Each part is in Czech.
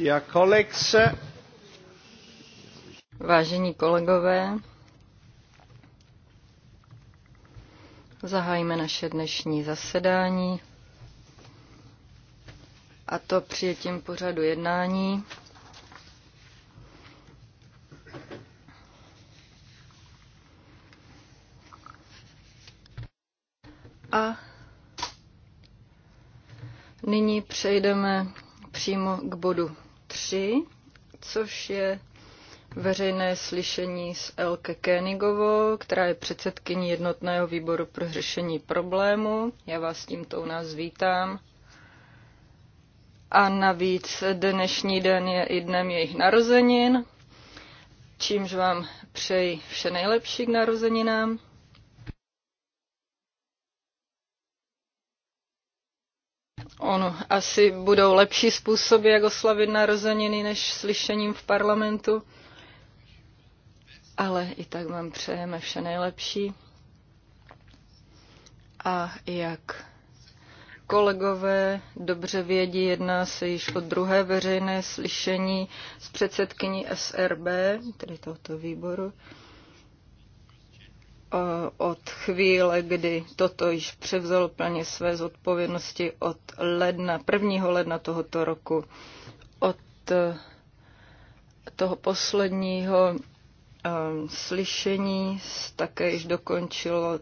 Uh, Vážení kolegové, zahájíme naše dnešní zasedání a to přijetím pořadu jednání. přejdeme přímo k bodu 3, což je veřejné slyšení s Elke Kénigovou, která je předsedkyní jednotného výboru pro řešení problému. Já vás tímto u nás vítám. A navíc dnešní den je i dnem jejich narozenin, čímž vám přeji vše nejlepší k narozeninám. asi budou lepší způsoby, jak oslavit narozeniny, než slyšením v parlamentu. Ale i tak vám přejeme vše nejlepší. A jak kolegové dobře vědí, jedná se již o druhé veřejné slyšení s předsedkyní SRB, tedy tohoto výboru. Eh, od chvíle, kdy toto již převzal plně své zodpovědnosti od ledna, 1. ledna tohoto roku, od eh, toho posledního eh, slyšení také již dokončilo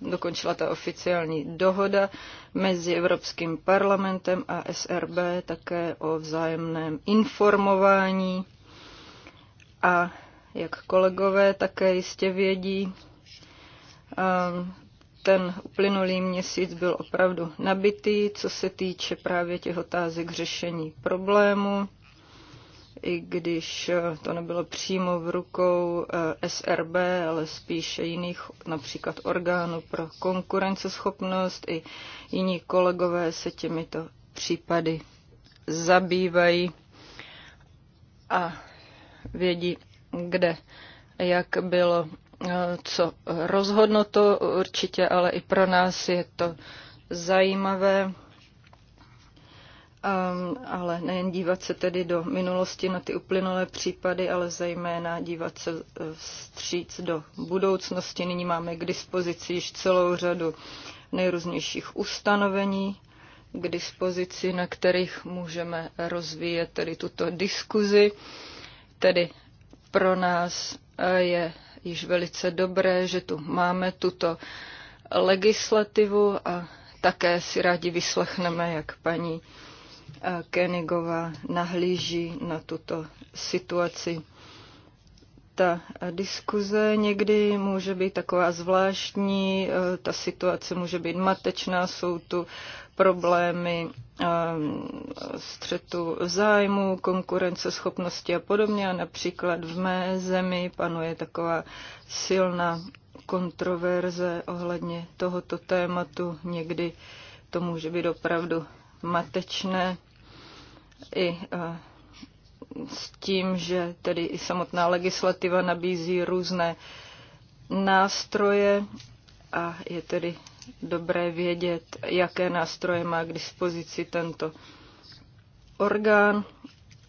dokončila ta oficiální dohoda mezi Evropským parlamentem a SRB také o vzájemném informování. A jak kolegové také jistě vědí, Eh, ten uplynulý měsíc byl opravdu nabitý, co se týče právě těch otázek řešení problému, i když eh, to nebylo přímo v rukou eh, SRB, ale spíše jiných, například orgánů pro konkurenceschopnost, i jiní kolegové se těmito případy zabývají a vědí, kde jak bylo Eh, co to určitě, ale i pro nás je to zajímavé. Um, ale nejen dívat se tedy do minulosti na ty uplynulé případy, ale zejména dívat se eh, vstříc do budoucnosti. Nyní máme k dispozici již celou řadu nejrůznějších ustanovení k dispozici, na kterých můžeme rozvíjet tedy tuto diskuzi. Tedy pro nás eh, je již velice dobré, že tu máme tuto legislativu a také si rádi vyslechneme, jak paní eh, Kenigová nahlíží na tuto situaci. Ta diskuze někdy může být taková zvláštní, eh, ta situace může být matečná, jsou tu problémy ehm, střetu zájmu, konkurenceschopnosti a podobně. A například v mé zemi panuje taková silná kontroverze ohledně tohoto tématu. Někdy to může být opravdu matečné i eh, s tím, že tedy i samotná legislativa nabízí různé nástroje a je tedy dobré vědět, jaké nástroje má k dispozici tento orgán.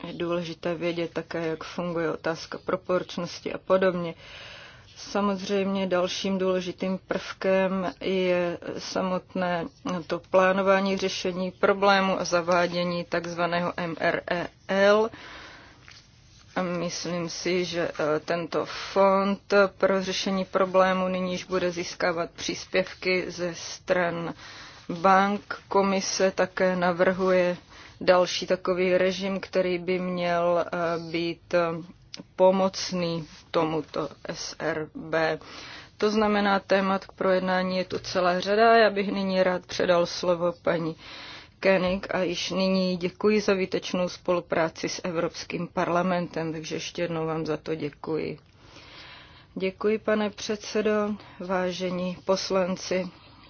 Je důležité vědět také, jak funguje otázka proporčnosti a podobně. Samozřejmě dalším důležitým prvkem je samotné to plánování řešení problému a zavádění takzvaného MREL, Myslím si, že e, tento fond pro řešení problému nyníž bude získávat příspěvky ze stran bank. Komise také navrhuje další takový režim, který by měl e, být pomocný tomuto SRB. To znamená, témat k projednání je tu celá řada. Já bych nyní rád předal slovo paní Koenig a již nyní děkuji za výtečnou spolupráci s Evropským parlamentem, takže ještě jednou vám za to děkuji. Děkuji, pane předsedo, vážení poslanci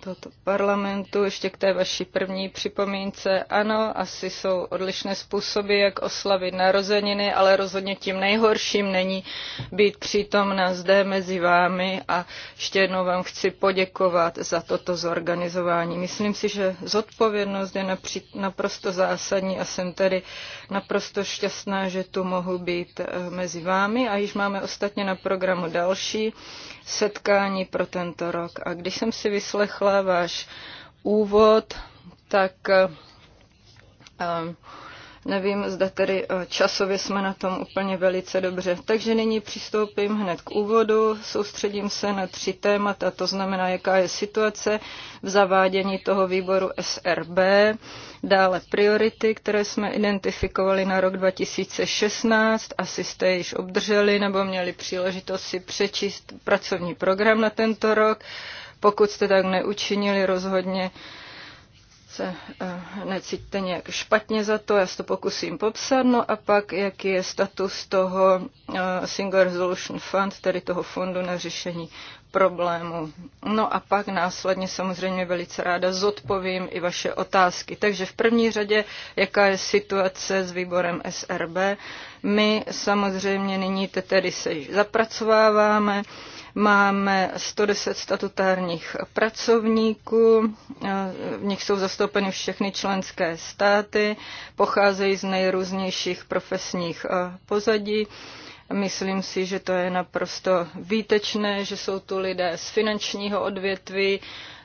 tohoto parlamentu. Ještě k té vaší první připomínce. Ano, asi jsou odlišné způsoby, jak oslavit narozeniny, ale rozhodně tím nejhorším není být přítomna zde mezi vámi a ještě jednou vám chci poděkovat za toto zorganizování. Myslím si, že zodpovědnost je napří, naprosto zásadní a jsem tedy naprosto šťastná, že tu mohu být eh, mezi vámi a již máme ostatně na programu další setkání pro tento rok. A když jsem si vyslechla váš úvod, tak uh, Nevím, zda tedy eh, časově jsme na tom úplně velice dobře. Takže nyní přistoupím hned k úvodu, soustředím se na tři témata, to znamená, jaká je situace v zavádění toho výboru SRB, dále priority, které jsme identifikovali na rok 2016, asi jste již obdrželi nebo měli příležitost si přečíst pracovní program na tento rok. Pokud jste tak neučinili, rozhodně se eh, necítíte nějak špatně za to, já se to pokusím popsat, no a pak jaký je status toho eh, Single Resolution Fund, tedy toho fondu na řešení problému. No a pak následně samozřejmě velice ráda zodpovím i vaše otázky. Takže v první řadě, jaká je situace s výborem SRB. My samozřejmě nyní tedy se zapracováváme Máme 110 statutárních pracovníků, eh, v nich jsou zastoupeny všechny členské státy, pocházejí z nejrůznějších profesních eh, pozadí Myslím si, že to je naprosto výtečné, že jsou tu lidé z finančního odvětví,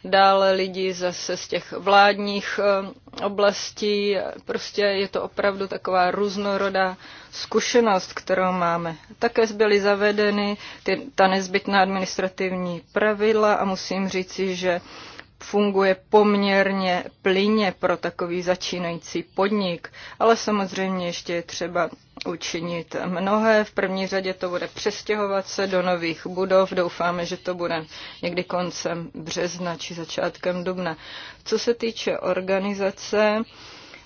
dále lidi zase z těch vládních eh, oblastí. Prostě je to opravdu taková různorodá zkušenost, kterou máme. Také byly zavedeny ty, ta nezbytná administrativní pravidla a musím říci, že funguje poměrně plyně pro takový začínající podnik, ale samozřejmě ještě je třeba učinit mnohé. V první řadě to bude přestěhovat se do nových budov. Doufáme, že to bude někdy koncem března či začátkem dubna. Co se týče organizace,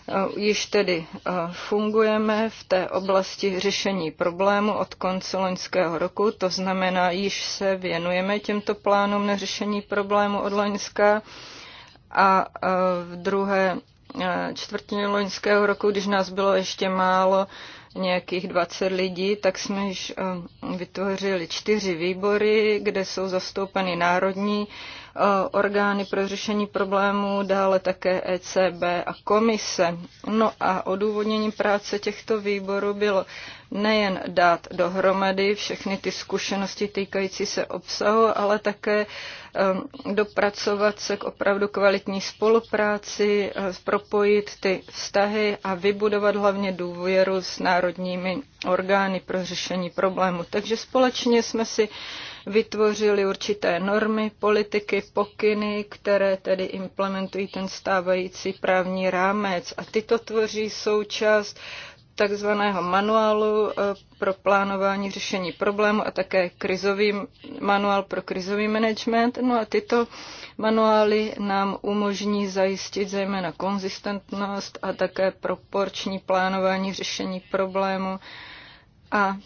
Eh, již tedy eh, fungujeme v té oblasti řešení problému od konce loňského roku, to znamená, již se věnujeme těmto plánům na řešení problému od loňska a eh, v druhé čtvrtině loňského roku, když nás bylo ještě málo, nějakých 20 lidí, tak jsme již eh, vytvořili čtyři výbory, kde jsou zastoupeny národní eh, orgány pro řešení problémů, dále také ECB a komise. No a odůvodnění práce těchto výborů bylo nejen dát dohromady všechny ty zkušenosti týkající se obsahu, ale také dopracovat se k opravdu kvalitní spolupráci, eh, propojit ty vztahy a vybudovat hlavně důvěru s národními orgány pro řešení problému. Takže společně jsme si vytvořili určité normy, politiky, pokyny, které tedy implementují ten stávající právní rámec. A tyto tvoří součást takzvaného manuálu eh, pro plánování řešení problému a také krizový manuál pro krizový management. No a tyto manuály nám umožní zajistit zejména konzistentnost a také proporční plánování řešení problému a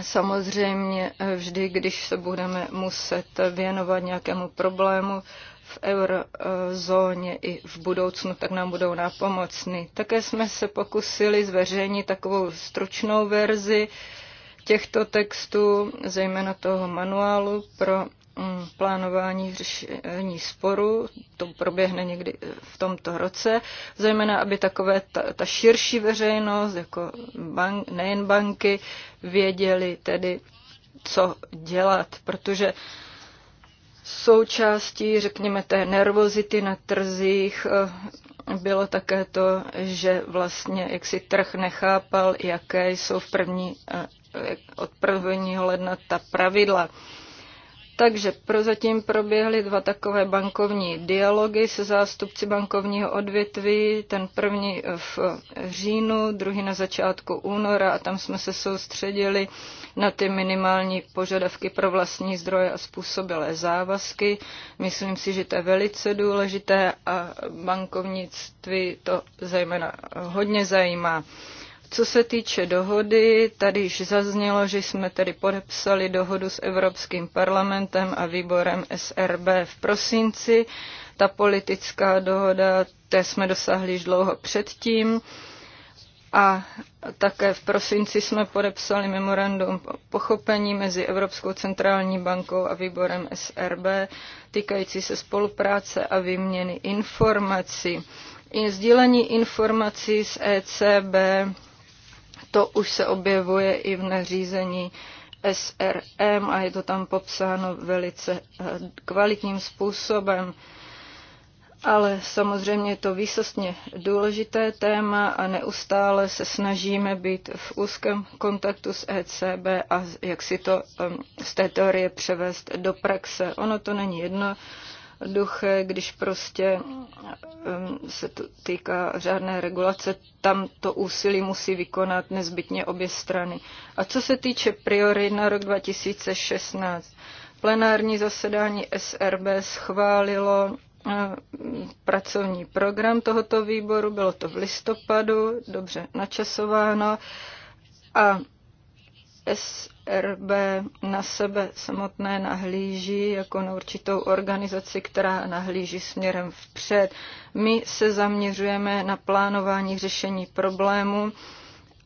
Samozřejmě eh, vždy, když se budeme muset věnovat nějakému problému, v eurozóně i v budoucnu, tak nám budou nápomocny. Také jsme se pokusili zveřejnit takovou stručnou verzi těchto textů, zejména toho manuálu pro mm, plánování řešení sporu, to proběhne někdy e, v tomto roce, zejména aby takové ta, ta širší veřejnost, jako bank, nejen banky, věděli tedy, co dělat, protože Součástí, řekněme, té nervozity na trzích eh, bylo také to, že vlastně jak si trh nechápal, jaké jsou v první, eh, eh, od 1. ledna ta pravidla. Takže prozatím proběhly dva takové bankovní dialogy se zástupci bankovního odvětví, ten první v říjnu, druhý na začátku února a tam jsme se soustředili na ty minimální požadavky pro vlastní zdroje a způsobilé závazky. Myslím si, že to je velice důležité a bankovnictví to zejména hodně zajímá. Co se týče dohody, tady již zaznělo, že jsme tedy podepsali dohodu s Evropským parlamentem a výborem SRB v prosinci. Ta politická dohoda, té jsme dosáhli již dlouho předtím. A také v prosinci jsme podepsali memorandum pochopení mezi Evropskou centrální bankou a výborem SRB týkající se spolupráce a výměny informací. I sdílení informací z ECB to už se objevuje i v nařízení SRM a je to tam popsáno velice eh, kvalitním způsobem. Ale samozřejmě je to výsostně důležité téma a neustále se snažíme být v úzkém kontaktu s ECB a jak si to z té teorie převést do praxe. Ono to není jedno duché, když prostě um, se to týká řádné regulace, tam to úsilí musí vykonat nezbytně obě strany. A co se týče priorit na rok 2016, plenární zasedání SRB schválilo um, pracovní program tohoto výboru, bylo to v listopadu, dobře načasováno a S RB na sebe samotné nahlíží jako na určitou organizaci, která nahlíží směrem vpřed. My se zaměřujeme na plánování řešení problému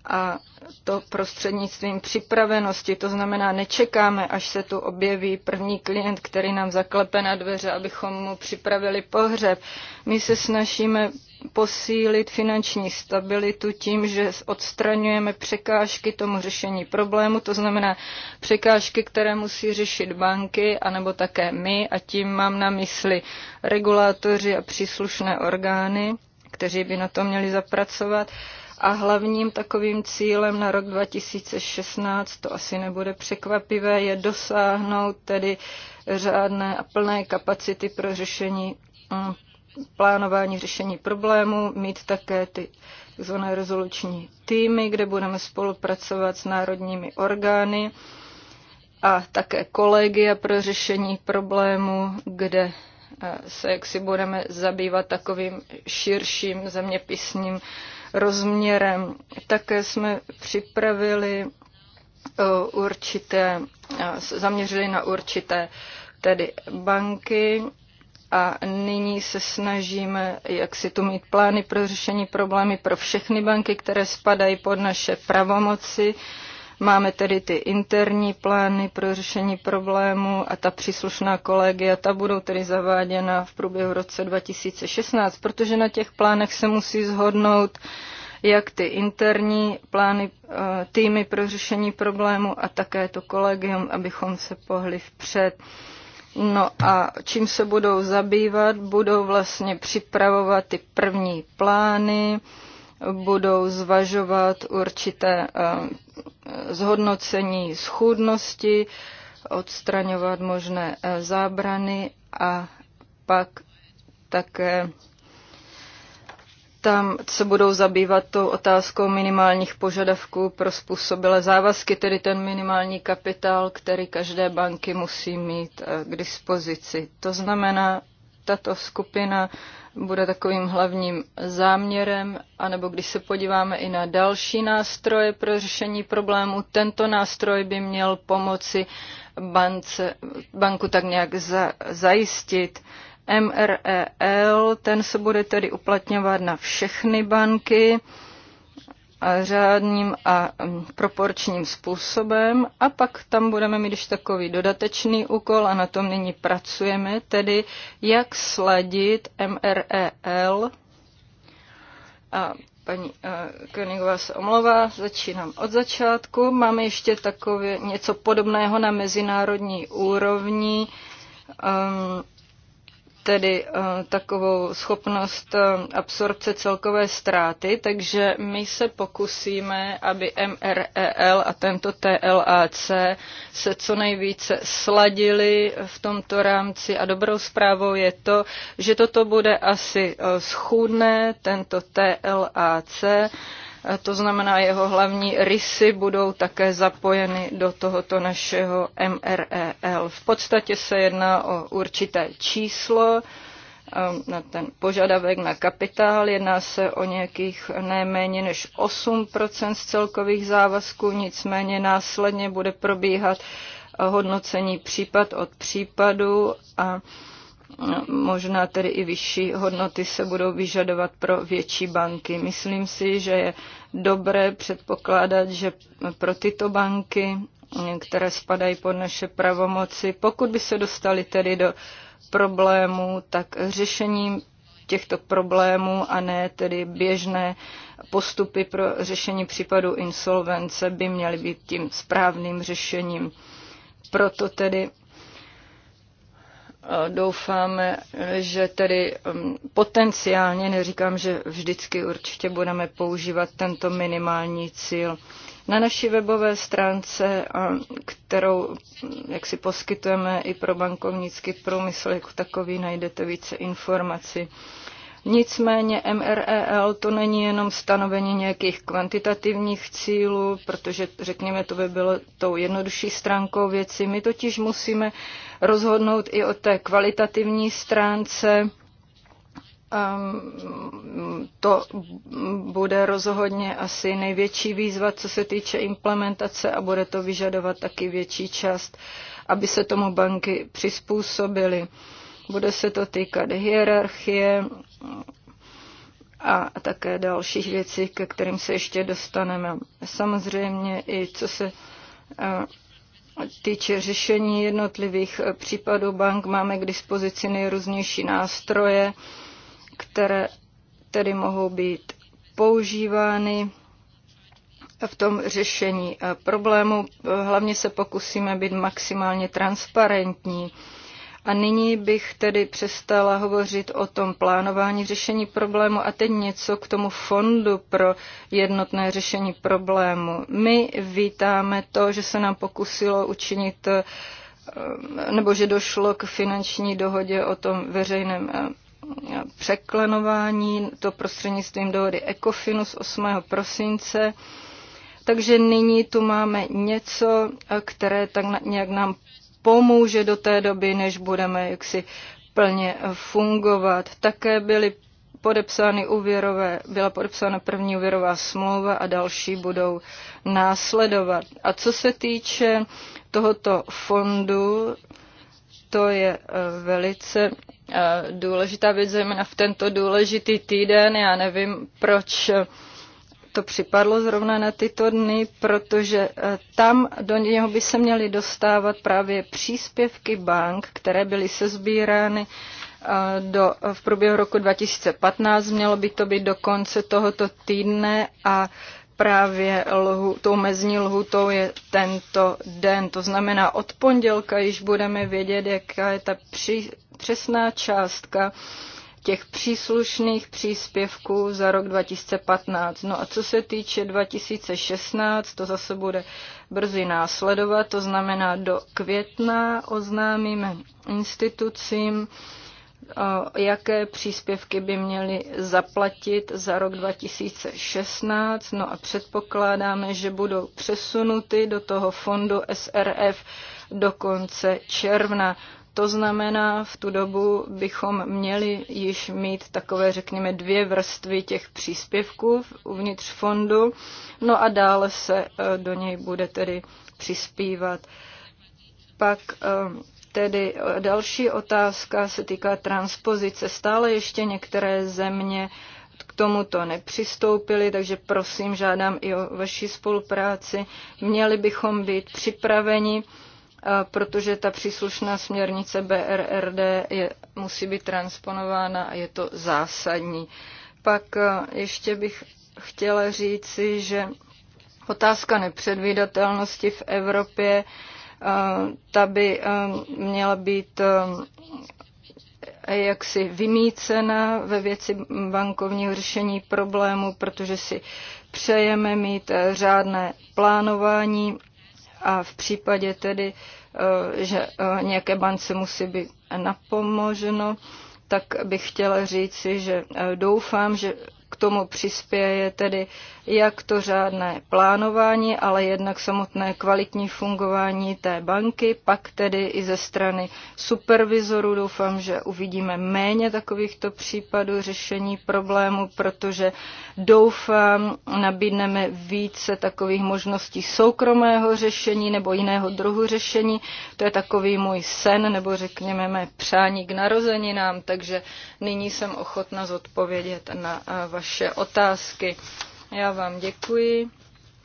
a to prostřednictvím připravenosti, to znamená, nečekáme, až se tu objeví první klient, který nám zaklepe na dveře, abychom mu připravili pohřeb. My se snažíme posílit finanční stabilitu tím, že odstraňujeme překážky tomu řešení problému, to znamená překážky, které musí řešit banky, anebo také my, a tím mám na mysli regulátoři a příslušné orgány, kteří by na to měli zapracovat. A hlavním takovým cílem na rok 2016, to asi nebude překvapivé, je dosáhnout tedy řádné a plné kapacity pro řešení mm, plánování řešení problémů, mít také ty tzv. rezoluční týmy, kde budeme spolupracovat s národními orgány a také kolegia pro řešení problémů, kde eh, se jaksi budeme zabývat takovým širším zeměpisním uh, rozměrem. Také jsme připravili eh, určité, eh, zaměřili na určité tedy banky a nyní se snažíme, jak si tu mít plány pro řešení problémy pro všechny banky, které spadají pod naše pravomoci Máme tedy ty interní plány pro řešení problému a ta příslušná kolegia, ta budou tedy zaváděna v průběhu roce 2016, protože na těch plánech se musí zhodnout jak ty interní plány, eh, týmy pro řešení problému a také to kolegium, abychom se pohli vpřed. No a čím se budou zabývat? Budou vlastně připravovat ty první plány, budou zvažovat určité eh, zhodnocení schůdnosti, odstraňovat možné eh, zábrany a pak také tam se budou zabývat tou otázkou minimálních požadavků pro způsobilé závazky, tedy ten minimální kapitál, který každé banky musí mít eh, k dispozici. To znamená, tato skupina bude takovým hlavním záměrem, anebo když se podíváme i na další nástroje pro řešení problému, tento nástroj by měl pomoci bance, banku tak nějak za, zajistit. MREL, ten se bude tedy uplatňovat na všechny banky a řádným a mm, proporčním způsobem a pak tam budeme mít ještě takový dodatečný úkol a na tom nyní pracujeme, tedy jak sladit MREL a paní Königová se omlouvá, začínám od začátku. Máme ještě takové něco podobného na mezinárodní úrovni. Um, tedy eh, takovou schopnost eh, absorpce celkové ztráty, takže my se pokusíme, aby MREL a tento TLAC se co nejvíce sladili v tomto rámci a dobrou zprávou je to, že toto bude asi eh, schůdné, tento TLAC to znamená jeho hlavní rysy budou také zapojeny do tohoto našeho MREL. V podstatě se jedná o určité číslo, ehm, na ten požadavek na kapitál. Jedná se o nějakých nejméně než 8 z celkových závazků, nicméně následně bude probíhat hodnocení případ od případu a možná tedy i vyšší hodnoty se budou vyžadovat pro větší banky. Myslím si, že je dobré předpokládat, že pro tyto banky, které spadají pod naše pravomoci, pokud by se dostali tedy do problémů, tak řešením těchto problémů a ne tedy běžné postupy pro řešení případu insolvence by měly být tím správným řešením. Proto tedy doufáme, že tedy um, potenciálně, neříkám, že vždycky určitě budeme používat tento minimální cíl. Na naší webové stránce, kterou mm, jak si poskytujeme i pro bankovnický průmysl jako takový, najdete více informací. Nicméně MREL to není jenom stanovení nějakých kvantitativních cílů, protože řekněme, to by bylo tou jednodušší stránkou věci. My totiž musíme rozhodnout i o té kvalitativní stránce, ehm, to bude rozhodně asi největší výzva, co se týče implementace a bude to vyžadovat taky větší část, aby se tomu banky přizpůsobily. Bude se to týkat hierarchie, a také dalších věcí, ke kterým se ještě dostaneme. Samozřejmě i co se týče řešení jednotlivých případů bank, máme k dispozici nejrůznější nástroje, které tedy mohou být používány v tom řešení problému. Hlavně se pokusíme být maximálně transparentní a nyní bych tedy přestala hovořit o tom plánování řešení problému a teď něco k tomu fondu pro jednotné řešení problému. My vítáme to, že se nám pokusilo učinit eh, nebo že došlo k finanční dohodě o tom veřejném eh, překlenování, to prostřednictvím dohody ECOFINu z 8. prosince. Takže nyní tu máme něco, eh, které tak nějak nám pomůže do té doby, než budeme jaksi plně fungovat. Také byly podepsány úvěrové, byla podepsána první úvěrová smlouva a další budou následovat. A co se týče tohoto fondu, to je eh, velice eh, důležitá věc, zejména v tento důležitý týden. Já nevím, proč eh, to připadlo zrovna na tyto dny, protože eh, tam do něho by se měly dostávat právě příspěvky bank, které byly sezbírány eh, do, v průběhu roku 2015. Mělo by to být do konce tohoto týdne a právě lhu, tou mezní lhutou je tento den. To znamená, od pondělka již budeme vědět, jaká je ta při, přesná částka těch příslušných příspěvků za rok 2015. No a co se týče 2016, to zase bude brzy následovat, to znamená do května oznámíme institucím, jaké příspěvky by měly zaplatit za rok 2016. No a předpokládáme, že budou přesunuty do toho fondu SRF do konce června. To znamená, v tu dobu bychom měli již mít takové, řekněme, dvě vrstvy těch příspěvků uvnitř fondu, no a dále se eh, do něj bude tedy přispívat. Pak eh, tedy eh, další otázka se týká transpozice. Stále ještě některé země k tomuto nepřistoupili, takže prosím, žádám i o vaši spolupráci. Měli bychom být připraveni protože ta příslušná směrnice BRRD je, musí být transponována a je to zásadní. Pak e, ještě bych chtěla říci, že otázka nepředvídatelnosti v Evropě, e, ta by e, měla být jaksi vymícena ve věci bankovního řešení problému, protože si přejeme mít řádné plánování a v případě tedy, eh, že eh, nějaké bance musí být napomoženo, tak bych chtěla říci, že eh, doufám, že tomu přispěje tedy jak to řádné plánování, ale jednak samotné kvalitní fungování té banky, pak tedy i ze strany supervizoru. Doufám, že uvidíme méně takovýchto případů řešení problému, protože doufám, nabídneme více takových možností soukromého řešení nebo jiného druhu řešení. To je takový můj sen, nebo řekněme mé přání k narozeninám, takže nyní jsem ochotna zodpovědět na eh, vaše vaše otázky. Já vám děkuji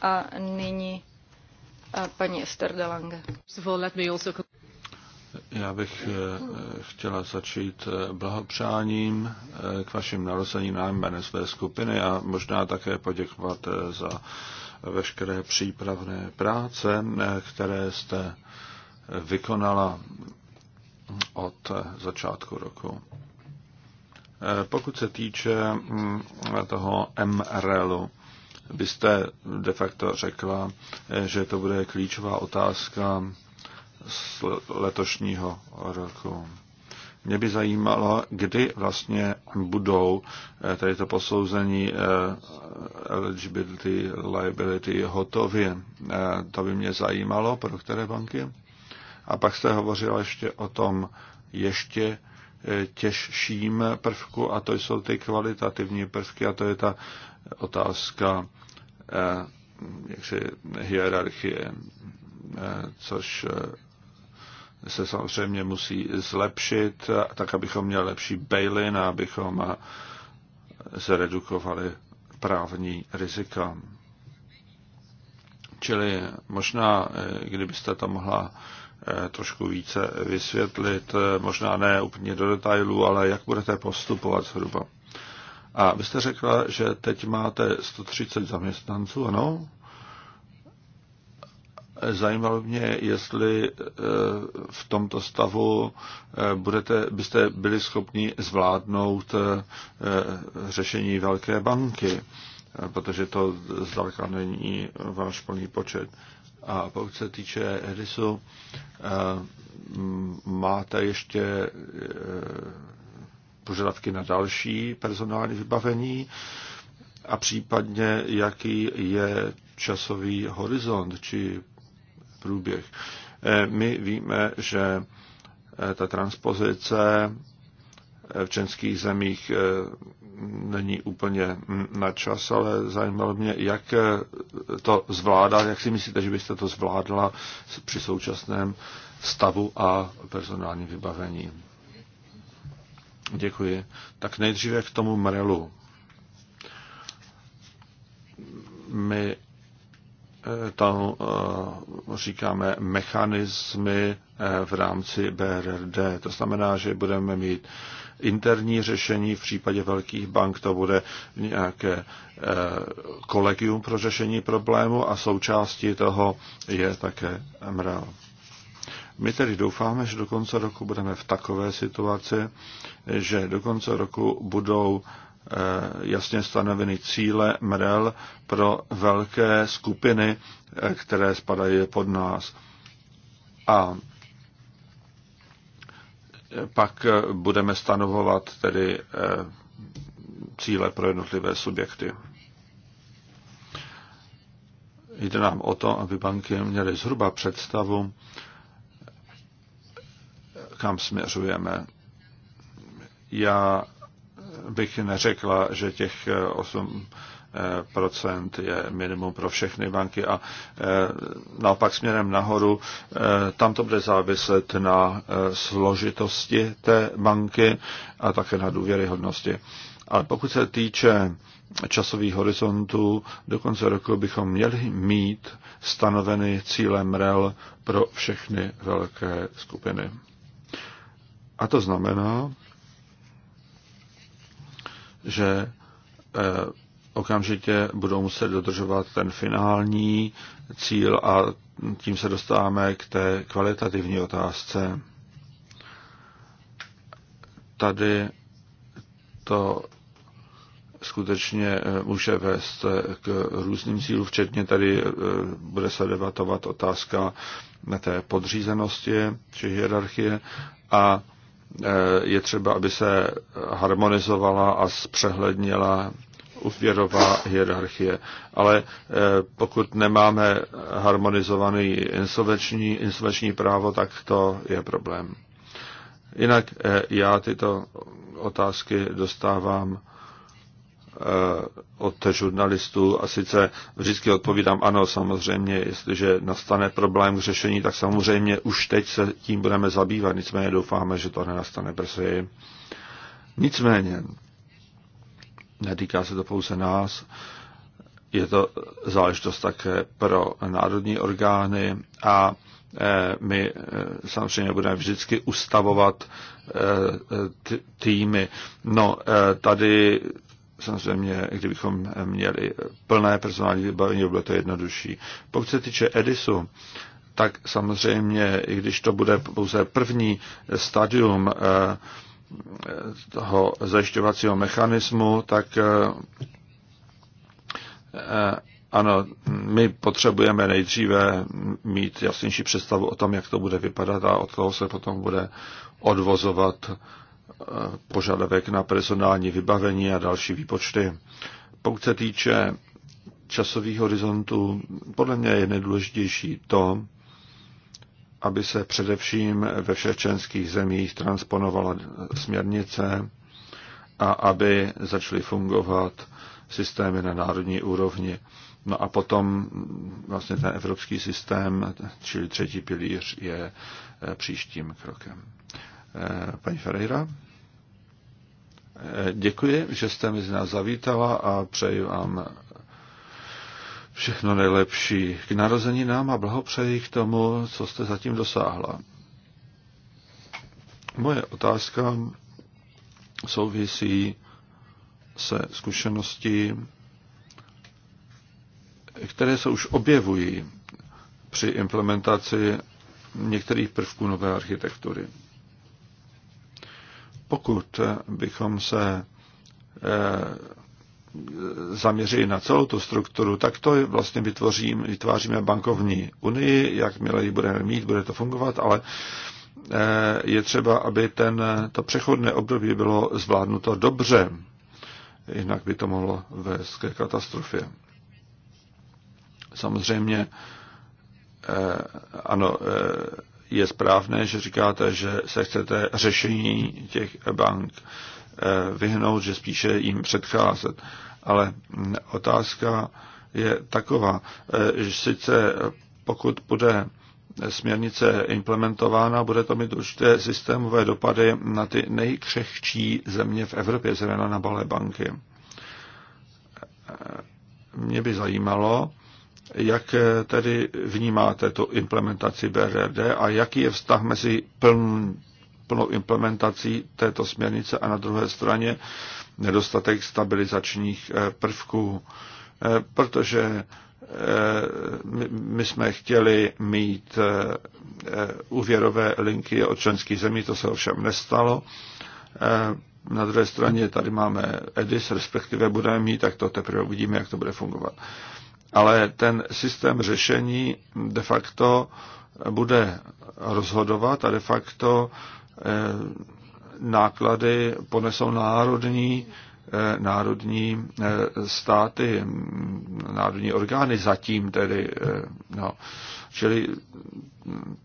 a nyní a paní Esther de Lange. Já bych eh, chtěla začít eh, blahopřáním eh, k vašim na jménem své skupiny a možná také poděkovat za veškeré přípravné práce, které jste vykonala od začátku roku. Eh, pokud se týče mm, toho MRLu, byste de facto řekla, eh, že to bude klíčová otázka z letošního roku. Mě by zajímalo, kdy vlastně budou eh, tady to posouzení eligibility, liability hotově. To by mě zajímalo, pro které banky. A pak jste hovořila ještě o tom, ještě E, těžším prvku a to jsou ty kvalitativní prvky a to je ta otázka e, jaksi hierarchie, e, což se samozřejmě musí zlepšit, tak abychom měli lepší bail-in a abychom zredukovali právní rizika. Čili možná, kdybyste to mohla Eh, trošku více vysvětlit, eh, možná ne úplně do detailů, ale jak budete postupovat zhruba. A vy jste řekla, že teď máte 130 zaměstnanců, ano? Zajímalo mě, jestli eh, v tomto stavu budete, byste byli schopni zvládnout řešení velké banky, protože to zdaleka není váš plný počet. A pokud se týče Edisu, eh, máte ještě eh, požadavky na další personální vybavení a případně jaký je časový horizont či průběh. Eh, my víme, že ta transpozice Eh, v českých zemích eh, není úplně mm, na čas, ale zajímalo mě, jak eh, to zvládá, jak si myslíte, že byste to zvládla při současném stavu a personálním vybavení. Děkuji. Tak nejdříve k tomu Mrelu. My tam říkáme mechanismy v rámci BRD. To znamená, že budeme mít interní řešení, v případě velkých bank to bude nějaké eh, kolegium pro řešení problému a součástí toho je také MREL. My tedy doufáme, že do konce roku budeme v takové situaci, že do konce roku budou eh, jasně stanoveny cíle MREL pro velké skupiny, eh, které spadají pod nás. A pak eh, budeme stanovovat tedy eh, cíle pro jednotlivé subjekty. Jde nám o to, aby banky měly zhruba představu, kam směřujeme. Já bych neřekla, že těch 8 Procent je minimum pro všechny banky a eh, naopak směrem nahoru, eh, tam to bude záviset na eh, složitosti té banky a také na důvěryhodnosti. Ale pokud se týče časových horizontů, do konce roku bychom měli mít stanoveny cíle MREL pro všechny velké skupiny. A to znamená, že okamžitě budou muset dodržovat ten finální cíl a tím se dostáváme k té kvalitativní otázce. Tady to skutečně eh, může vést eh, k různým cílům, včetně tady eh, bude se debatovat otázka té podřízenosti či hierarchie a je třeba, aby se harmonizovala a zpřehlednila úvěrová hierarchie. Ale eh, pokud nemáme harmonizovaný insolvenční, insolvenční právo, tak to je problém. Jinak eh, já tyto otázky dostávám eh, od žurnalistů a sice vždycky odpovídám ano, samozřejmě, jestliže nastane problém k řešení, tak samozřejmě už teď se tím budeme zabývat, nicméně doufáme, že to nenastane brzy. Nicméně, netýká se to pouze nás, je to záležitost také pro národní orgány a e, my e, samozřejmě budeme vždycky ustavovat e, týmy. No, tady samozřejmě, kdybychom měli plné personální vybavení, bylo to jednodušší. Pokud se týče Edisu, tak samozřejmě, i když to bude pouze první stadium, toho zajišťovacího mechanismu, tak eh, eh, ano, my potřebujeme nejdříve mít jasnější představu o tom, jak to bude vypadat a od toho se potom bude odvozovat eh, požadavek na personální vybavení a další výpočty. Pokud se týče časových horizontů, podle mě je nejdůležitější to, aby se především ve všech členských zemích transponovala směrnice a aby začaly fungovat systémy na národní úrovni. No a potom vlastně ten evropský systém, čili třetí pilíř, je e, příštím krokem. E, paní Ferreira? E, děkuji, že jste mezi nás zavítala a přeji vám všechno nejlepší k narození nám a blahopřeji k tomu, co jste zatím dosáhla. Moje otázka souvisí se zkušeností, které se už objevují při implementaci některých prvků nové architektury. Pokud bychom se eh, zaměří na celou tu strukturu, tak to vlastně vytvořím, vytváříme bankovní unii, jakmile ji budeme mít, bude to fungovat, ale eh, je třeba, aby ten, to přechodné období bylo zvládnuto dobře, jinak by to mohlo vést ke katastrofě. Samozřejmě, eh, ano, eh, je správné, že říkáte, že se chcete řešení těch bank vyhnout, že spíše jim předcházet ale otázka je taková, že sice pokud bude směrnice implementována, bude to mít určité systémové dopady na ty nejkřehčí země v Evropě, zejména na balé banky. E, mě by zajímalo, jak tedy vnímáte tu implementaci BRD a jaký je vztah mezi pln, plnou implementací této směrnice a na druhé straně nedostatek stabilizačních eh, prvků, eh, protože eh, my jsme chtěli mít úvěrové linky od členských zemí, to se ovšem nestalo. Na druhé straně tady máme EDIS, respektive budeme mít, tak to teprve uvidíme, jak to bude fungovat. Ale ten systém řešení de facto bude rozhodovat a de facto náklady ponesou národní, eh, národní eh, státy, národní orgány zatím tedy. Eh, no. Čili mm,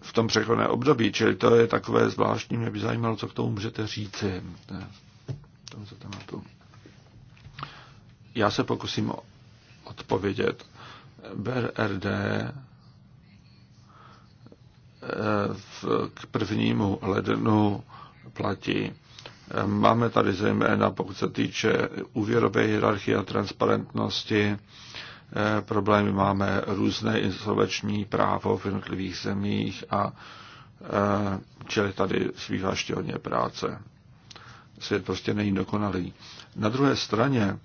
v tom přechodné období, čili to je takové zvláštní, mě by zajímalo, co k tomu můžete říci. tématu. Já se pokusím odpovědět. BRD k prvnímu lednu platí. Máme tady zejména, pokud se týče úvěrové hierarchie a transparentnosti, eh, problémy máme různé insolveční právo v jednotlivých zemích a eh, čili tady svývá hodně práce. Svět prostě není dokonalý. Na druhé straně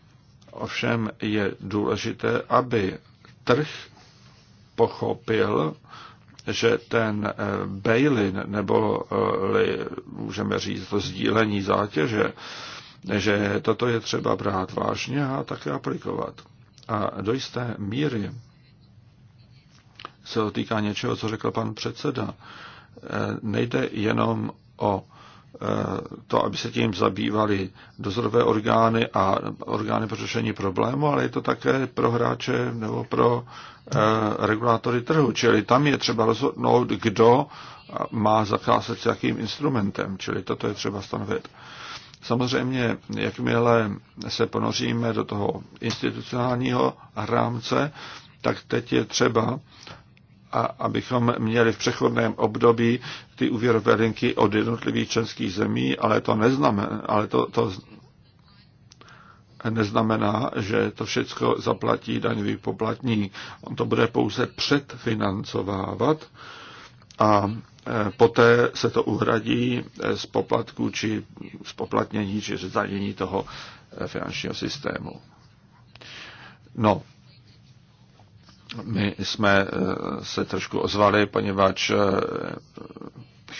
ovšem je důležité, aby trh pochopil, že ten eh, bail-in, nebo eh, můžeme říct to sdílení zátěže, že toto je třeba brát vážně a také aplikovat. A do jisté míry se to týká něčeho, co řekl pan předseda. Eh, nejde jenom o to, aby se tím zabývaly dozorové orgány a orgány pro řešení problému, ale je to také pro hráče nebo pro eh, regulátory trhu. Čili tam je třeba rozhodnout, kdo má zacházet s jakým instrumentem, čili toto je třeba stanovit. Samozřejmě, jakmile se ponoříme do toho institucionálního rámce, tak teď je třeba a abychom měli v přechodném období ty úvěrové linky od jednotlivých členských zemí, ale to neznamená, ale to, to neznamená, že to všechno zaplatí daňový poplatník. On to bude pouze předfinancovávat a e, poté se to uhradí e, z poplatku či z poplatnění či zdanění toho e, finančního systému. No, my jsme eh, se trošku ozvali, poněvadž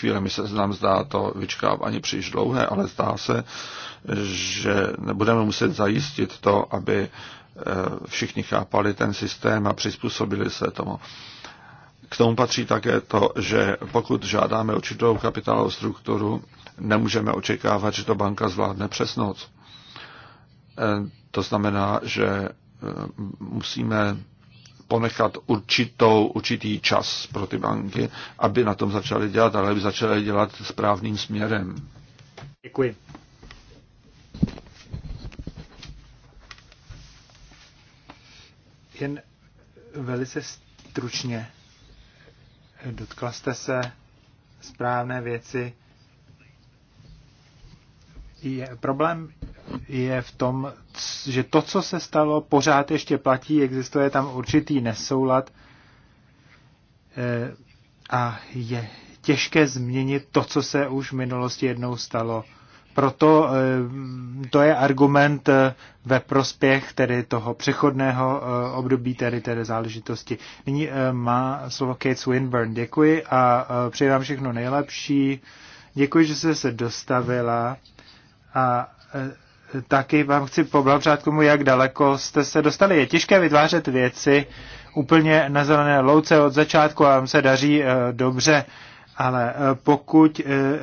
eh, mi se nám zdá to vyčkávání příliš dlouhé, ale zdá se, že nebudeme muset zajistit to, aby eh, všichni chápali ten systém a přizpůsobili se tomu. K tomu patří také to, že pokud žádáme určitou kapitálovou strukturu, nemůžeme očekávat, že to banka zvládne přes noc. To znamená, že musíme ponechat určitou, určitý čas pro ty banky, aby na tom začaly dělat, ale aby začaly dělat správným směrem. Děkuji. Jen velice stručně dotkla jste se správné věci, je, problém je v tom, že to, co se stalo, pořád ještě platí, existuje tam určitý nesoulad eh, a je těžké změnit to, co se už v minulosti jednou stalo. Proto eh, to je argument eh, ve prospěch tedy toho přechodného období tedy té záležitosti. Nyní má slovo Kate Swinburne. Děkuji a přeji vám všechno nejlepší. Děkuji, že jste se dostavila a e, taky vám chci poblahopřát tomu, jak daleko jste se dostali. Je těžké vytvářet věci úplně na zelené louce od začátku a vám se daří e, dobře, ale e, pokud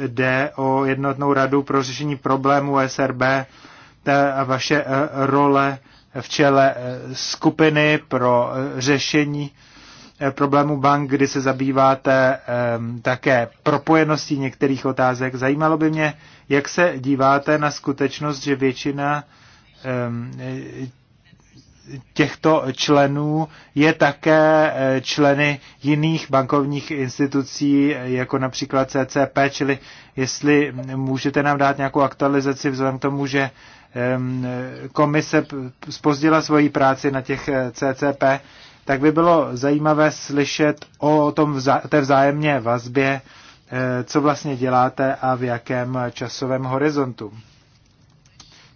jde o jednotnou radu pro řešení problémů SRB a vaše role v čele skupiny pro řešení Eh, problému bank, kdy se zabýváte také propojeností některých otázek. Zajímalo by mě, jak se díváte na skutečnost, že většina těchto členů je také eh, členy jiných bankovních institucí, jako například CCP, čili jestli můžete nám dát nějakou aktualizaci vzhledem k tomu, že komise spozdila svoji práci na těch eh, CCP, tak by bylo zajímavé slyšet o tom vzá, té vzájemné vazbě, eh, co vlastně děláte a v jakém časovém horizontu.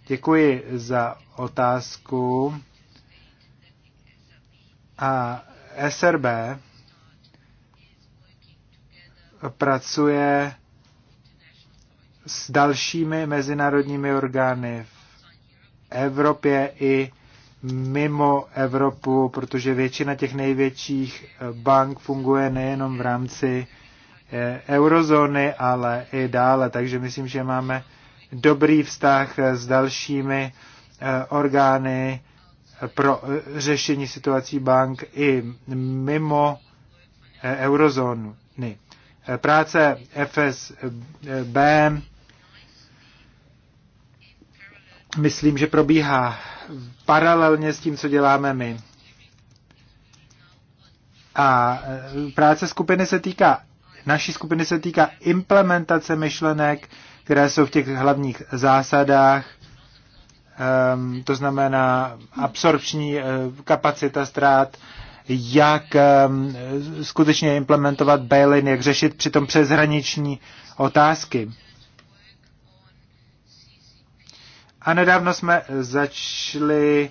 Děkuji za otázku. A SRB pracuje s dalšími mezinárodními orgány v Evropě i mimo Evropu, protože většina těch největších eh, bank funguje nejenom v rámci eh, eurozóny, ale i dále. Takže myslím, že máme dobrý vztah eh, s dalšími orgány pro řešení situací bank i mimo eurozónu. Práce FSB myslím, že probíhá paralelně s tím, co děláme my. A e, práce skupiny se týká, naší skupiny se týká implementace myšlenek, které jsou v těch hlavních zásadách, um, to znamená absorpční uh, kapacita ztrát, jak um, skutečně implementovat bail jak řešit přitom přeshraniční otázky. A nedávno jsme začali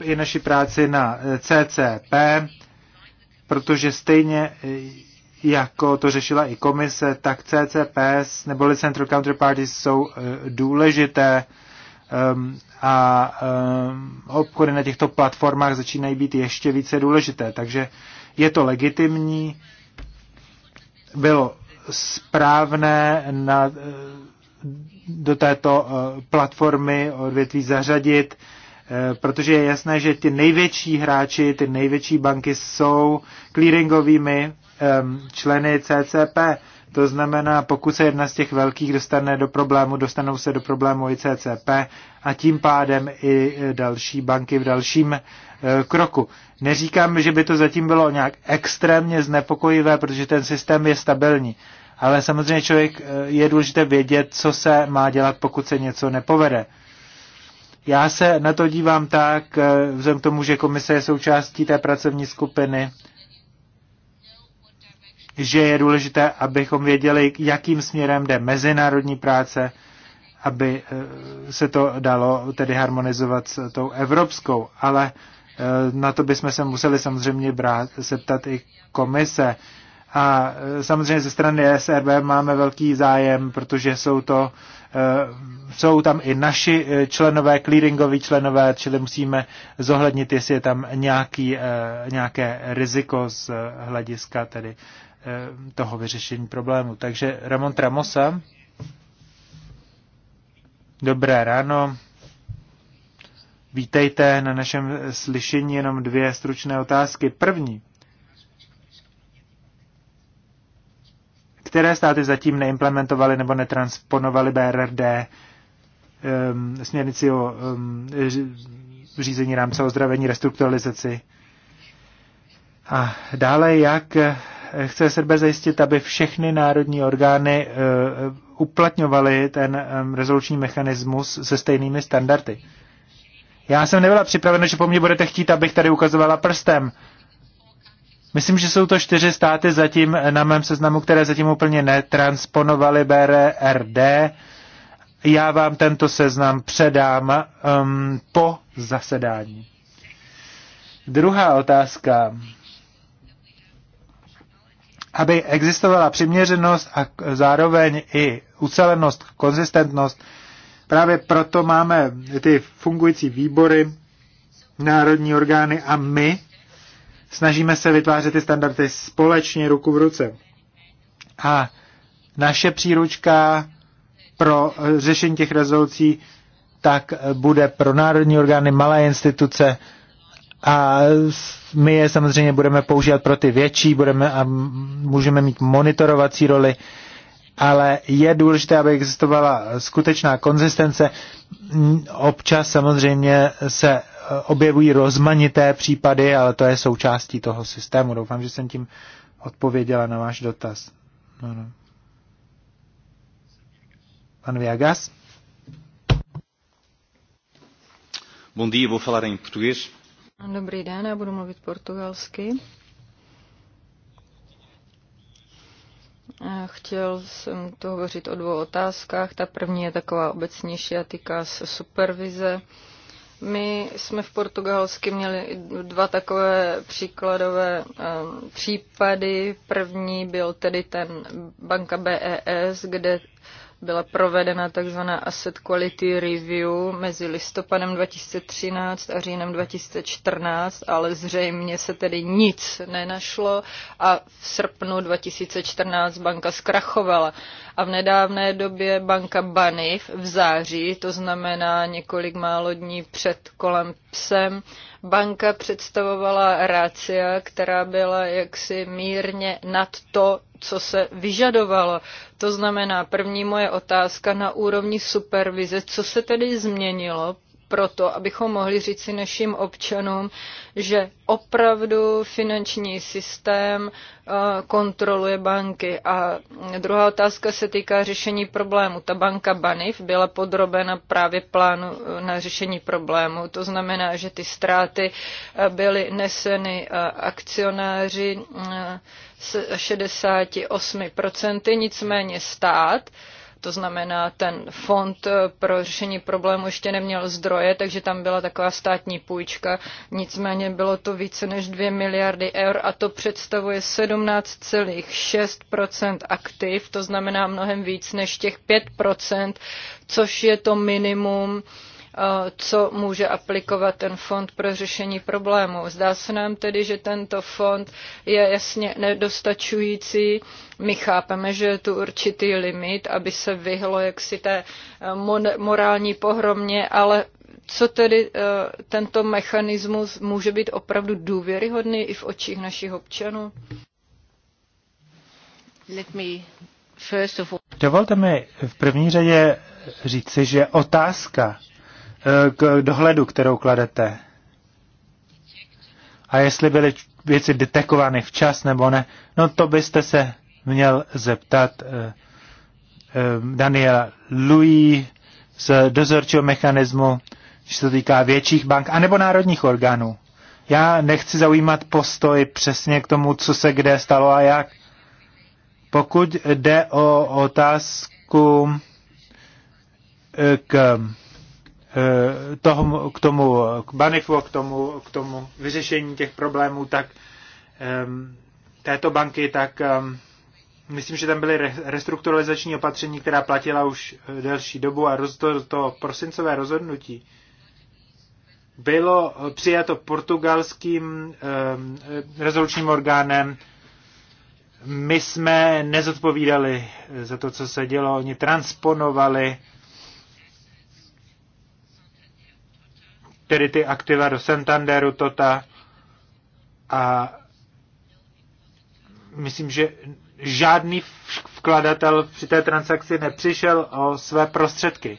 eh, i naši práci na eh, CCP, protože stejně eh, jako to řešila i komise, tak CCPs neboli Central Counterparties jsou důležité ehm, a ehm, obchody na těchto platformách začínají být ještě více důležité. Takže je to legitimní, bylo správné na, do této eh, platformy odvětví zařadit, eh, protože je jasné, že ty největší hráči, ty největší banky jsou clearingovými členy CCP. To znamená, pokud se jedna z těch velkých dostane do problému, dostanou se do problému i CCP a tím pádem i eh, další banky v dalším kroku. Neříkám, že by to zatím bylo nějak extrémně znepokojivé, protože ten systém je stabilní ale samozřejmě člověk eh, je důležité vědět, co se má dělat, pokud se něco nepovede. Já se na to dívám tak, eh, vzhledem k tomu, že komise je součástí té pracovní skupiny, že je důležité, abychom věděli, jakým směrem jde mezinárodní práce, aby eh, se to dalo tedy harmonizovat s tou evropskou, ale na to bychom se museli samozřejmě brát, septat i komise. A e, samozřejmě ze strany SRB máme velký zájem, protože jsou to e, jsou tam i naši e, členové, clearingoví členové, čili musíme zohlednit, jestli je tam nějaký, nějaké riziko z hlediska tedy toho vyřešení problému. Takže Ramon Tramosa. Dobré ráno. Vítejte na našem slyšení jenom dvě stručné otázky. První. Některé státy zatím neimplementovaly nebo netransponovaly BRRD um, ehm, směrnici o um, řízení rámce ozdravení, restrukturalizaci. A dále, jak chce SRB zajistit, aby všechny národní orgány uh, uplatňovaly ten um, rezoluční mechanismus se stejnými standardy. Já jsem nebyla připravena, že po mně budete chtít, abych tady ukazovala prstem. Uh, Myslím, že jsou to čtyři státy zatím na mém seznamu, které zatím úplně netransponovaly BRRD. Já vám tento seznam předám um, po zasedání. Druhá otázka. Aby existovala přiměřenost a zároveň i ucelenost, konzistentnost, právě proto máme ty fungující výbory, národní orgány a my, Snažíme se vytvářet ty standardy společně ruku v ruce. A naše příručka pro řešení těch rezolucí tak bude pro národní orgány, malé instituce a my je samozřejmě budeme používat pro ty větší, budeme a můžeme mít monitorovací roli, ale je důležité, aby existovala skutečná konzistence. Občas samozřejmě se Eh, objevují rozmanité případy, ale to je součástí toho systému. Doufám, že jsem tím odpověděla na váš dotaz. No, no. Pan Viagas? Bom dia, vou falar em português. Dobrý den, já budu mluvit portugalsky. Eh, chtěl jsem to hovořit o dvou otázkách. Ta první je taková obecnější a týká se supervize. My jsme v Portugalsku měli dva takové příkladové um, případy. První byl tedy ten banka BES, kde byla provedena tzv. asset quality review mezi listopadem 2013 a říjnem 2014, ale zřejmě se tedy nic nenašlo a v srpnu 2014 banka zkrachovala. A v nedávné době banka Banif v září, to znamená několik málo dní před kolem psem, banka představovala rácia, která byla jaksi mírně nad to, co se vyžadovalo. To znamená, první moje otázka na úrovni supervize, co se tedy změnilo proto, abychom mohli říci našim občanům, že opravdu finanční systém eh, kontroluje banky. A druhá otázka se týká řešení problému. Ta banka Banif byla podrobena právě plánu eh, na řešení problému. To znamená, že ty ztráty eh, byly neseny akcionáři 68%, nicméně stát to znamená, ten fond eh, pro řešení problému ještě neměl zdroje, takže tam byla taková státní půjčka. Nicméně bylo to více než 2 miliardy eur a to představuje 17,6 aktiv, to znamená mnohem víc než těch 5 což je to minimum, Eh, co může aplikovat ten fond pro řešení problémů. Zdá se nám tedy, že tento fond je jasně nedostačující. My chápeme, že je tu určitý limit, aby se vyhlo jaksi té eh, morální pohromě, ale co tedy eh, tento mechanismus může být opravdu důvěryhodný i v očích našich občanů? Let me first of all... Dovolte mi v první řadě říci, že otázka k dohledu, kterou kladete. A jestli byly věci detekovány včas nebo ne, no to byste se měl zeptat eh, eh, Daniela Louis z dozorčího mechanismu, když se týká větších bank, anebo národních orgánů. Já nechci zaujímat postoj přesně k tomu, co se kde stalo a jak. Pokud jde o otázku eh, k Eh, toho, k tomu k Banifu, k tomu, k tomu vyřešení těch problémů, tak této banky, tak myslím, že tam byly restrukturalizační opatření, která platila už eh, delší dobu a roz, to, to prosincové rozhodnutí bylo eh, přijato portugalským rezolučním orgánem. My jsme nezodpovídali za to, co se dělo. Oni transponovali tedy ty aktiva do Santanderu, Tota a myslím, že žádný vkladatel při té transakci nepřišel o své prostředky.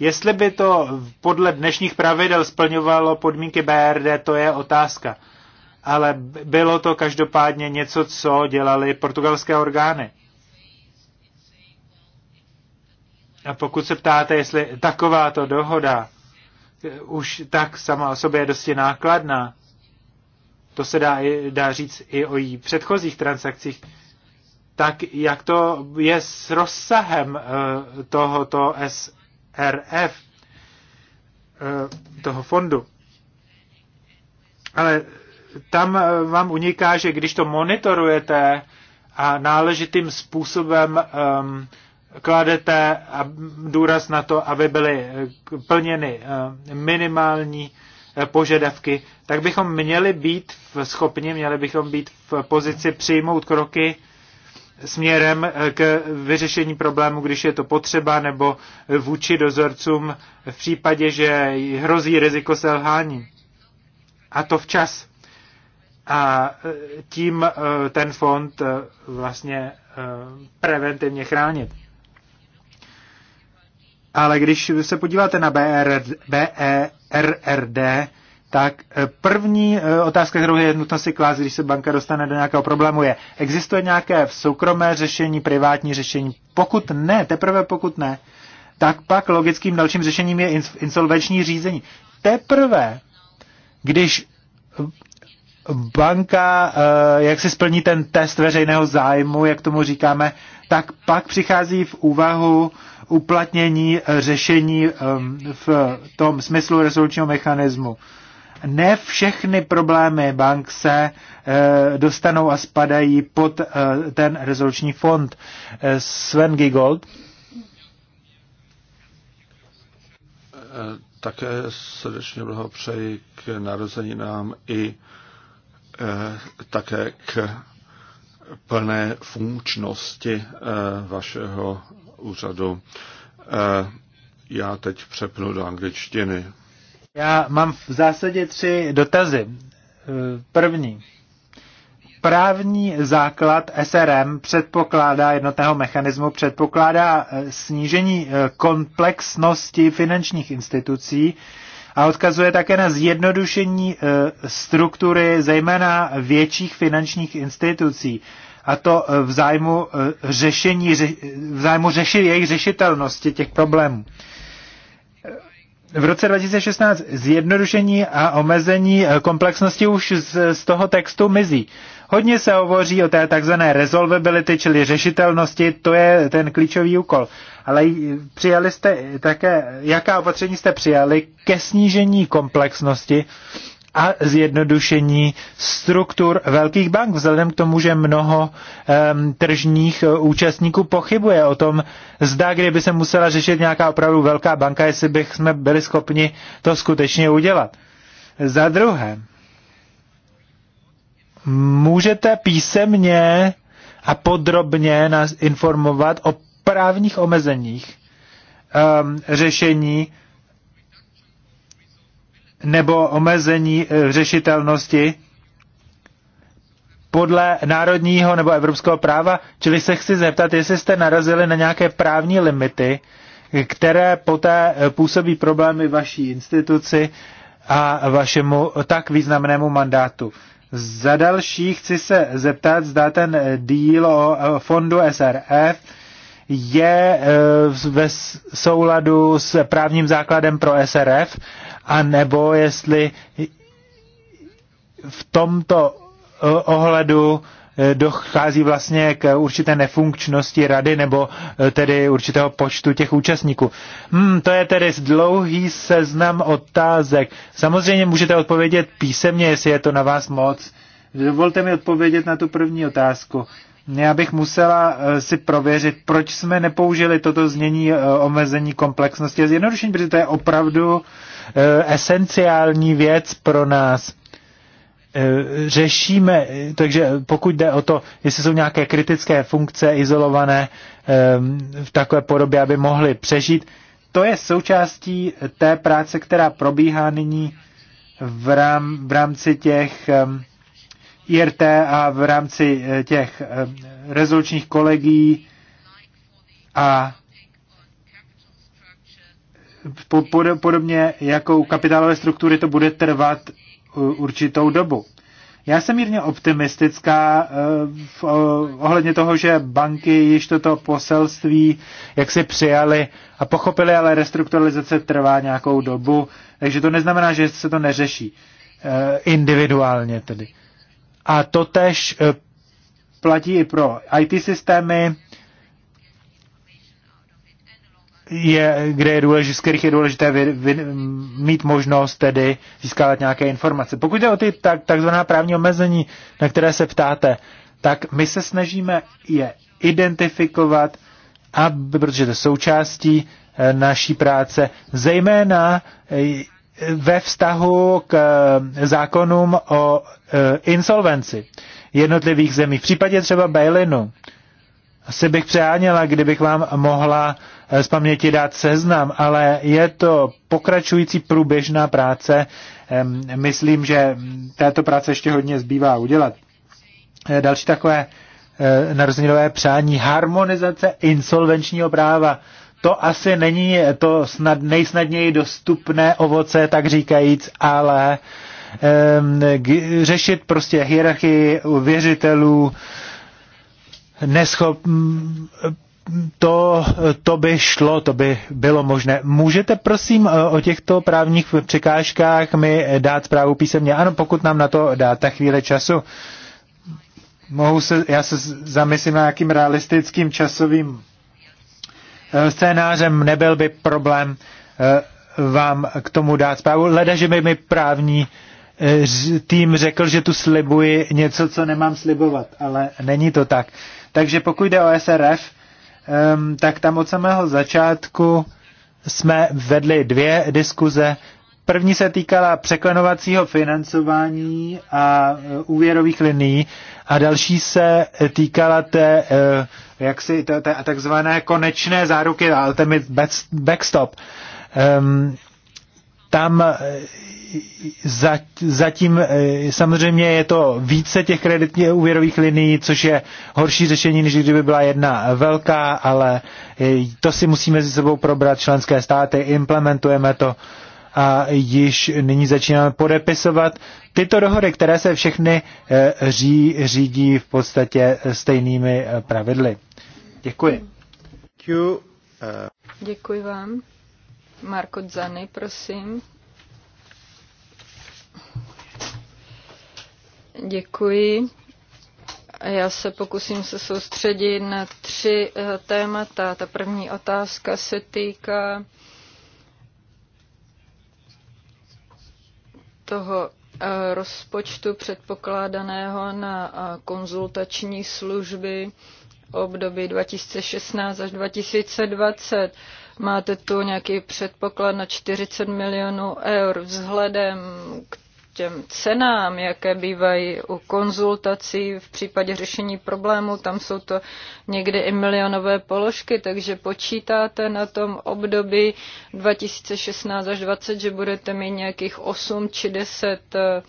Jestli by to podle dnešních pravidel splňovalo podmínky BRD, to je otázka. Ale bylo to každopádně něco, co dělali portugalské orgány. A pokud se ptáte, jestli takováto dohoda už tak sama o sobě je dosti nákladná. To se dá, dá říct i o jí předchozích transakcích. Tak jak to je s rozsahem eh, tohoto SRF, eh, toho fondu? Ale tam eh, vám uniká, že když to monitorujete a náležitým způsobem um, kladete důraz na to, aby byly eh, plněny eh, minimální eh, požadavky, tak bychom měli být schopni, měli bychom být v pozici přijmout kroky směrem k vyřešení problému, když je to potřeba, nebo vůči dozorcům v případě, že hrozí riziko selhání. A to včas. A tím ten fond vlastně preventivně chránit. Ale když se podíváte na BRD, e BERRD, tak eh, první eh, otázka, kterou je nutno si klást, když se banka dostane do nějakého problému, je, existuje nějaké soukromé řešení, privátní řešení? Pokud ne, teprve pokud ne, tak pak logickým dalším řešením je insolvenční řízení. Teprve, když eh, banka, jak si splní ten test veřejného zájmu, jak tomu říkáme, tak pak přichází v úvahu uplatnění eh, řešení eh, v tom smyslu rezolučního mechanismu. Ne všechny problémy bank se eh, dostanou a spadají pod ten rezoluční fond. Sven Gigold. Také srdečně blahopřeji k narozeninám i také k plné funkčnosti vašeho úřadu. Eh, já teď přepnu do angličtiny. Já mám v zásadě tři dotazy. Eh, první. Právní základ SRM předpokládá jednotného mechanismu, předpokládá eh, snížení komplexnosti finančních institucí a odkazuje také na zjednodušení struktury zejména větších finančních institucí a to eh, v zájmu eh, řešení, v zájmu řeši, jejich řešitelnosti těch problémů. V roce 2016 zjednodušení a omezení eh, komplexnosti už z, z toho textu mizí. Hodně se hovoří o té takzvané resolvability, čili řešitelnosti, to je ten klíčový úkol. Ale přijali jste také, jaká opatření jste přijali ke snížení komplexnosti a zjednodušení struktur velkých bank, vzhledem k tomu, že mnoho um, tržních e, účastníků pochybuje o tom, zda kdyby se musela řešit nějaká opravdu velká banka, jestli bychom byli schopni to skutečně udělat. Za druhé, můžete písemně a podrobně nás informovat o právních omezeních um, řešení nebo omezení e, řešitelnosti podle národního nebo evropského práva, čili se chci zeptat, jestli jste narazili na nějaké právní limity, které poté e, působí problémy vaší instituci a vašemu tak významnému mandátu. Za další chci se zeptat, zda ten díl o fondu SRF je e, ve souladu s právním základem pro SRF a nebo jestli v tomto eh, ohledu eh, dochází vlastně k určité nefunkčnosti rady nebo eh, tedy určitého počtu těch účastníků. Hmm, to je tedy dlouhý seznam otázek. Samozřejmě můžete odpovědět písemně, jestli je to na vás moc. Dovolte mi odpovědět na tu první otázku já bych musela eh, si prověřit, proč jsme nepoužili toto znění eh, omezení komplexnosti a zjednodušení, protože to je opravdu eh, esenciální věc pro nás. Řešíme, takže pokud jde o to, jestli jsou nějaké kritické funkce izolované v takové podobě, aby mohly přežít, to je součástí té práce, která probíhá nyní v, rám, v rámci těch um, IRT a v rámci eh, těch eh, rezolučních kolegií a podobně jako u kapitálové struktury to bude trvat eh, určitou dobu. Já jsem mírně optimistická v, ohledně toho, že banky již toto poselství jak si přijali a pochopili, ale restrukturalizace trvá nějakou dobu, takže to neznamená, že se to neřeší individuálně tedy. A to tež eh, platí i pro IT systémy, je, kde je důležité, z kterých je důležité vy, vy, mít možnost tedy získávat nějaké informace. Pokud jde o ty tak, takzvaná právní omezení, na které se ptáte, tak my se snažíme je identifikovat, aby, protože to je součástí eh, naší práce, zejména eh, ve vztahu k eh, zákonům o eh, insolvenci jednotlivých zemí. V případě třeba Bailinu asi bych přeháněla, kdybych vám mohla eh, z paměti dát seznam, ale je to pokračující průběžná práce. Myslím, že této práce ještě hodně zbývá udělat. Další takové narozeninové přání harmonizace insolvenčního práva to asi není to snad nejsnadněji dostupné ovoce, tak říkajíc, ale um, řešit prostě hierarchii věřitelů, neschop, to, to by šlo, to by bylo možné. Můžete prosím o těchto právních překážkách mi dát zprávu písemně? Ano, pokud nám na to dáte chvíle času. Mohu se, já se zamyslím na nějakým realistickým časovým Eh, scénářem nebyl by problém eh, vám k tomu dát zprávu. Leda, že by mi právní eh, tým řekl, že tu slibuji něco, co nemám slibovat, ale není to tak. Takže pokud jde o SRF, ehm, tak tam od samého začátku jsme vedli dvě diskuze. První se týkala překlenovacího financování a úvěrových liní a další se týkala té jak si jaksi takzvané konečné záruky, ultimate backstop. Um, tam e, zatím e, samozřejmě je to více těch kreditních úvěrových linií, což je horší řešení, než kdyby byla jedna velká, ale e, to si musíme mezi sebou probrat členské státy, implementujeme to a již nyní začínáme podepisovat Tyto dohody, které se všechny eh, ří, řídí v podstatě eh, stejnými eh, pravidly. Děkuji. Děkuji vám. Marko Zany, prosím. Děkuji. Já se pokusím se soustředit na tři témata. Ta první otázka se týká toho Eh, rozpočtu předpokládaného na eh, konzultační služby období 2016 až 2020. Máte tu nějaký předpoklad na 40 milionů eur vzhledem k těm cenám, jaké bývají u konzultací v případě řešení problému, tam jsou to někdy i milionové položky, takže počítáte na tom období 2016 až 2020, že budete mít nějakých 8 či 10 eh,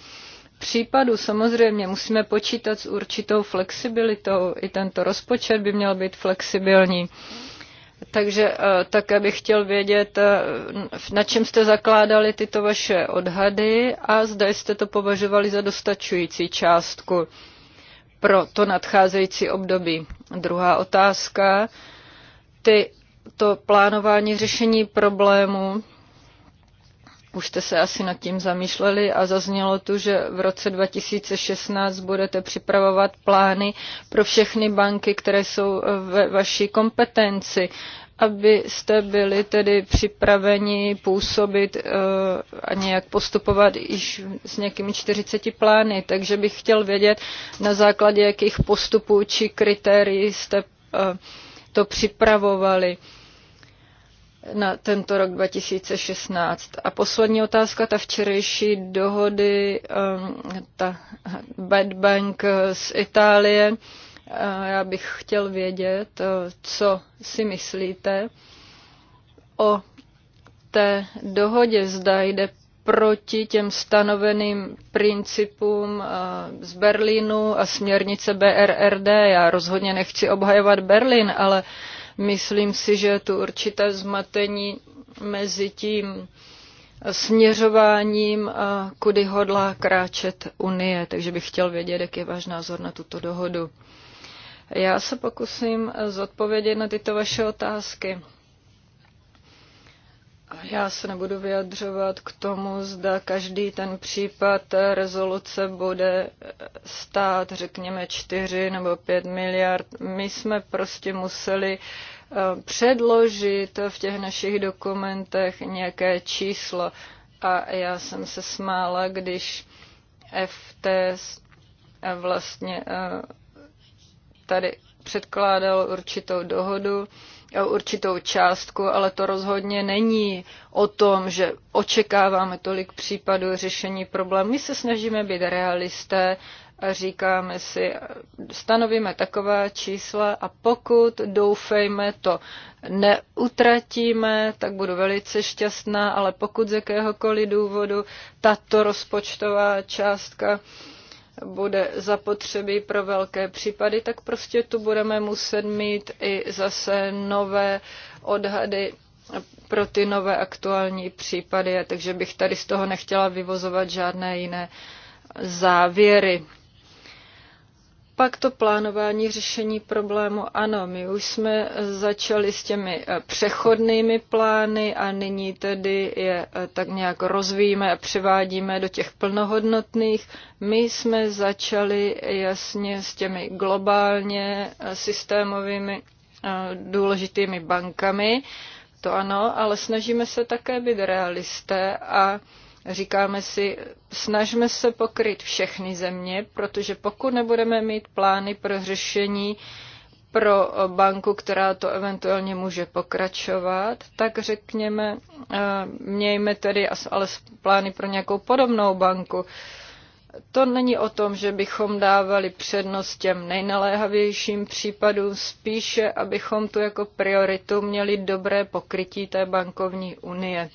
případů. Samozřejmě musíme počítat s určitou flexibilitou. I tento rozpočet by měl být flexibilní. Takže eh, také bych chtěl vědět, eh, na čem jste zakládali tyto vaše odhady a zda jste to považovali za dostačující částku pro to nadcházející období. Druhá otázka. Ty to plánování řešení problému, už jste se asi nad tím zamýšleli a zaznělo tu, že v roce 2016 budete připravovat plány pro všechny banky, které jsou eh, ve vaší kompetenci abyste byli tedy připraveni působit eh, a nějak postupovat již s nějakými 40 plány. Takže bych chtěl vědět, na základě jakých postupů či kritérií jste eh, to připravovali na tento rok 2016. A poslední otázka, ta včerejší dohody, eh, ta Bad Bank z Itálie, já bych chtěl vědět, eh, co si myslíte o té dohodě. Zda jde proti těm stanoveným principům eh, z Berlínu a směrnice BRRD. Já rozhodně nechci obhajovat Berlín, ale myslím si, že je tu určité zmatení mezi tím směřováním, eh, kudy hodlá kráčet Unie. Takže bych chtěl vědět, jak je váš názor na tuto dohodu. Já se pokusím zodpovědět na tyto vaše otázky. Já se nebudu vyjadřovat k tomu, zda každý ten případ rezoluce bude stát, řekněme, 4 nebo 5 miliard. My jsme prostě museli eh, předložit v těch našich dokumentech nějaké číslo. A já jsem se smála, když FT vlastně eh, tady předkládal určitou dohodu, e, určitou částku, ale to rozhodně není o tom, že očekáváme tolik případů řešení problémů. My se snažíme být realisté a říkáme si, stanovíme taková čísla a pokud doufejme to neutratíme, tak budu velice šťastná, ale pokud z jakéhokoliv důvodu tato rozpočtová částka bude zapotřebí pro velké případy, tak prostě tu budeme muset mít i zase nové odhady pro ty nové aktuální případy, takže bych tady z toho nechtěla vyvozovat žádné jiné závěry. Pak to plánování řešení problému. Ano, my už jsme začali s těmi eh, přechodnými plány a nyní tedy je eh, tak nějak rozvíjíme a převádíme do těch plnohodnotných. My jsme začali jasně s těmi globálně eh, systémovými důležitými bankami. To ano, ale snažíme se také být realisté a Říkáme si, snažme se pokryt všechny země, protože pokud nebudeme mít plány pro řešení pro banku, která to eventuálně může pokračovat, tak řekněme, eh, mějme tedy ale plány pro nějakou podobnou banku. To není o tom, že bychom dávali přednost těm nejnaléhavějším případům, spíše abychom tu jako prioritu měli dobré pokrytí té bankovní unie.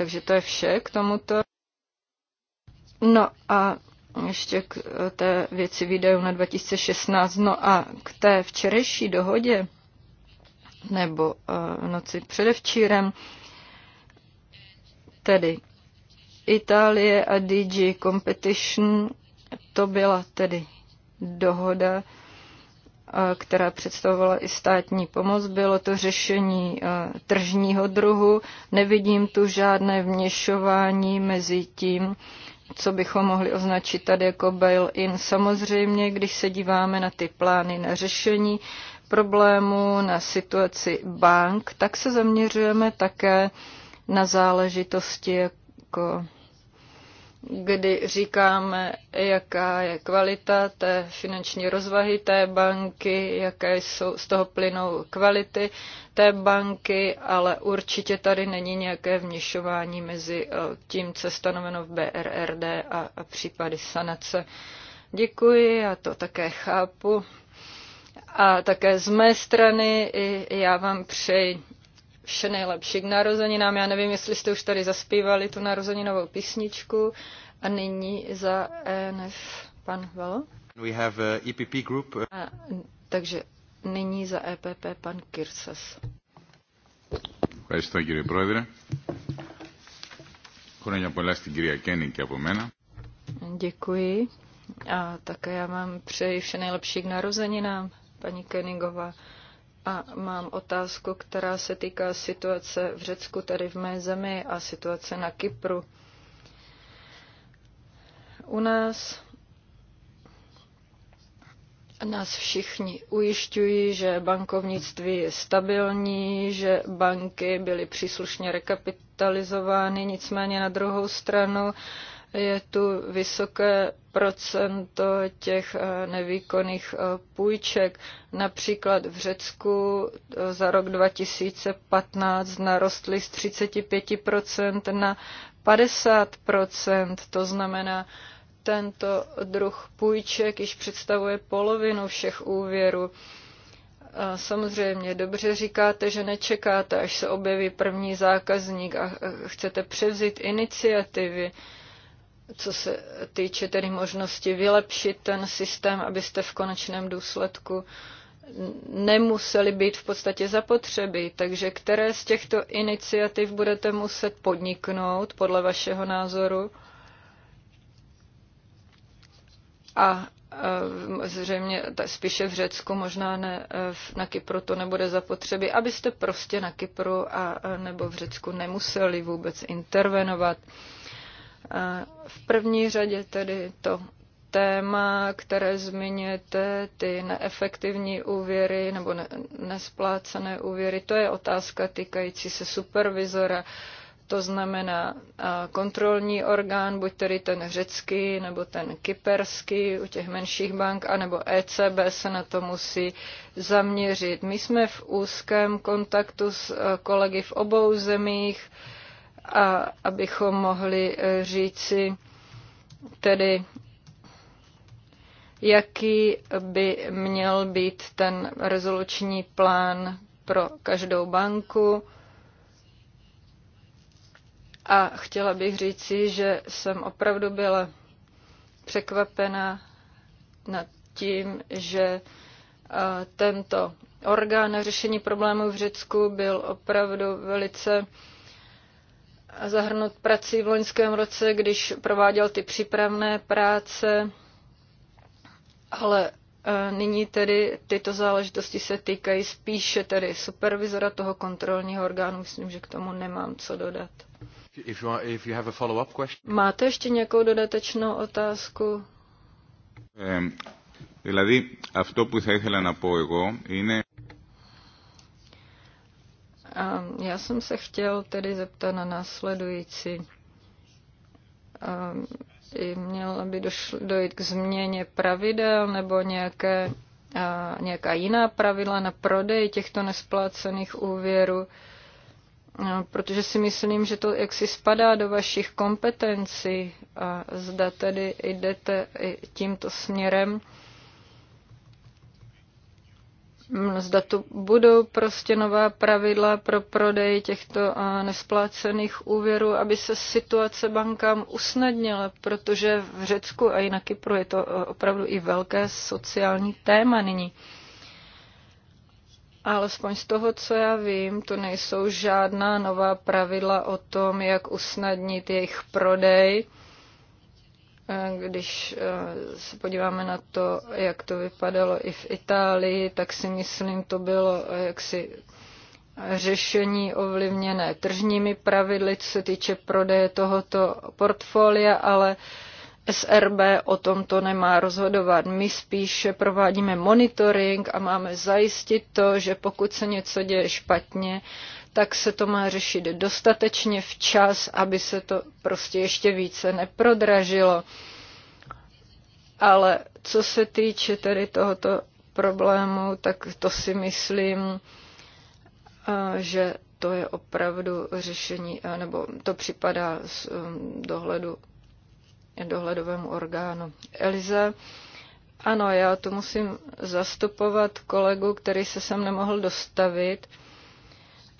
Takže to je vše k tomuto. No a ještě k eh, té věci videu na 2016. No a k té včerejší dohodě, nebo eh, noci předevčírem, tedy Itálie a DJ Competition, to byla tedy dohoda, která představovala i státní pomoc. Bylo to řešení tržního druhu. Nevidím tu žádné vněšování mezi tím, co bychom mohli označit tady jako bail-in. Samozřejmě, když se díváme na ty plány na řešení problému, na situaci bank, tak se zaměřujeme také na záležitosti jako kdy říkáme, jaká je kvalita té finanční rozvahy té banky, jaké jsou z toho plynou kvality té banky, ale určitě tady není nějaké vněšování mezi eh, tím, co je stanoveno v BRRD a, a případy sanace. Děkuji, já to také chápu. A také z mé strany já vám přeji vše nejlepší k narozeninám. Já nevím, jestli jste už tady zaspívali tu narozeninovou písničku. A nyní za ENF pan Velo. We have a uh, EPP group. Uh, a, takže nyní za EPP pan Kirsas. Ευχαριστώ κύριε Πρόεδρε. Χρόνια πολλά στην κυρία Κέννη και από μένα. Děkuji. A také já vám přeji vše nejlepší k narozeninám, paní Kenningová. A mám otázku, která se týká situace v Řecku, tady v mé zemi, a situace na Kypru. U nás nás všichni ujišťují, že bankovnictví je stabilní, že banky byly příslušně rekapitalizovány, nicméně na druhou stranu je tu vysoké procento těch eh, nevýkonných eh, půjček. Například v Řecku eh, za rok 2015 narostly z 35% na 50%. To znamená, tento druh půjček již představuje polovinu všech úvěrů. Samozřejmě, dobře říkáte, že nečekáte, až se objeví první zákazník a chcete převzít iniciativy co se týče tedy možnosti vylepšit ten systém, abyste v konečném důsledku nemuseli být v podstatě zapotřebí. Takže které z těchto iniciativ budete muset podniknout podle vašeho názoru? A e, zřejmě spíše v Řecku, možná ne, e, na Kypru to nebude zapotřebí, abyste prostě na Kypru a e, nebo v Řecku nemuseli vůbec intervenovat. V první řadě tedy to téma, které zmiňujete, ty neefektivní úvěry nebo ne, nesplácené úvěry, to je otázka týkající se supervizora. To znamená kontrolní orgán, buď tedy ten řecký nebo ten kyperský u těch menších bank, anebo ECB se na to musí zaměřit. My jsme v úzkém kontaktu s e, kolegy v obou zemích a abychom mohli eh, říci tedy, jaký by měl být ten rezoluční plán pro každou banku. A chtěla bych říci, že jsem opravdu byla překvapena nad tím, že eh, tento orgán na řešení problémů v Řecku byl opravdu velice zahrnut prací v loňském roce, když prováděl ty přípravné práce, ale e, nyní tedy tyto záležitosti se týkají spíše tedy supervizora toho kontrolního orgánu. Myslím, že k tomu nemám co dodat. If you, if you have a question. Máte ještě nějakou dodatečnou otázku? Um, δηλαδή, to, co bych ήθελα να πω εγώ είναι... Já jsem se chtěl tedy zeptat na následující. Měla by dojít k změně pravidel nebo nějaké, nějaká jiná pravidla na prodej těchto nesplácených úvěrů? protože si myslím, že to jaksi spadá do vašich kompetencí a zda tedy jdete tímto směrem Zda to budou prostě nová pravidla pro prodej těchto nesplácených úvěrů, aby se situace bankám usnadnila, protože v Řecku a i na Kypru je to e, opravdu i velké sociální téma nyní. Alespoň z toho, co já vím, to nejsou žádná nová pravidla o tom, jak usnadnit jejich prodej když eh, se podíváme na to, jak to vypadalo i v Itálii, tak si myslím, to bylo eh, jaksi řešení ovlivněné tržními pravidly, co se týče prodeje tohoto portfolia, ale SRB o tom to nemá rozhodovat. My spíše provádíme monitoring a máme zajistit to, že pokud se něco děje špatně, tak se to má řešit dostatečně včas, aby se to prostě ještě více neprodražilo. Ale co se týče tedy tohoto problému, tak to si myslím, že to je opravdu řešení, nebo to připadá z um, dohledu, dohledovému orgánu. Elize, ano, já tu musím zastupovat kolegu, který se sem nemohl dostavit.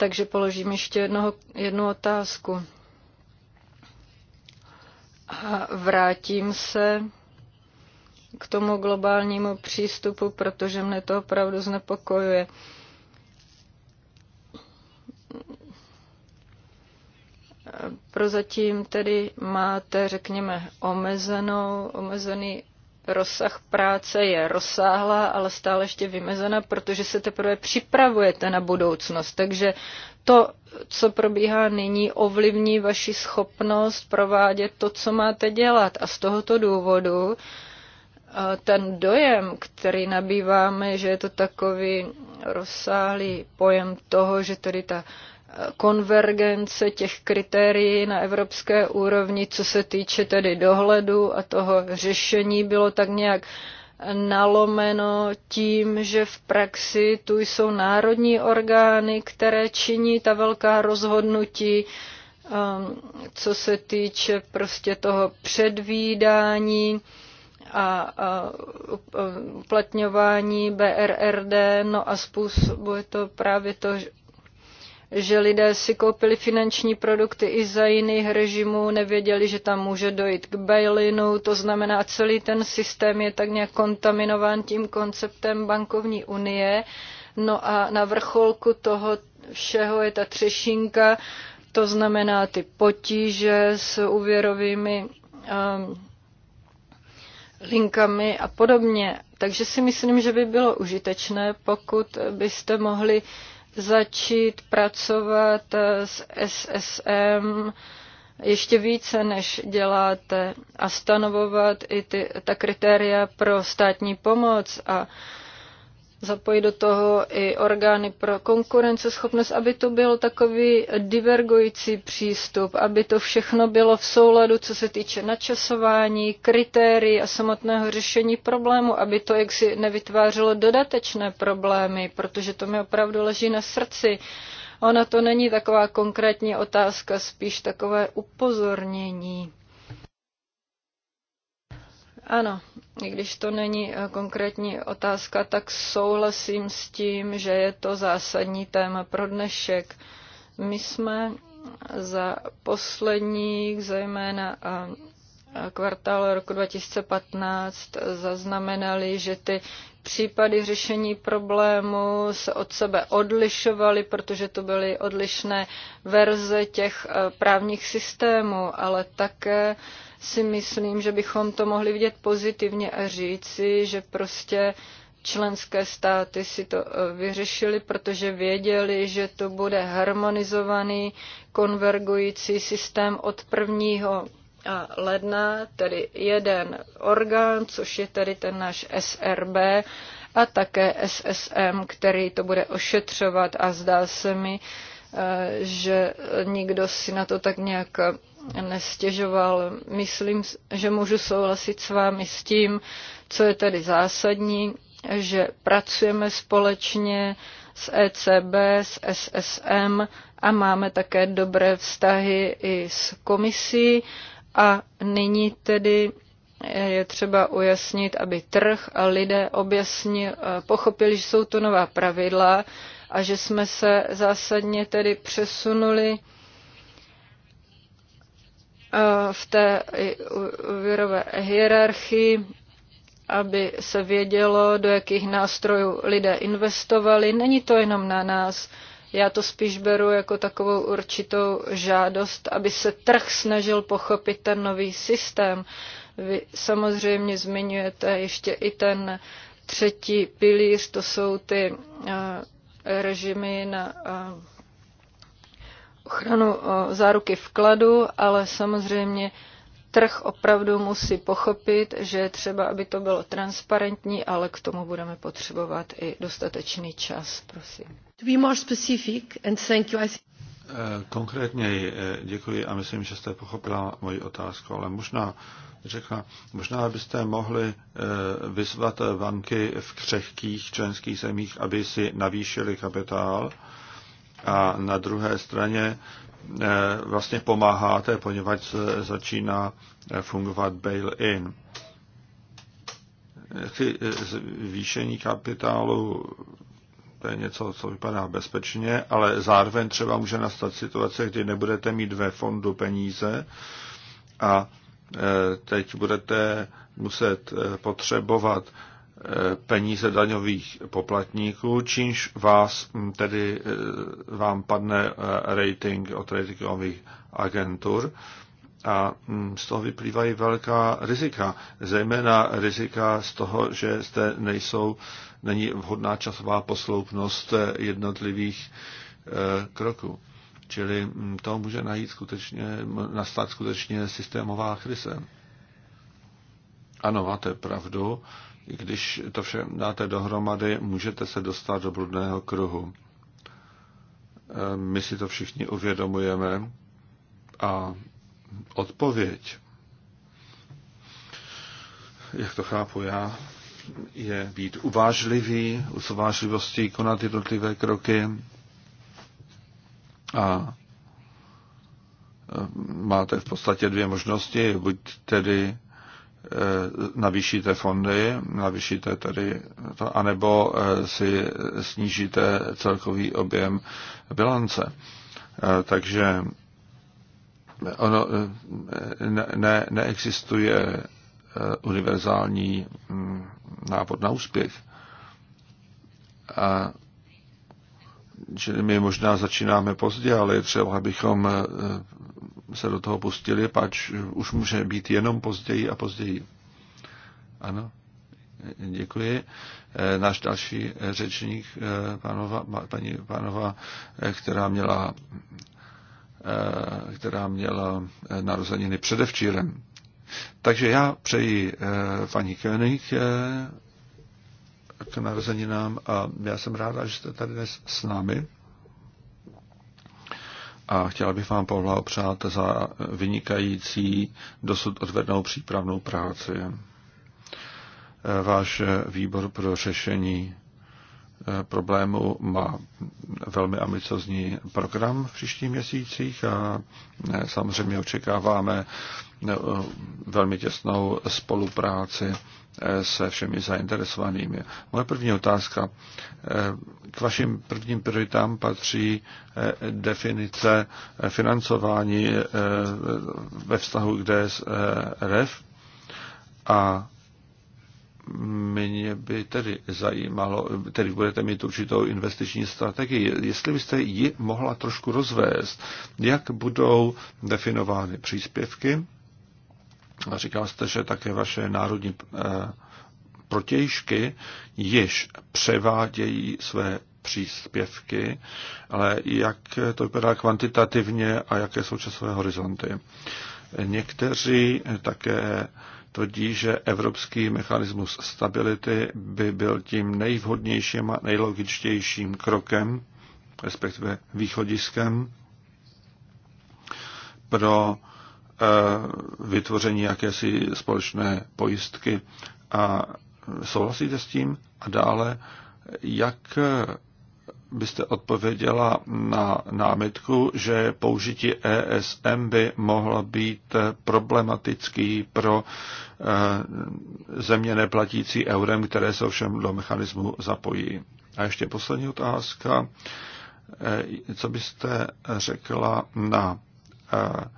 Takže položím ještě jednoho, jednu otázku. A vrátím se k tomu globálnímu přístupu, protože mne to opravdu znepokojuje. Prozatím tedy máte, řekněme, omezenou, omezený rozsah práce je rozsáhlá, ale stále ještě vymezená, protože se teprve připravujete na budoucnost. Takže to, co probíhá nyní, ovlivní vaši schopnost provádět to, co máte dělat. A z tohoto důvodu eh, ten dojem, který nabýváme, že je to takový rozsáhlý pojem toho, že tedy ta konvergence těch kritérií na evropské úrovni, co se týče tedy dohledu a toho řešení, bylo tak nějak nalomeno tím, že v praxi tu jsou národní orgány, které činí ta velká rozhodnutí, um, co se týče prostě toho předvídání a um, uplatňování BRRD, no a způsobuje to právě to, že lidé si koupili finanční produkty i za jiných režimů, nevěděli, že tam může dojít k bailinu, to znamená, celý ten systém je tak nějak kontaminován tím konceptem bankovní unie. No a na vrcholku toho všeho je ta třešinka, to znamená ty potíže s úvěrovými um, linkami a podobně. Takže si myslím, že by bylo užitečné, pokud byste mohli začít pracovat s SSM ještě více, než děláte a stanovovat i ty, ta kritéria pro státní pomoc a zapojit do toho i orgány pro konkurenceschopnost, aby to byl takový divergující přístup, aby to všechno bylo v souladu, co se týče načasování, kritérií a samotného řešení problému, aby to jaksi nevytvářelo dodatečné problémy, protože to mi opravdu leží na srdci. Ona to není taková konkrétní otázka, spíš takové upozornění. Ano, i když to není eh, konkrétní otázka, tak souhlasím s tím, že je to zásadní téma pro dnešek. My jsme za posledních, zejména kvartál roku 2015 zaznamenali, že ty případy řešení problému se od sebe odlišovaly, protože to byly odlišné verze těch eh, právních systémů, ale také si myslím, že bychom to mohli vidět pozitivně a říci, že prostě členské státy si to eh, vyřešili, protože věděli, že to bude harmonizovaný konvergující systém od prvního eh, ledna, tedy jeden orgán, což je tedy ten náš SRB a také SSM, který to bude ošetřovat a zdá se mi, eh, že nikdo si na to tak nějak nestěžoval. Myslím, že můžu souhlasit s vámi s tím, co je tedy zásadní, že pracujeme společně s ECB, s SSM a máme také dobré vztahy i s komisí. A nyní tedy eh, je třeba ujasnit, aby trh a lidé objasnil, eh, pochopili, že jsou to nová pravidla a že jsme se zásadně tedy přesunuli Eh, v té virové hierarchii, aby se vědělo, do jakých nástrojů lidé investovali. Není to jenom na nás. Já to spíš beru jako takovou určitou žádost, aby se trh snažil pochopit ten nový systém. Vy samozřejmě zmiňujete ještě i ten třetí pilíř, to jsou ty eh, režimy na eh, ochranu eh, záruky vkladu, ale samozřejmě trh opravdu musí pochopit, že třeba, aby to bylo transparentní, ale k tomu budeme potřebovat i dostatečný čas. Prosím. To be more specific and thank you. Eh, konkrétně eh, děkuji a myslím, že jste pochopila moji otázku, ale možná řekla, možná byste mohli vyzvat banky v křehkých členských zemích, aby si navýšili kapitál a na druhé straně eh, vlastně pomáháte, poněvadž se začíná eh, fungovat bail-in. Eh, zvýšení kapitálu to je něco, co vypadá bezpečně, ale zároveň třeba může nastat situace, kdy nebudete mít ve fondu peníze a teď budete muset potřebovat peníze daňových poplatníků, čímž vás mm, tedy e, vám padne e, rating od ratingových agentur a mm, z toho vyplývají velká rizika, zejména rizika z toho, že zde nejsou, není vhodná časová posloupnost e, jednotlivých kroků. Čili mm, to může najít skutečně, nastat skutečně systémová krize. Ano, máte pravdu když to vše dáte dohromady, můžete se dostat do bludného kruhu. My si to všichni uvědomujeme a odpověď, jak to chápu já, je být uvážlivý, s uvážlivostí konat jednotlivé kroky a e, máte v podstatě dvě možnosti, buď tedy Eh, navýšíte fondy, navýšíte tady to, anebo eh, si snížíte celkový objem bilance. Eh, takže ono ne, ne, neexistuje univerzální hm, návod na úspěch. A že my možná začínáme pozdě, ale je třeba, abychom se do toho pustili, pač už může být jenom později a později. Ano, děkuji. Eh, náš další eh, řečník, eh, panova, paní pánova, která měla, která měla narozeniny předevčírem. Takže já přeji paní König k narozeninám a já jsem ráda, že jste tady dnes s námi a chtěla bych vám poblahopřát za vynikající dosud odvednou přípravnou práci. E, váš výbor pro řešení e, problému má velmi ambiciozní program v příštích měsících a e, samozřejmě očekáváme No, eh, velmi těsnou spolupráci eh, se všemi zainteresovanými. Moje první otázka. Eh, k vašim prvním prioritám patří definice financování ve vztahu k DSRF a mě by tedy zajímalo, tedy budete mít určitou investiční strategii, jestli byste ji mohla trošku rozvést, jak budou definovány příspěvky, Říkal jste, že také vaše národní eh, protějšky již převádějí své příspěvky, ale jak to vypadá kvantitativně a jaké jsou časové horizonty. Někteří také tvrdí, že evropský mechanismus stability by byl tím nejvhodnějším a nejlogičtějším krokem, respektive východiskem, pro vytvoření jakési společné pojistky. A souhlasíte s tím? A dále, jak byste odpověděla na námitku, že použití ESM by mohlo být problematický pro eh, země neplatící eurem, které se ovšem do mechanismu zapojí. A ještě poslední otázka. Eh, co byste řekla na eh,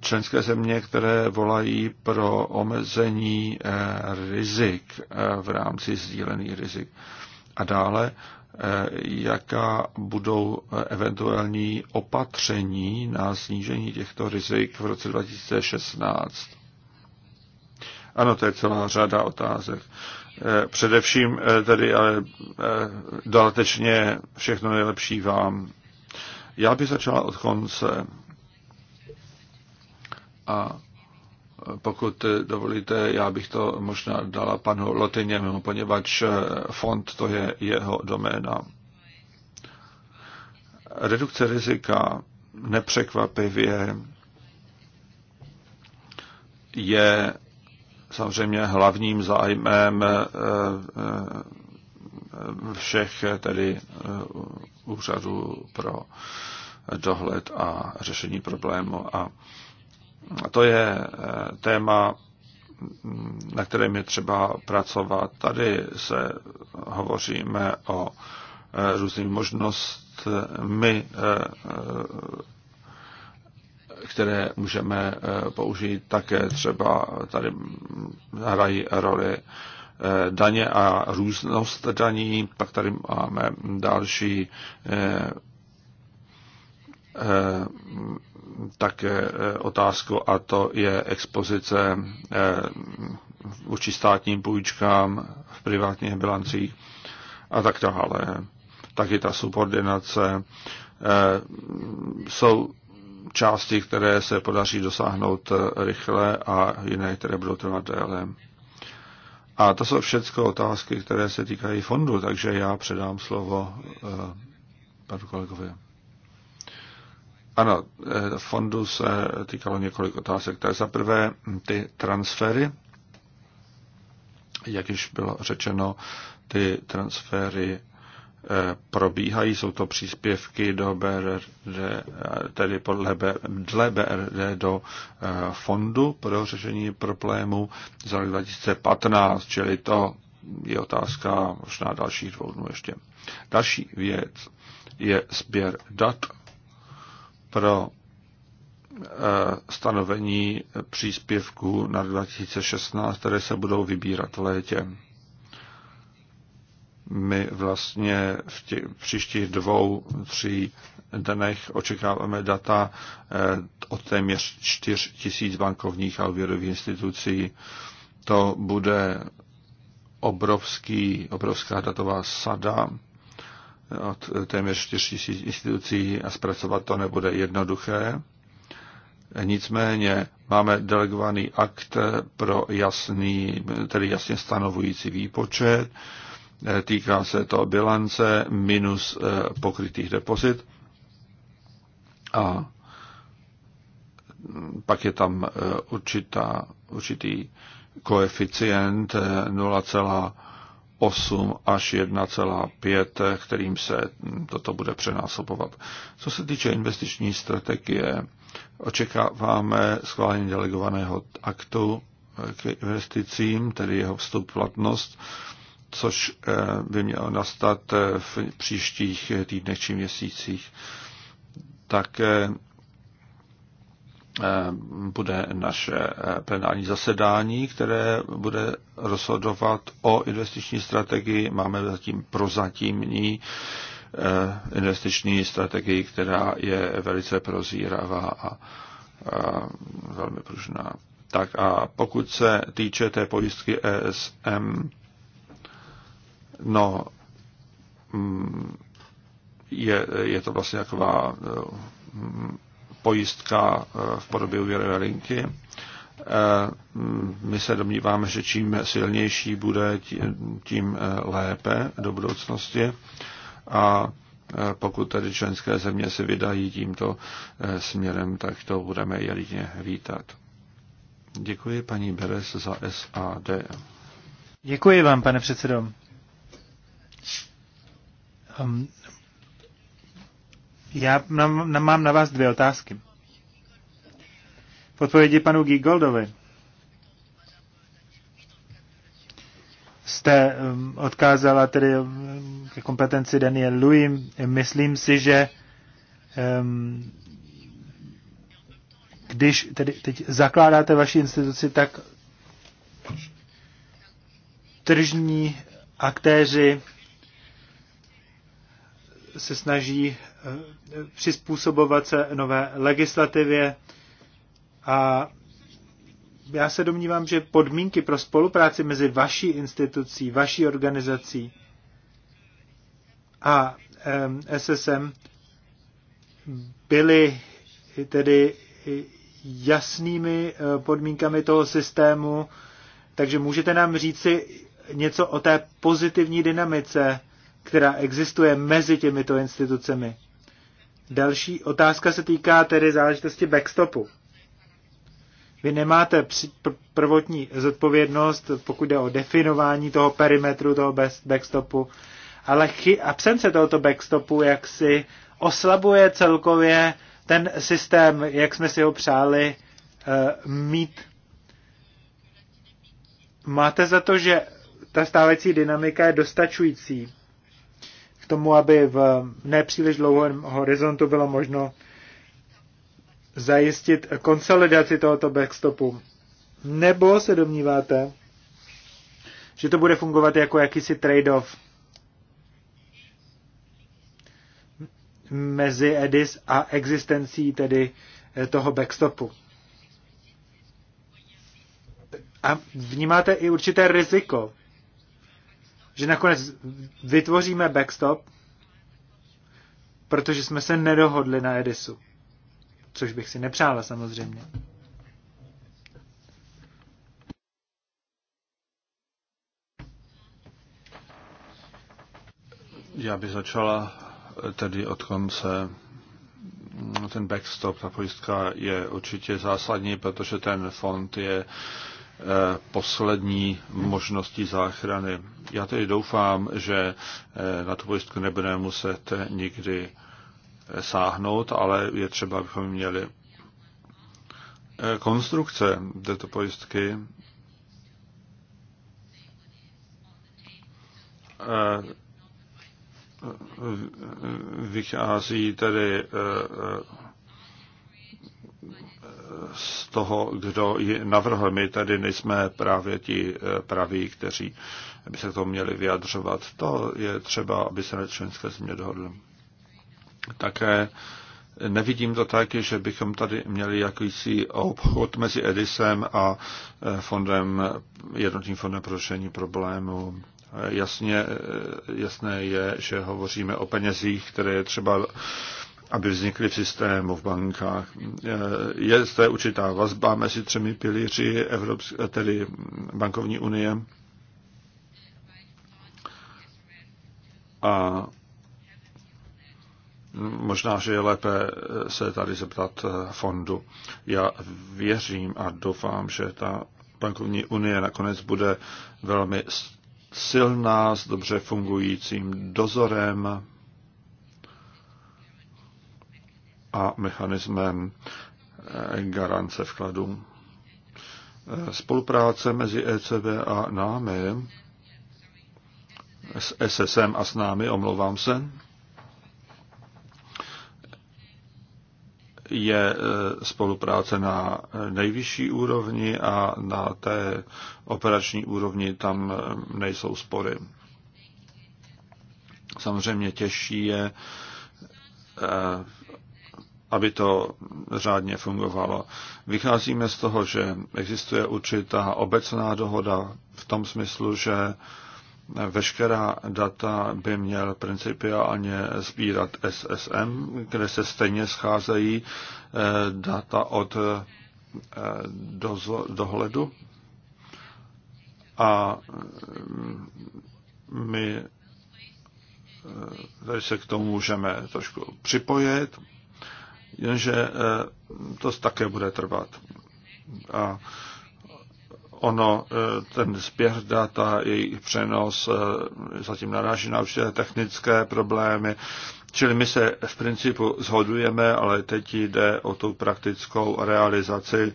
členské země, které volají pro omezení eh, rizik eh, v rámci sdílených rizik. A dále, eh, jaká budou eventuální opatření na snížení těchto rizik v roce 2016. Ano, to je celá řada otázek. Především tedy ale dodatečně všechno nejlepší vám. Já bych začala od konce. A pokud dovolíte, já bych to možná dala panu Lotyněmu, poněvadž fond to je jeho doména. Redukce rizika nepřekvapivě je samozřejmě hlavním zájmem eh, eh, všech tedy eh, úřadů pro dohled a řešení problému. A to je eh, téma, na kterém je třeba pracovat. Tady se hovoříme o eh, různých možnostmi, eh, které můžeme použít také třeba tady hrají roli daně a různost daní, pak tady máme další také eh, otázku a to je expozice eh, vůči státním půjčkám v privátních bilancích a tak dále. Taky ta subordinace eh, jsou části, které se podaří dosáhnout rychle a jiné, které budou trvat déle. A to jsou všechno otázky, které se týkají fondu, takže já předám slovo panu kolegovi. Ano, eh, fondu se týkalo několik otázek. To je za prvé ty transfery. Jak již bylo řečeno, ty transfery eh, probíhají, jsou to příspěvky do BRD, tedy podle dle BRD do eh, fondu pro řešení problému za rok 2015, čili to je otázka možná dalších dvou dnů ještě. Další věc je sběr dat pro eh, stanovení příspěvků na 2016, které se budou vybírat v létě. My vlastně v těch příštích dvou, tří dnech očekáváme data eh, od téměř 4 tisíc bankovních a úvěrových institucí. To bude obrovský, obrovská datová sada od téměř 4000 institucí a zpracovat to nebude jednoduché. Nicméně máme delegovaný akt pro jasný, tedy jasně stanovující výpočet. Týká se to bilance minus eh, pokrytých depozit. A pak je tam eh, určitá, určitý koeficient 0,5 eh, 8 až 1,5, kterým se toto bude přenásobovat. Co se týče investiční strategie, očekáváme schválení delegovaného aktu k investicím, tedy jeho vstup v platnost, což eh, by mělo nastat eh, v příštích týdnech či měsících. Také eh, Eh, bude naše eh, plenární zasedání, které bude rozhodovat o investiční strategii. Máme zatím prozatímní eh, investiční strategii, která je velice prozíravá a velmi pružná. Tak a pokud se týče té pojistky ESM, no, mm, je, je to vlastně taková pojistka eh, v podobě úvěrové linky. Eh, my se domníváme, že čím silnější bude, tím eh, lépe do budoucnosti. A pokud tedy členské země se vydají tímto směrem, tak to budeme jedině vítat. Děkuji paní Beres za SAD. Děkuji vám, pane předsedo. Ehm, já mám, mám na vás dvě otázky. V odpovědi panu Gigoldovi jste um, odkázala tedy um, ke kompetenci Daniel Louis. Myslím si, že um, když tedy teď zakládáte vaši instituci, tak tržní aktéři se snaží přizpůsobovat se nové legislativě. A já se domnívám, že podmínky pro spolupráci mezi vaší institucí, vaší organizací a SSM byly tedy jasnými eh, podmínkami toho systému, takže můžete nám říci něco o té pozitivní dynamice, která existuje mezi těmito institucemi. Další otázka se týká tedy záležitosti backstopu. Vy nemáte prvotní zodpovědnost, pokud jde o definování toho perimetru, toho backstopu, ale absence tohoto backstopu jaksi oslabuje celkově ten systém, jak jsme si ho přáli eh, mít. Máte za to, že ta stávající dynamika je dostačující tomu, aby v nepříliš dlouhém horizontu bylo možno zajistit konsolidaci tohoto backstopu? Nebo se domníváte, že to bude fungovat jako jakýsi trade-off mezi EDIS a existencí tedy eh, toho backstopu? A vnímáte i určité riziko, že nakonec vytvoříme backstop, protože jsme se nedohodli na Edisu. Což bych si nepřála samozřejmě. Já bych začala eh, tedy od konce. Mm, ten backstop, ta pojistka je určitě zásadní, protože ten fond je Eh, poslední možnosti záchrany. Já tedy doufám, že eh, na tu pojistku nebudeme muset nikdy eh, sáhnout, ale je třeba, abychom měli konstrukce této pojistky. Vychází tedy toho, kdo ji navrhl. My tady nejsme právě ti eh, praví, kteří by se k tomu měli vyjadřovat. To je třeba, aby se členské země dohodly. Také nevidím to tak, že bychom tady měli jakýsi obchod mezi Edisem a eh, fondem, jednotným fondem pro řešení problému. Eh, jasně, jasné je, že hovoříme o penězích, které je třeba aby vznikly v systému v bankách. Je zde určitá vazba mezi třemi pilíři Evropské, tedy bankovní unie a možná, že je lépe se tady zeptat fondu. Já věřím a doufám, že ta bankovní unie nakonec bude velmi silná s dobře fungujícím dozorem a mechanismem eh, garance vkladů. Eh, spolupráce mezi ECB a námi, s SSM a s námi, omlouvám se, je eh, spolupráce na nejvyšší úrovni a na té operační úrovni tam nejsou spory. Samozřejmě těžší je aby to řádně fungovalo. Vycházíme z toho, že existuje určitá obecná dohoda v tom smyslu, že veškerá data by měl principiálně sbírat SSM, kde se stejně scházejí eh, data od eh, dohledu. A mm, my eh, se k tomu můžeme trošku připojit jenže eh, to také bude trvat. A ono, eh, ten zběr data, jejich přenos eh, zatím naráží na určité technické problémy, čili my se v principu zhodujeme, ale teď jde o tu praktickou realizaci,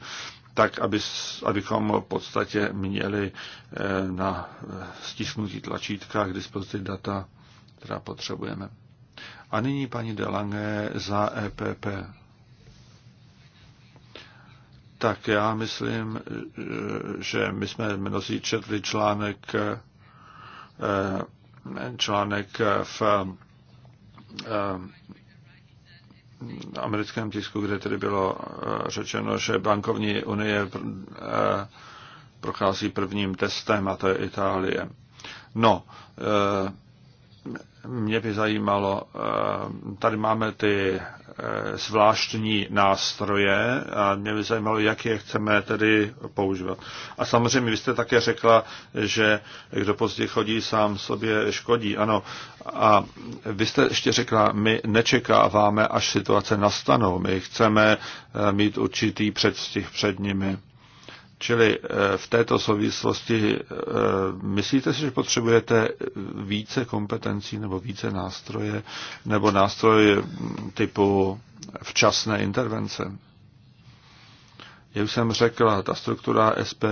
tak aby, abychom v podstatě měli na stisknutí tlačítka k dispozici data, která potřebujeme. A nyní paní Delange za EPP. Tak já myslím, že my jsme mnozí četli článek, eh, článek v eh, americkém tisku, kde tedy bylo eh, řečeno, že bankovní unie prochází prvním testem a to je Itálie. No, mě by zajímalo, eh, tady máme ty eh, zvláštní nástroje a mě by zajímalo, jak je chceme tedy používat. A samozřejmě vy jste také řekla, že kdo pozdě chodí, sám sobě škodí. Ano. A vy jste ještě řekla, my nečekáváme, až situace nastanou. My chceme eh, mít určitý předstih před nimi. Čili eh, v této souvislosti eh, myslíte si, že potřebujete více kompetencí nebo více nástroje nebo nástroje typu včasné intervence? Jak jsem řekla, ta struktura SPV,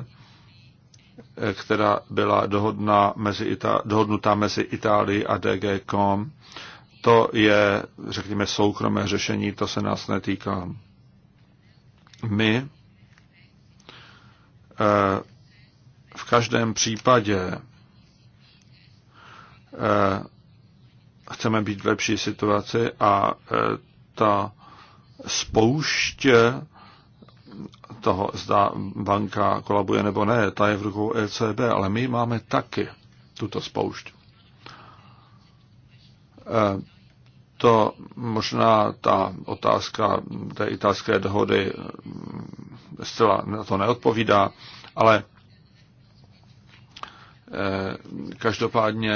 eh, která byla dohodná mezi Ita- dohodnutá mezi Itálií a DG.com, to je, řekněme, soukromé řešení, to se nás netýká. My Eh, v každém případě eh, chceme být v lepší situaci a eh, ta spouště toho, zda banka kolabuje nebo ne, ta je v rukou ECB, ale my máme taky tuto spoušť. To možná ta otázka té italské dohody zcela na to neodpovídá, ale eh, každopádně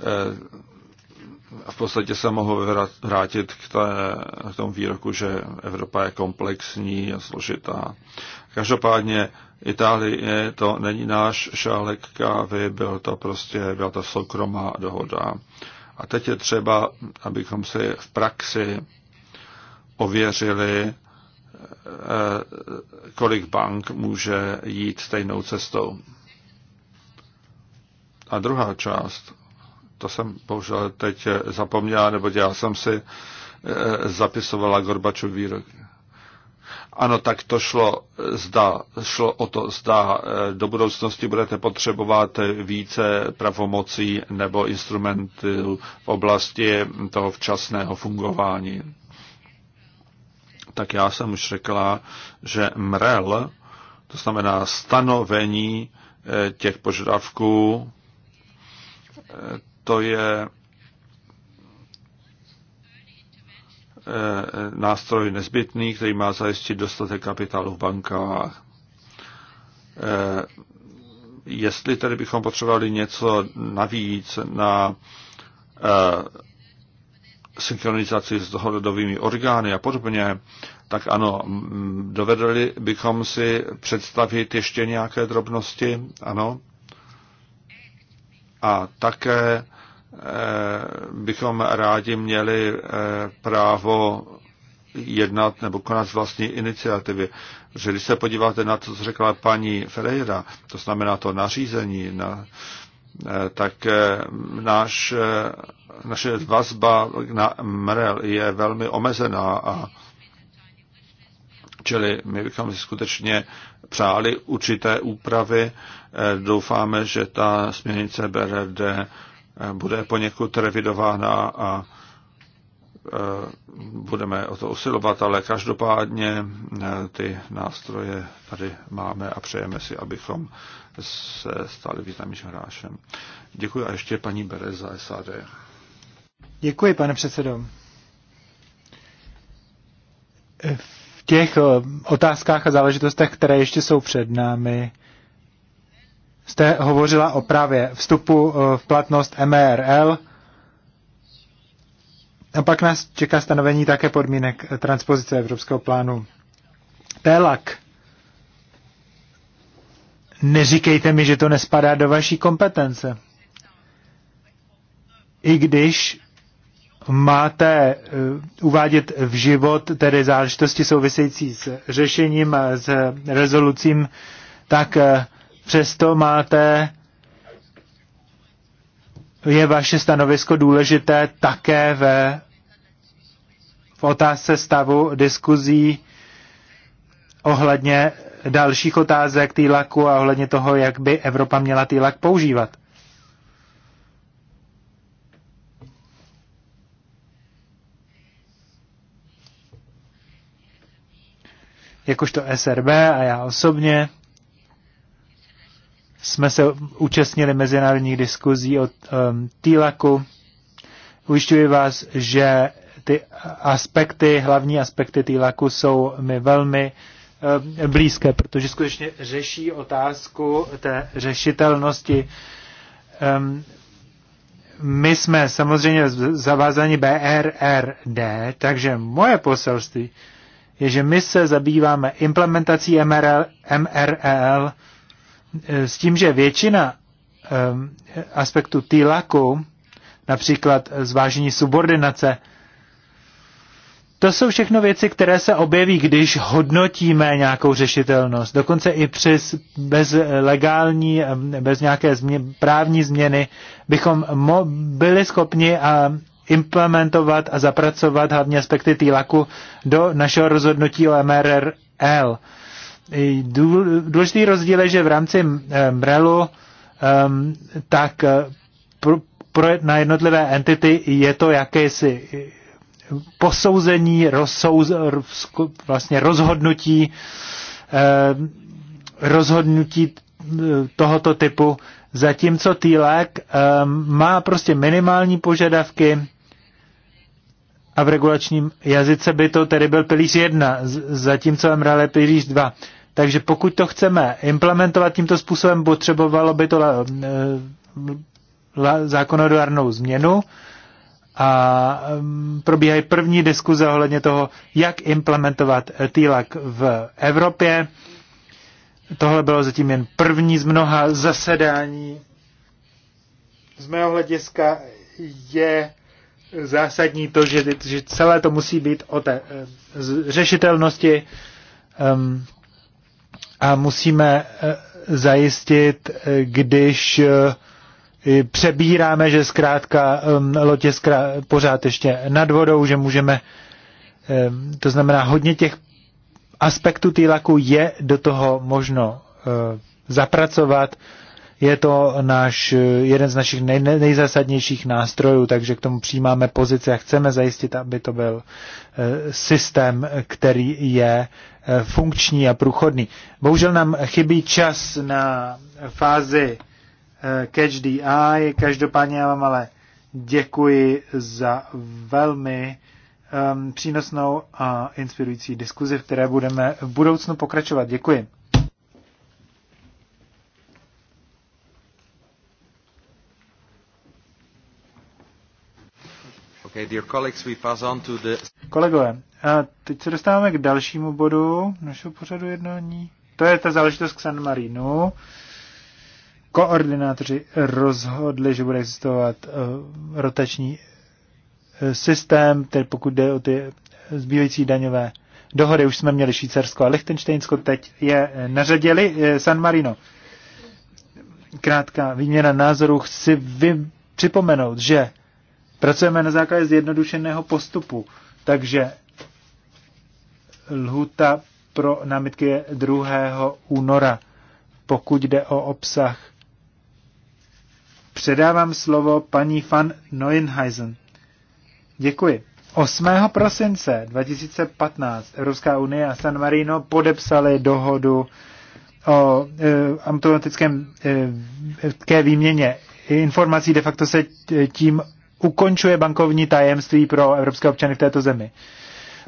eh, v podstatě se mohu vrátit k, té, k tomu výroku, že Evropa je komplexní a složitá. Každopádně Itálie to není náš šálek kávy, byl to prostě, byla to soukromá dohoda. A teď je třeba, abychom si v praxi ověřili, Eh, kolik bank může jít stejnou cestou. A druhá část, to jsem bohužel teď zapomněla, nebo já jsem si eh, zapisovala Gorbačov výrok. Ano, tak to šlo, zda, šlo o to, zda eh, do budoucnosti budete potřebovat více pravomocí nebo instrumentů v oblasti toho včasného fungování tak já jsem už řekla, že MREL, to znamená stanovení eh, těch požadavků, eh, to je eh, nástroj nezbytný, který má zajistit dostatek kapitálu v bankách. Jestli tedy bychom potřebovali něco navíc na synchronizaci s dohodovými orgány a podobně, tak ano, dovedli bychom si představit ještě nějaké drobnosti, ano. A také e, bychom rádi měli e, právo jednat nebo konat z vlastní iniciativy. Že když se podíváte na to, co řekla paní Ferreira, to znamená to nařízení, na Eh, tak eh, náš, eh, naše vazba na MREL je velmi omezená a Čili my bychom si skutečně přáli určité úpravy. Doufáme, že ta směrnice BRD bude poněkud revidována a Eh, budeme o to usilovat, ale každopádně eh, ty nástroje tady máme a přejeme si, abychom se stali významnějším hráčem. Děkuji a ještě paní Berez za SAD. Děkuji, pane předsedo. V těch eh, otázkách a záležitostech, které ještě jsou před námi, jste hovořila o právě vstupu v platnost MRL, a pak nás čeká stanovení také podmínek transpozice Evropského plánu. TELAC. Neříkejte mi, že to nespadá do vaší kompetence. I když máte eh, uvádět v život tedy záležitosti související s řešením, a s rezolucím, tak eh, přesto máte je vaše stanovisko důležité také ve, v otázce stavu diskuzí ohledně dalších otázek týlaku a ohledně toho, jak by Evropa měla týlak používat. Jakožto SRB a já osobně jsme se účastnili mezinárodních diskuzí o um, týlaku. Ujišťuji vás, že ty aspekty, hlavní aspekty týlaku jsou mi velmi um, blízké, protože skutečně řeší otázku té řešitelnosti. Um, my jsme samozřejmě zavázáni BRRD, takže moje poselství je, že my se zabýváme implementací MRL, MRL Eh, s tím, že většina eh, aspektu týlaku, například eh, zvážení subordinace, to jsou všechno věci, které se objeví, když hodnotíme nějakou řešitelnost. Dokonce i přes, bez legální, bez nějaké změ, právní změny bychom mo, byli schopni a implementovat a zapracovat hlavní aspekty TILAKu do našeho rozhodnutí o MRRL. Důležitý rozdíl je, že v rámci eh, MRELu ehm, tak eh, pro, na jednotlivé entity je to jakési eh, posouzení, rozsouz, vlastně rozhodnutí, ehm, rozhodnutí tohoto typu, zatímco TLAC ehm, má prostě minimální požadavky a v regulačním jazyce by to tedy byl pilíř 1, zatímco MRL je pilíř 2. Takže pokud to chceme implementovat tímto způsobem, potřebovalo by to la, eh, la, zákonodárnou změnu a mm, probíhají první diskuze ohledně toho, jak implementovat TILAC v Evropě. Tohle bylo zatím jen první z mnoha zasedání. Z mého hlediska je zásadní to, že, že celé to musí být o té eh, řešitelnosti. Um, a musíme eh, zajistit, eh, když eh, přebíráme, že zkrátka loď je pořád ještě nad vodou, že můžeme, to znamená hodně těch aspektů týlaku je do toho možno zapracovat. Je to náš, jeden z našich nej, nejzásadnějších nástrojů, takže k tomu přijímáme pozici a chceme zajistit, aby to byl systém, který je Eh, funkční a průchodný. Bohužel nám chybí čas na fázi eh, catch the eye. Každopádně já vám ale děkuji za velmi um, přínosnou a inspirující diskuzi, v které budeme v budoucnu pokračovat. Děkuji. Okay, dear colleagues, we pass on to the... Kolegové, a teď se dostáváme k dalšímu bodu našeho pořadu jednání. To je ta záležitost k San Marinu. Koordinátoři rozhodli, že bude existovat uh, rotační uh, systém, tedy pokud jde o ty zbývající daňové dohody. Už jsme měli Švýcarsko a Lichtensteinsko, teď je eh, na řadě uh, San Marino. Krátká výměna názorů. Chci vy, připomenout, že pracujeme na základě zjednodušeného postupu, takže Lhuta pro námitky je 2. února. Pokud jde o obsah, předávám slovo paní van Neuenheisen. Děkuji. 8. prosince 2015 Evropská unie a San Marino podepsali dohodu o e, automatickém e, výměně informací. De facto se tím ukončuje bankovní tajemství pro evropské občany v této zemi. E,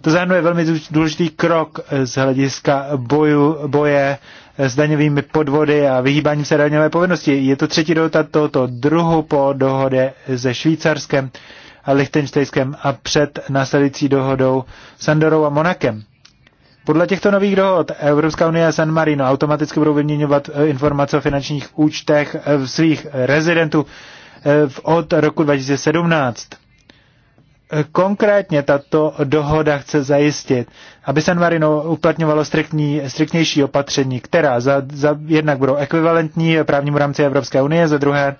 to zároveň je velmi důležitý krok z hlediska boju, boje s daňovými podvody a vyhýbáním se daňové povinnosti. Je to třetí dohoda tohoto druhu po dohodě se Švýcarskem a Lichtenštejskem a před následující dohodou s Andorou a Monakem. Podle těchto nových dohod Evropská unie a San Marino automaticky budou vyměňovat eh, informace o finančních účtech eh, svých rezidentů eh, od roku 2017 konkrétně tato dohoda chce zajistit, aby San Marino uplatňovalo striktní, striktnější opatření, která za, za jednak budou ekvivalentní právnímu rámci Evropské unie, za druhé,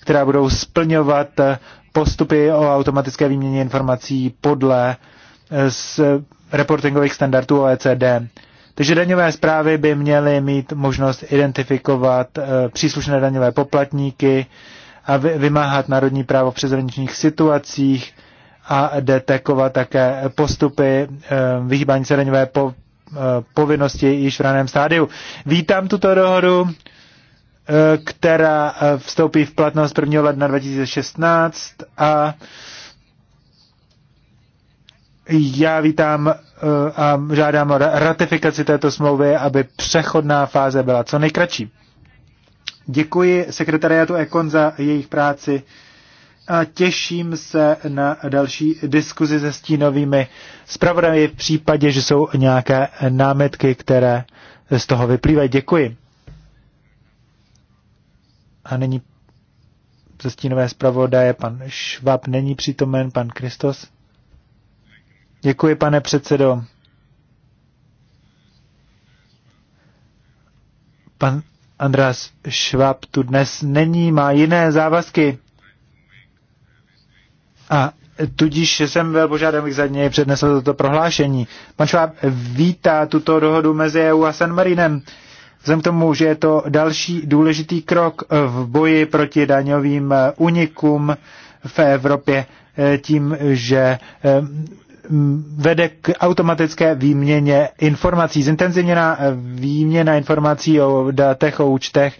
která budou splňovat postupy o automatické výměně informací podle z eh, reportingových standardů OECD. Takže daňové zprávy by měly mít možnost identifikovat eh, příslušné daňové poplatníky a vymáhat národní právo v přezraničních situacích, a detekovat také postupy eh, vyhýbání se daňové po, eh, povinnosti již v raném stádiu. Vítám tuto dohodu, eh, která vstoupí v platnost 1. ledna 2016 a já vítám a žádám o ratifikaci této smlouvy, aby přechodná fáze byla co nejkratší. Děkuji sekretariátu Ekon za jejich práci a těším se na další diskuzi se stínovými zpravodaji v případě, že jsou nějaké námitky, které z toho vyplývají. Děkuji. A nyní ze stínové zpravodaje pan Švab není přítomen, pan Kristos. Děkuji, pane předsedo. Pan András Švab tu dnes není, má jiné závazky. A tudíž jsem byl požádám, abych za něj přednesl toto prohlášení. Pan Šváb vítá tuto dohodu mezi EU a San Marinem. Vzhledem k tomu, že je to další důležitý krok v boji proti daňovým unikům eh, v Evropě eh, tím, že eh, vede k automatické výměně informací. Zintenzivněná výměna informací o datech, o účtech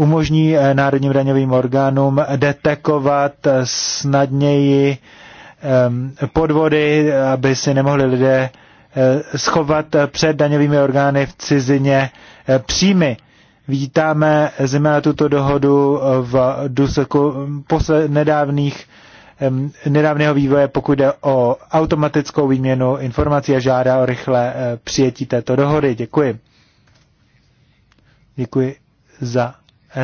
umožní eh, národním daňovým orgánům detekovat eh, snadněji ehm, podvody, aby si nemohli lidé eh, schovat před daňovými orgány v cizině příjmy. Vítáme zejména tuto dohodu v důsledku nedávných, ehm, nedávného vývoje, pokud jde o automatickou výměnu informací a žádá o rychlé přijetí této dohody. Děkuji. Děkuji za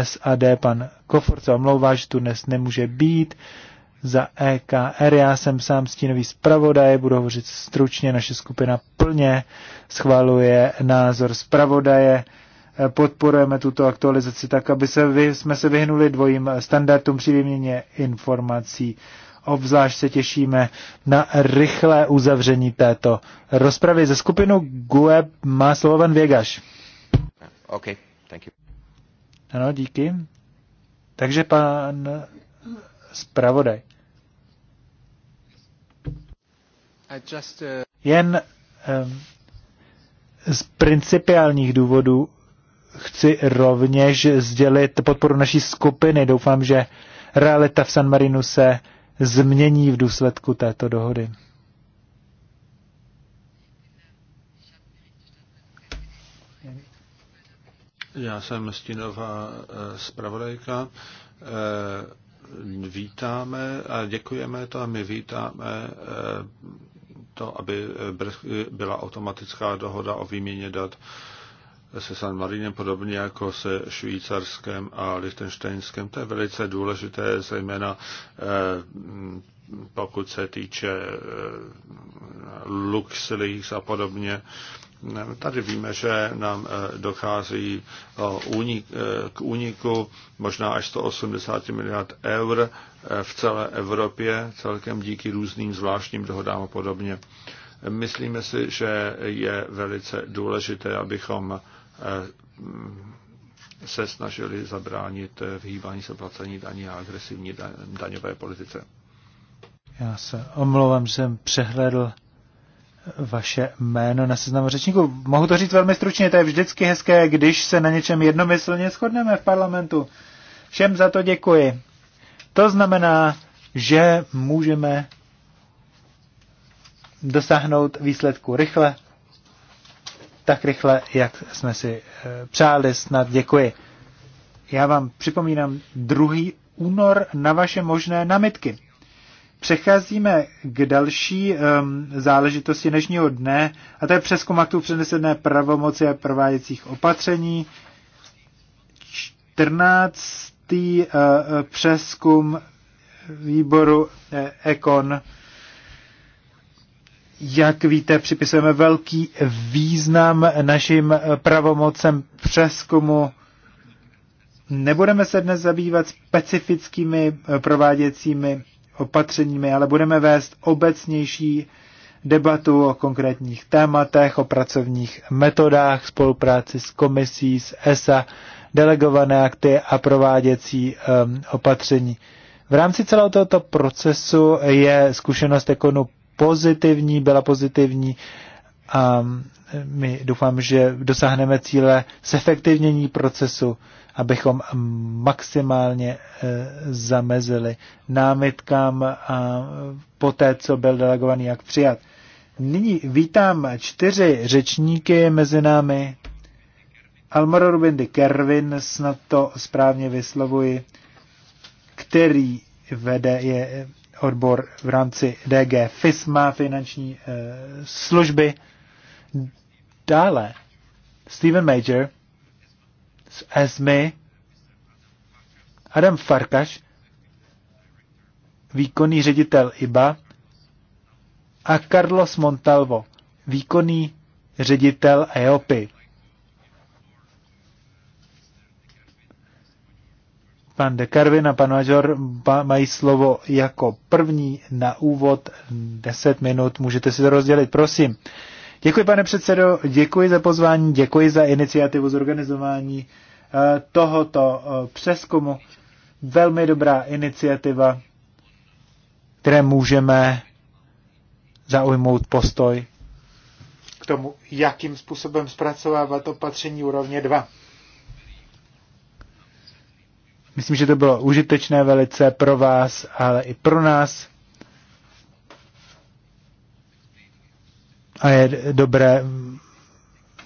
SAD pan Kofor se omlouvá, že tu dnes nemůže být. Za EKR já jsem sám stínový zpravodaj, budu hovořit stručně, naše skupina plně schvaluje názor zpravodaje podporujeme tuto aktualizaci tak, aby se vy, jsme se vyhnuli dvojím standardům při výměně informací. Obzvlášť se těšíme na rychlé uzavření této rozpravy. Ze skupinu GUE má slovo Věgaš. Okay, thank you. Ano, díky. Takže pan zpravodaj. Uh, Jen um, z principiálních důvodů chci rovněž sdělit podporu naší skupiny. Doufám, že realita v San Marinu se změní v důsledku této dohody. Já jsem Stinová eh, zpravodajka. Eh, vítáme a děkujeme to a my vítáme eh, to, aby byla automatická dohoda o výměně dat se San Marinem, podobně jako se Švýcarskem a Liechtensteinskem. To je velice důležité, zejména pokud se týče LuxLeaks a podobně. Tady víme, že nám eh, dochází eh, eh, k úniku možná až 180 miliard eur v celé Evropě, celkem díky různým zvláštním dohodám a podobně. Myslíme si, že je velice důležité, abychom mm, se snažili zabránit vyhýbání se placení daní a agresivní daňové politice. Já se omlouvám, že jsem přehledl vaše jméno na seznamu řečníků. Mohu to říct velmi stručně, to je vždycky hezké, když se na něčem jednomyslně shodneme v parlamentu. Všem za to děkuji. To znamená, že můžeme dosáhnout výsledku rychle, tak rychle, jak jsme si eh, přáli, snad děkuji. Já vám připomínám druhý únor na vaše možné namitky. Přecházíme k další um, záležitosti dnešního dne, a to je přeskum aktů přenesené pravomoci a prováděcích opatření. 14. Uh, eh, přeskum výboru uh, eh, Ekon. Jak víte, připisujeme velký význam našim eh, pravomocem přeskumu Nebudeme se dnes zabývat specifickými prováděcími opatřeními, ale budeme vést obecnější debatu o konkrétních tématech, o pracovních metodách, spolupráci s komisí, s ESA, delegované akty a prováděcí um, opatření. V rámci celého tohoto procesu je zkušenost Ekonu jako no pozitivní, byla pozitivní a my doufám, že dosáhneme cíle zefektivnění procesu, abychom maximálně eh, zamezili námitkám a poté, co byl delegovaný jak přijat. Nyní vítám čtyři řečníky mezi námi. Almaro Rubindy Kervin, snad to správně vyslovuji, který vede je odbor v rámci DG FISMA, finanční e, služby. Dále Stephen Major, z ESMY, Adam Farkaš, výkonný ředitel IBA, a Carlos Montalvo, výkonný ředitel EOPy. Pan de Carvin a pan Major mají slovo jako první na úvod 10 minut. Můžete si to rozdělit, prosím. Děkuji, pane předsedo, děkuji za pozvání, děkuji za iniciativu zorganizování eh, tohoto eh, přeskumu. Velmi dobrá iniciativa, které můžeme zaujmout postoj k tomu, jakým způsobem zpracovávat opatření úrovně 2. Myslím, že to bylo užitečné velice pro vás, ale i pro nás. a je dobré,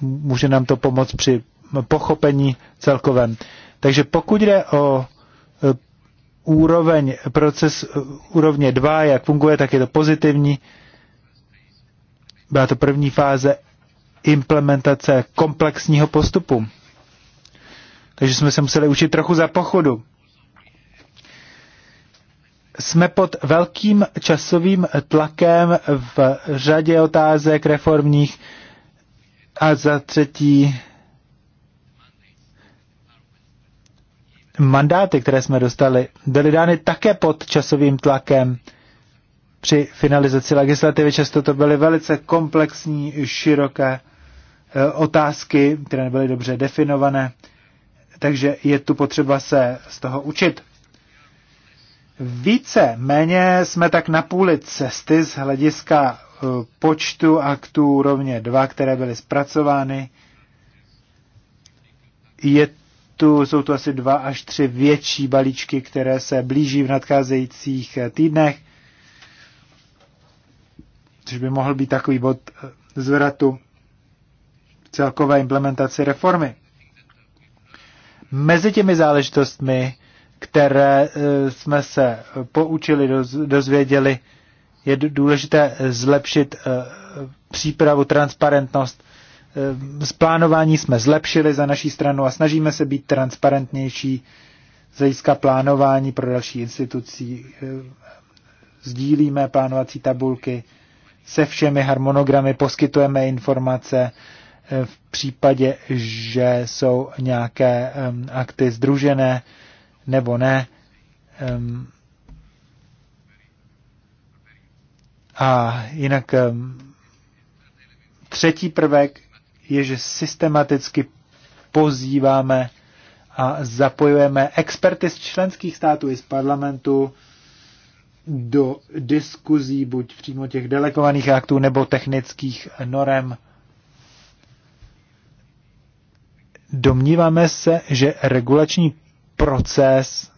může nám to pomoct při pochopení celkovém. Takže pokud jde o eh, úroveň, proces eh, úrovně 2, jak funguje, tak je to pozitivní. Byla to první fáze implementace komplexního postupu. Takže jsme se museli učit trochu za pochodu jsme pod velkým časovým tlakem v řadě otázek reformních a za třetí mandáty, které jsme dostali, byly dány také pod časovým tlakem při finalizaci legislativy. Často to byly velice komplexní, široké eh, otázky, které nebyly dobře definované. Takže je tu potřeba se z toho učit. Více méně jsme tak na půli cesty z hlediska eh, počtu aktů úrovně 2, které byly zpracovány. Je tu, jsou tu asi dva až tři větší balíčky, které se blíží v nadcházejících eh, týdnech, což by mohl být takový bod eh, zvratu celkové implementaci reformy. Mezi těmi záležitostmi které eh, jsme se poučili, dozvěděli, je důležité zlepšit eh, přípravu, transparentnost. Eh, z plánování jsme zlepšili za naší stranu a snažíme se být transparentnější z hlediska plánování pro další institucí. Sdílíme plánovací tabulky se všemi harmonogramy, poskytujeme informace v případě, že jsou nějaké akty združené nebo ne. A jinak třetí prvek je, že systematicky pozýváme a zapojujeme experty z členských států i z parlamentu do diskuzí buď přímo těch delegovaných aktů nebo technických norem. Domníváme se, že regulační proces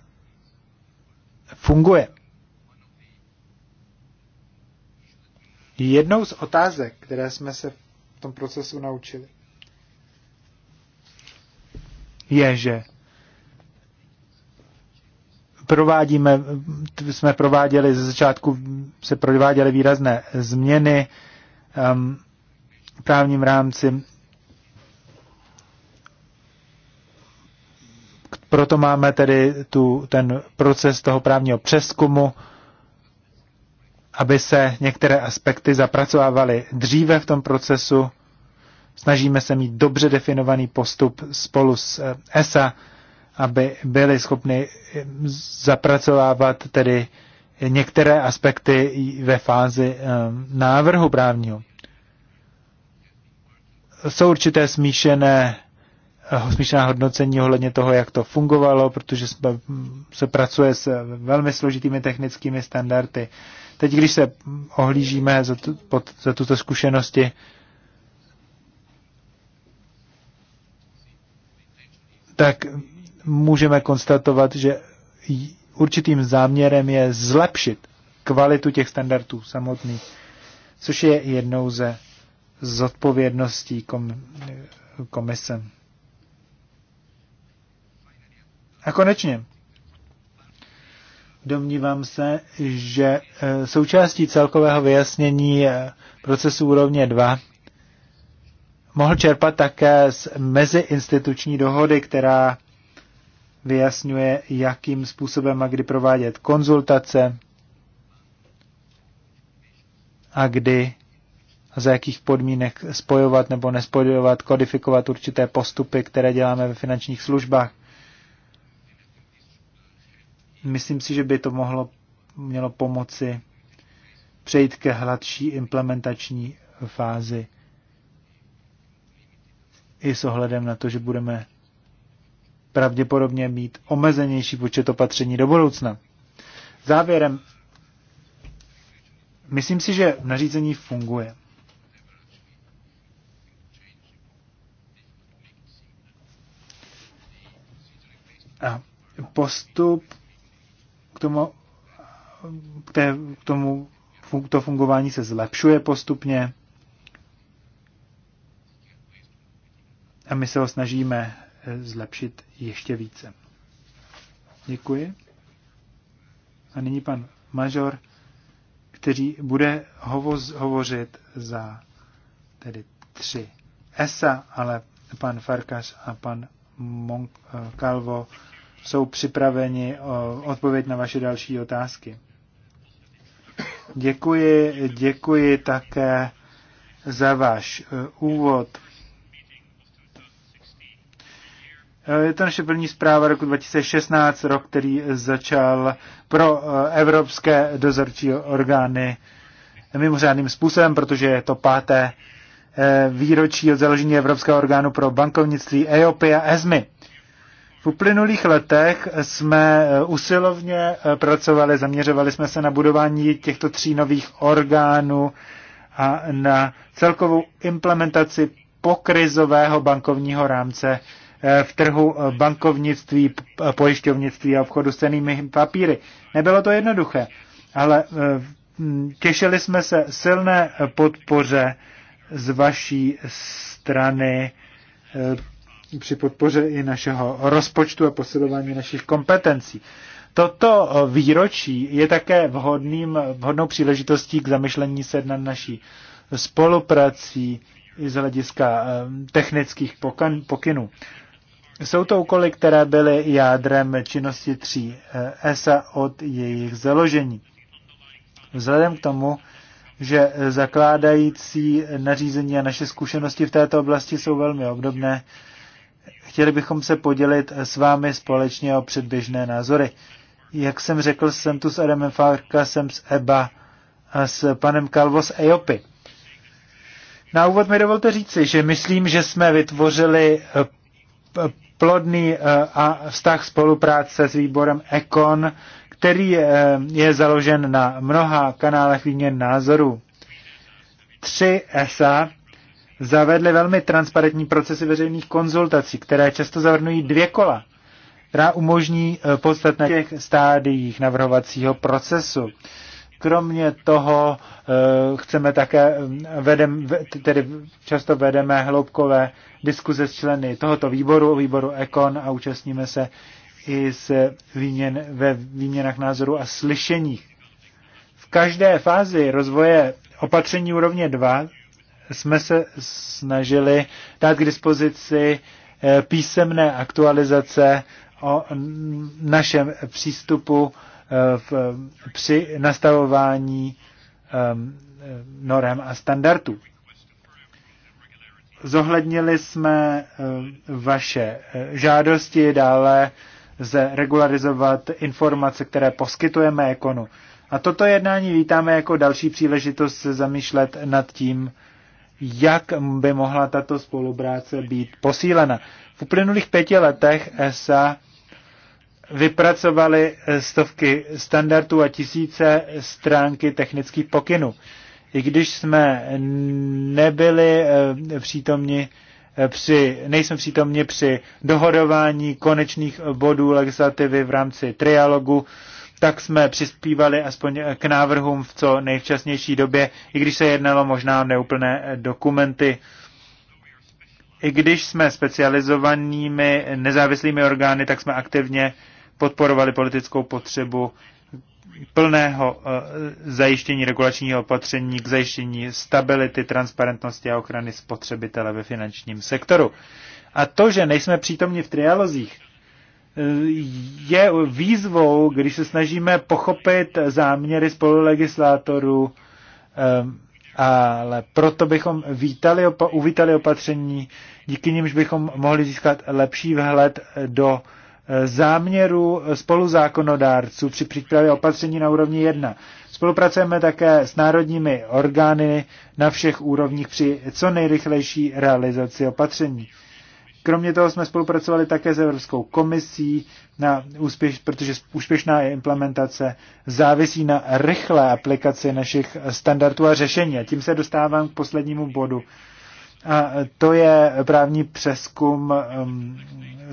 funguje. Jednou z otázek, které jsme se v tom procesu naučili, je, že provádíme, jsme prováděli ze začátku, se prováděly výrazné změny um, v právním rámci Proto máme tedy tu, ten proces toho právního přeskumu, aby se některé aspekty zapracovávaly dříve v tom procesu. Snažíme se mít dobře definovaný postup spolu s eh, ESA, aby byli schopni eh, zapracovávat tedy některé aspekty ve fázi eh, návrhu právního. Jsou určité smíšené Eh, smíšená hodnocení ohledně toho, jak to fungovalo, protože se pracuje s eh, velmi složitými technickými standardy. Teď, když se ohlížíme za, tu, pod, za tuto zkušenosti, tak můžeme konstatovat, že určitým záměrem je zlepšit kvalitu těch standardů samotných, což je jednou ze zodpovědností kom, komisem. A konečně, domnívám se, že e, součástí celkového vyjasnění e, procesu úrovně 2 mohl čerpat také z meziinstituční dohody, která vyjasňuje, jakým způsobem a kdy provádět konzultace a kdy a za jakých podmínek spojovat nebo nespojovat, kodifikovat určité postupy, které děláme ve finančních službách. Myslím si, že by to mohlo, mělo pomoci přejít ke hladší implementační fázi i s ohledem na to, že budeme pravděpodobně mít omezenější počet opatření do budoucna. Závěrem, myslím si, že nařízení funguje. A postup tomu, k, té, k tomu to fungování se zlepšuje postupně a my se ho snažíme eh, zlepšit ještě více. Děkuji. A nyní pan Major, který bude hovoz, hovořit za tedy tři ESA, ale pan Farkas a pan Monk, eh, Calvo jsou připraveni eh, odpovědět na vaše další otázky. Děkuji, děkuji také za váš eh, úvod. Eh, je to naše první zpráva roku 2016, rok, který začal pro evropské dozorčí orgány mimořádným způsobem, protože je to páté výročí od založení Evropského orgánu pro bankovnictví EoP a ESMI. V uplynulých letech jsme eh, usilovně eh, pracovali, zaměřovali jsme se na budování těchto tří nových orgánů a na celkovou implementaci pokrizového bankovního rámce eh, v trhu bankovnictví, pojišťovnictví a obchodu s cenými papíry. Nebylo to jednoduché, ale hm, těšili jsme se silné podpoře z vaší strany při podpoře i našeho rozpočtu a posilování našich kompetencí. Toto výročí je také vhodným, vhodnou příležitostí k zamyšlení se nad naší spoluprací i z hlediska eh, technických pokynů. Jsou to úkoly, které byly jádrem činnosti 3 eh, ESA od jejich založení. Vzhledem k tomu, že zakládající nařízení a naše zkušenosti v této oblasti jsou velmi obdobné, Chtěli bychom se podělit s vámi společně o předběžné názory. Jak jsem řekl, jsem tu s Adamem Farka, jsem s EBA a s panem Kalvo z EOPy. Na úvod mi dovolte říci, že myslím, že jsme vytvořili eh, plodný eh, a vztah spolupráce s výborem Econ, který eh, je založen na mnoha kanálech výměn názorů. Tři ESA zavedly velmi transparentní procesy veřejných konzultací, které často zavrnují dvě kola, která umožní eh, podstatné těch stádiích navrhovacího procesu. Kromě toho eh, chceme také, mm, vedem, tedy často vedeme hloubkové diskuze s členy tohoto výboru, výboru EKON a účastníme se i s výměn, ve výměnách názoru a slyšeních. V každé fázi rozvoje opatření úrovně 2 jsme se snažili dát k dispozici eh, písemné aktualizace o našem přístupu eh, v, při nastavování ehm, eh, norem a standardů. Zohlednili jsme vaše žádosti dále regularizovat informace, které poskytujeme ekonu. A toto jednání vítáme jako další příležitost se zamýšlet nad tím, jak by mohla tato spolupráce být posílena. V uplynulých pěti letech ESA vypracovali stovky standardů a tisíce stránky technických pokynů. I když jsme nebyli eh, přítomni eh, při, nejsme přítomni při dohodování konečných bodů legislativy v rámci trialogu, tak jsme přispívali aspoň k návrhům v co nejvčasnější době, i když se jednalo možná neúplné dokumenty. I když jsme specializovanými nezávislými orgány, tak jsme aktivně podporovali politickou potřebu plného eh, zajištění regulačního opatření k zajištění stability, transparentnosti a ochrany spotřebitele ve finančním sektoru. A to, že nejsme přítomni v trialozích, je výzvou, když se snažíme pochopit záměry spolulegislátorů, ehm, ale proto bychom vítali, uvítali opatření, díky nimž bychom mohli získat lepší vhled do eh, záměru spoluzákonodárců při přípravě opatření na úrovni 1. Spolupracujeme také s národními orgány na všech úrovních při co nejrychlejší realizaci opatření. Kromě toho jsme spolupracovali také s Evropskou komisí, na úspěš, protože úspěšná implementace závisí na rychlé aplikaci našich standardů a řešení. A tím se dostávám k poslednímu bodu. A to je právní přeskum um,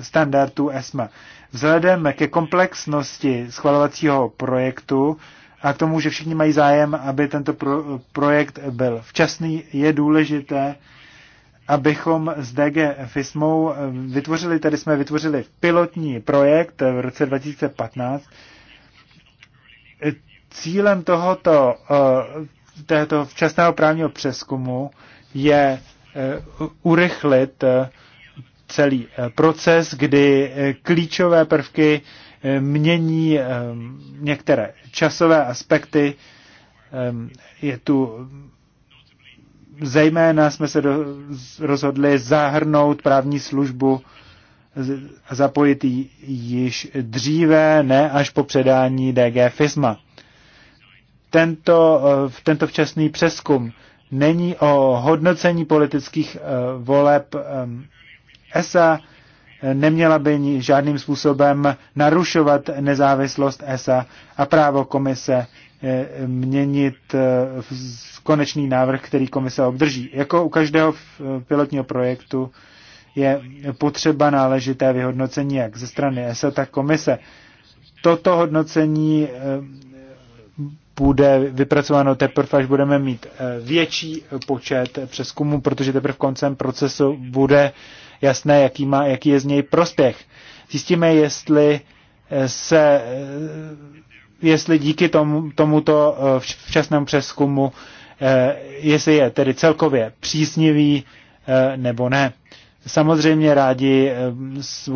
standardů ESMA. Vzhledem ke komplexnosti schvalovacího projektu a k tomu, že všichni mají zájem, aby tento pro, projekt byl včasný, je důležité, abychom s DG FISMou eh, vytvořili, tady jsme vytvořili pilotní projekt v roce 2015. Cílem tohoto, eh, této včasného právního přeskumu je eh, urychlit celý proces, kdy klíčové prvky mění některé časové aspekty. Je tu Zejména jsme se do, rozhodli zahrnout právní službu a zapojit ji již dříve, ne až po předání DG FISMA. Tento, eh, tento včasný přeskum není o hodnocení politických eh, voleb ESA, eh, neměla by žádným způsobem narušovat nezávislost ESA a právo komise měnit konečný návrh, který komise obdrží. Jako u každého eh, pilotního projektu je potřeba náležité vyhodnocení jak ze strany ESA, tak komise. Toto hodnocení eh, bude vypracováno teprve, až budeme mít eh, větší počet přeskumů, protože teprve koncem procesu bude jasné, jaký, má, jaký je z něj prospěch. Zjistíme, jestli se jestli díky tomu, tomuto včasnému přeskumu Eh, jestli je tedy celkově příznivý eh, nebo ne. Samozřejmě rádi eh,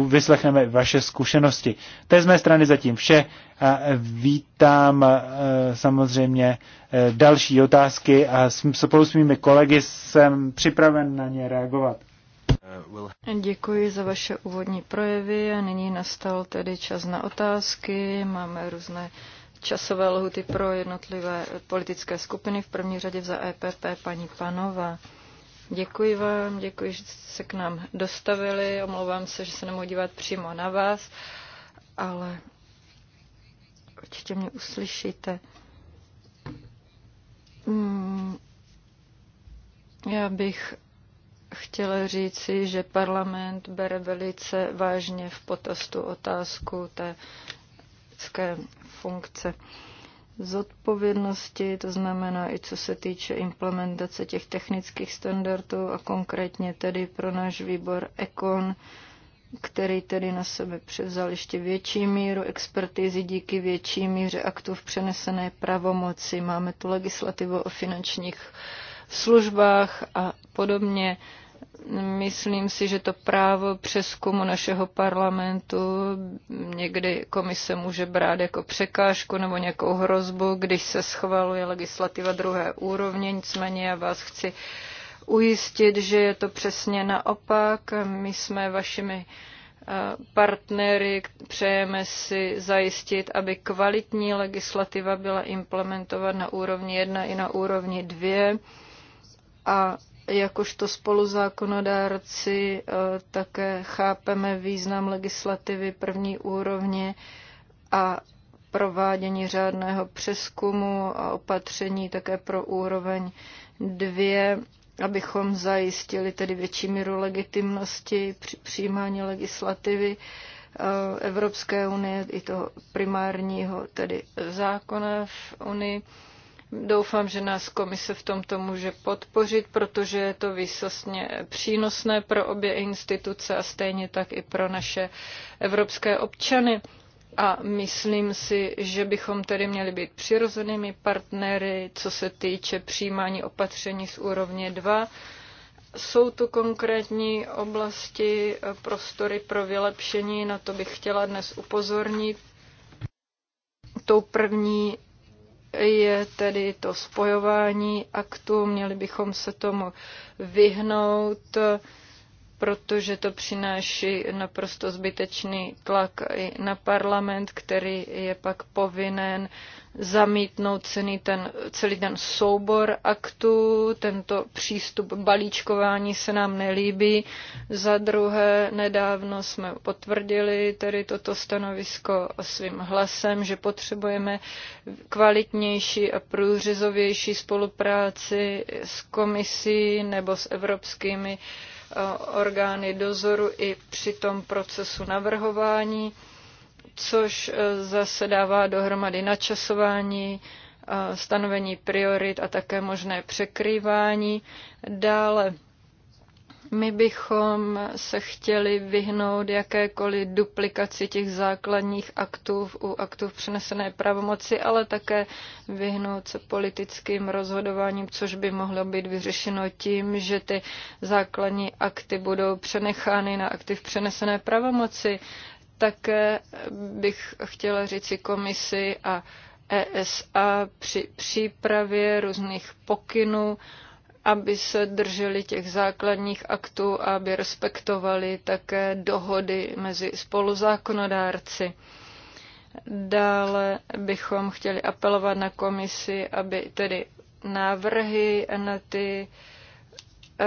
vyslechneme vaše zkušenosti. To je z mé strany zatím vše a vítám samozřejmě další otázky a spolu s mými kolegy jsem připraven na ně reagovat. Děkuji za vaše úvodní projevy a nyní nastal tedy čas na otázky. Máme různé časové lhuty pro jednotlivé politické skupiny, v první řadě za EPP paní Panova. Děkuji vám, děkuji, že jste se k nám dostavili. Omlouvám se, že se nemohu dívat přímo na vás, ale určitě mě uslyšíte. Hmm. Já bych chtěla říci, že parlament bere velice vážně v potaz tu otázku té politické funkce zodpovědnosti, to znamená i co se týče implementace těch technických standardů a konkrétně tedy pro náš výbor ECON, který tedy na sebe převzal ještě větší míru expertizy díky větší míře aktů v přenesené pravomoci. Máme tu legislativu o finančních službách a podobně. Myslím si, že to právo přeskumu našeho parlamentu někdy komise může brát jako překážku nebo nějakou hrozbu, když se schvaluje legislativa druhé úrovně. Nicméně já vás chci ujistit, že je to přesně naopak. My jsme vašimi eh, partnery, přejeme si zajistit, aby kvalitní legislativa byla implementována na úrovni 1 i na úrovni 2 a jakožto spoluzákonodárci eh, také chápeme význam legislativy první úrovně a provádění řádného přeskumu a opatření také pro úroveň dvě, abychom zajistili tedy větší míru legitimnosti při přijímání legislativy eh, Evropské unie i toho primárního tedy zákona v Unii. Doufám, že nás komise v tomto může podpořit, protože je to výsostně přínosné pro obě instituce a stejně tak i pro naše evropské občany. A myslím si, že bychom tedy měli být přirozenými partnery, co se týče přijímání opatření z úrovně 2. Jsou tu konkrétní oblasti, eh, prostory pro vylepšení, na to bych chtěla dnes upozornit. Tou první je tedy to spojování aktů, měli bychom se tomu vyhnout protože to přináší naprosto zbytečný tlak i na parlament, který je pak povinen zamítnout celý ten, celý ten soubor aktů. Tento přístup balíčkování se nám nelíbí. Za druhé, nedávno jsme potvrdili tedy toto stanovisko svým hlasem, že potřebujeme kvalitnější a průřezovější spolupráci s komisí nebo s evropskými uh, Eh, orgány dozoru i při tom procesu navrhování, což eh, zase dává dohromady načasování, eh, stanovení priorit a také možné překrývání. Dále my bychom se chtěli vyhnout jakékoliv duplikaci těch základních aktů u aktů přenesené pravomoci, ale také vyhnout se politickým rozhodováním, což by mohlo být vyřešeno tím, že ty základní akty budou přenechány na aktiv přenesené pravomoci. Také bych chtěla říci komisi a ESA při přípravě různých pokynů, aby se drželi těch základních aktů a aby respektovali také dohody mezi spoluzákonodárci. Dále bychom chtěli apelovat na komisi, aby tedy návrhy na ty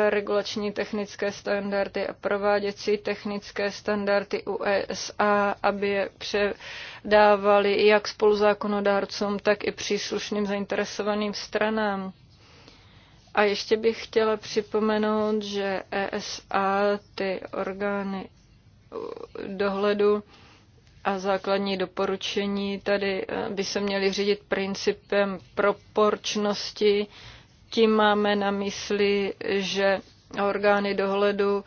regulační technické standardy a prováděcí technické standardy USA, e aby je předávali jak spoluzákonodárcům, tak i příslušným zainteresovaným stranám. A ještě bych chtěla připomenout, že ESA, ty orgány dohledu a základní doporučení tady eh, by se měly řídit principem proporčnosti. Tím máme na mysli, že orgány dohledu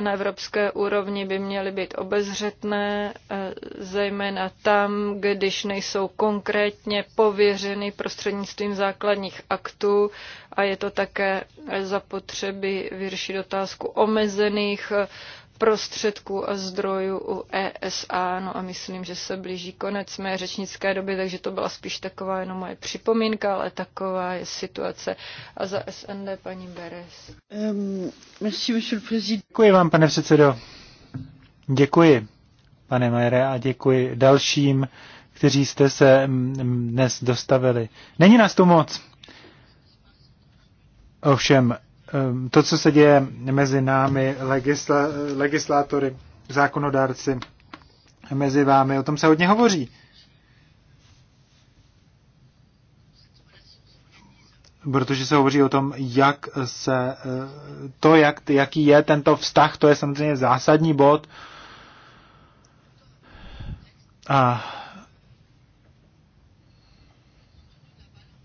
na evropské úrovni by měly být obezřetné, eh, zejména tam, když nejsou konkrétně pověřeny prostřednictvím základních aktů a je to také zapotřebí vyřešit otázku omezených prostředků a zdrojů u ESA. No a myslím, že se blíží konec mé řečnické doby, takže to byla spíš taková jenom moje připomínka, ale taková je situace. A za SND paní Beres. Um, merci, monsieur le président. Děkuji vám, pane předsedo. Děkuji, pane Majere, a děkuji dalším, kteří jste se dnes dostavili. Není nás tu moc. Ovšem, Ehm, to, co se děje mezi námi, legisla, legislátory, zákonodárci, mezi vámi, o tom se hodně hovoří. protože se hovoří o tom, jak se eh, to, jak, jaký je tento vztah, to je samozřejmě zásadní bod. A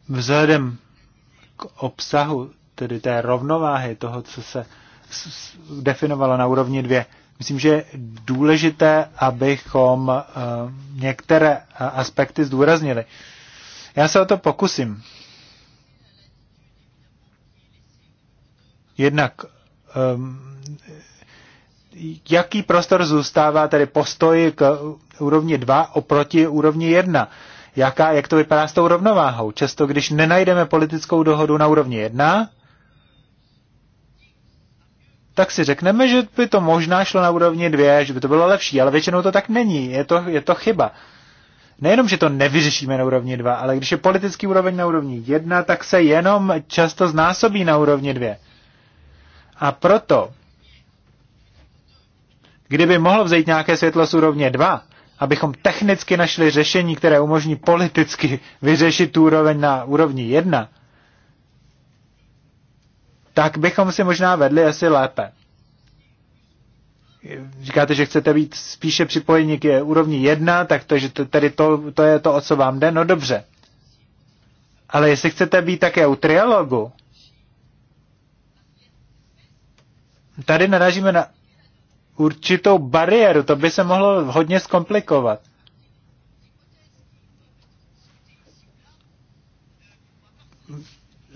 vzhledem k obsahu tedy té rovnováhy toho, co se definovalo na úrovni dvě. Myslím, že je důležité, abychom eh, některé eh, aspekty zdůraznili. Já se o to pokusím. Jednak, ehm, jaký prostor zůstává tedy postoj k úrovni 2 oproti úrovni 1? Jaká, jak to vypadá s tou rovnováhou? Často, když nenajdeme politickou dohodu na úrovni 1, tak si řekneme, že by to možná šlo na úrovni dvě, že by to bylo lepší, ale většinou to tak není, je to, je to chyba. Nejenom, že to nevyřešíme na úrovni dva, ale když je politický úroveň na úrovni jedna, tak se jenom často znásobí na úrovni dvě. A proto, kdyby mohlo vzejít nějaké světlo z úrovně dva, abychom technicky našli řešení, které umožní politicky vyřešit tu úroveň na úrovni jedna tak bychom si možná vedli asi lépe. Říkáte, že chcete být spíše připojení k úrovni jedna, tak to, že to, tady to, to je to, o co vám jde, no dobře. Ale jestli chcete být také u trialogu, tady narážíme na určitou bariéru, to by se mohlo hodně zkomplikovat.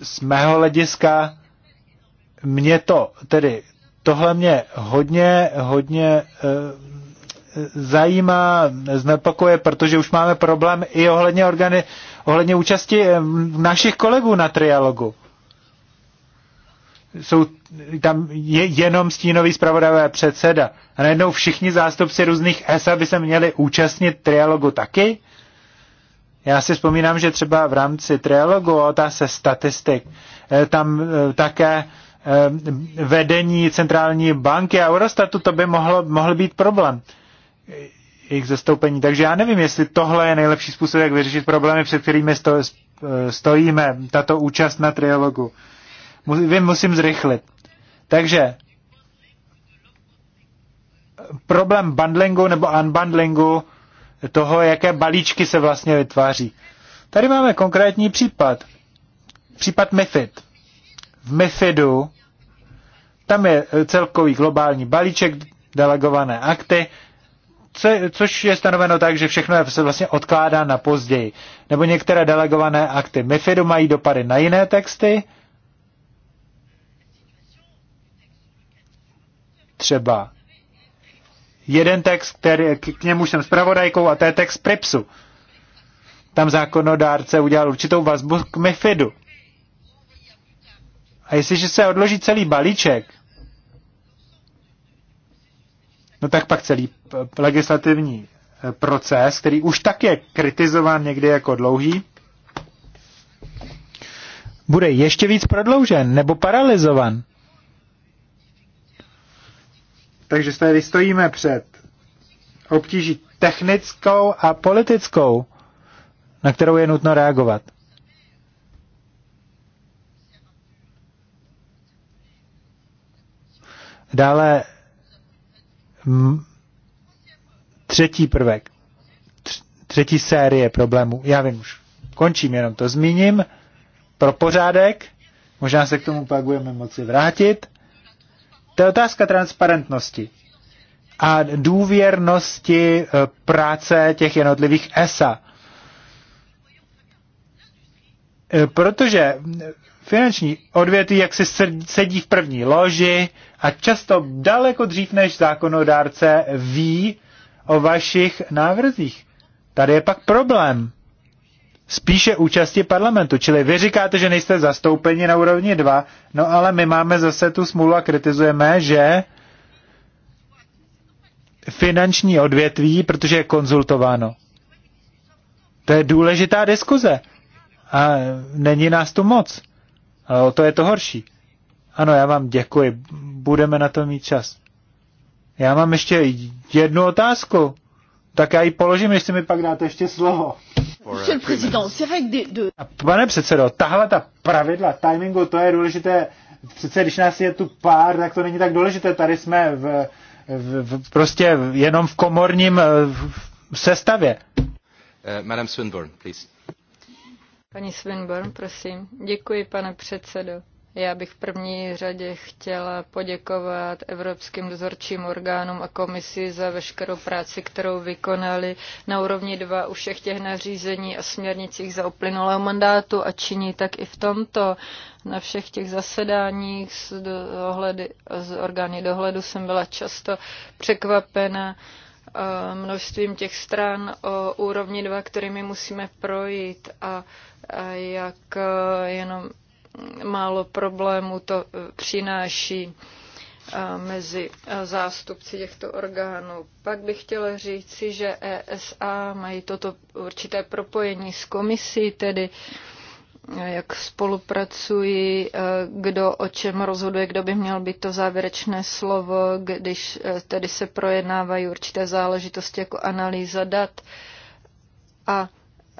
Z mého hlediska mě to, tedy tohle mě hodně, hodně eh, zajímá, znepokuje, protože už máme problém i ohledně, organy, ohledně účasti eh, našich kolegů na trialogu. Jsou tam je jenom stínový zpravodajové předseda. A najednou všichni zástupci různých ESA by se měli účastnit trialogu taky? Já si vzpomínám, že třeba v rámci trialogu o statistik eh, tam také Eh, vedení centrální banky a Eurostatu, to by mohlo, mohl být problém eh, jejich zastoupení. Takže já nevím, jestli tohle je nejlepší způsob, jak vyřešit problémy, před kterými sto, eh, stojíme, tato účast na trialogu. Vím, musím zrychlit. Takže problém bundlingu nebo unbundlingu toho, jaké balíčky se vlastně vytváří. Tady máme konkrétní případ. Případ MIFID v MeFedu tam je eh, celkový globální balíček, delegované akty, co, což je stanoveno tak, že všechno je se vlastně odkládá na později. Nebo některé delegované akty MeFedu mají dopady na jiné texty, třeba jeden text, který, k němu jsem zpravodajkou, a to je text PRIPSu. Tam zákonodárce udělal určitou vazbu k MIFIDu. A jestliže se odloží celý balíček, no tak pak celý legislativní eh, proces, který už tak je kritizován někdy jako dlouhý, bude ještě víc prodloužen nebo paralizovan. Takže tady stojíme před obtíží technickou a politickou, na kterou je nutno reagovat. Dále mm, třetí prvek, třetí série problémů. Já vím už, končím, jenom to zmíním. Pro pořádek, možná se k tomu pak budeme moci vrátit. To je otázka transparentnosti a důvěrnosti eh, práce těch jednotlivých ESA. Eh, protože Finanční odvětví jak si sedí v první loži a často daleko dřív než zákonodárce ví o vašich návrzích. Tady je pak problém. Spíše účasti parlamentu, čili vy říkáte, že nejste zastoupeni na úrovni 2, no ale my máme zase tu smůlu a kritizujeme, že finanční odvětví, protože je konzultováno. To je důležitá diskuze. A není nás tu moc. Ale o to je to horší. Ano, já vám děkuji. Budeme na to mít čas. Já mám ještě jednu otázku. Tak já ji položím, jestli mi pak dáte ještě slovo. A pane předsedo, tahle ta pravidla timingu, to je důležité. Přece když nás je tu pár, tak to není tak důležité. Tady jsme v, v, v prostě jenom v komorním v, eh, v sestavě. Uh, Madame Swinburne, please. Paní Swinburne, prosím. Děkuji, pane předsedo. Já bych v první řadě chtěla poděkovat evropským dozorčím orgánům a komisi za veškerou práci, kterou vykonali na úrovni dva u všech těch nařízení a směrnicích za uplynulého mandátu a činí tak i v tomto. Na všech těch zasedáních z dohledy, z orgány dohledu jsem byla často překvapena množstvím těch stran o úrovni dva, kterými musíme projít a a jak e, jenom málo problémů to e, přináší e, mezi zástupci těchto orgánů. Pak bych chtěla říci, že ESA mají toto určité propojení s komisí, tedy jak spolupracují, kdo o čem rozhoduje, kdo by měl být to závěrečné slovo, když tedy se projednávají určité záležitosti jako analýza dat. A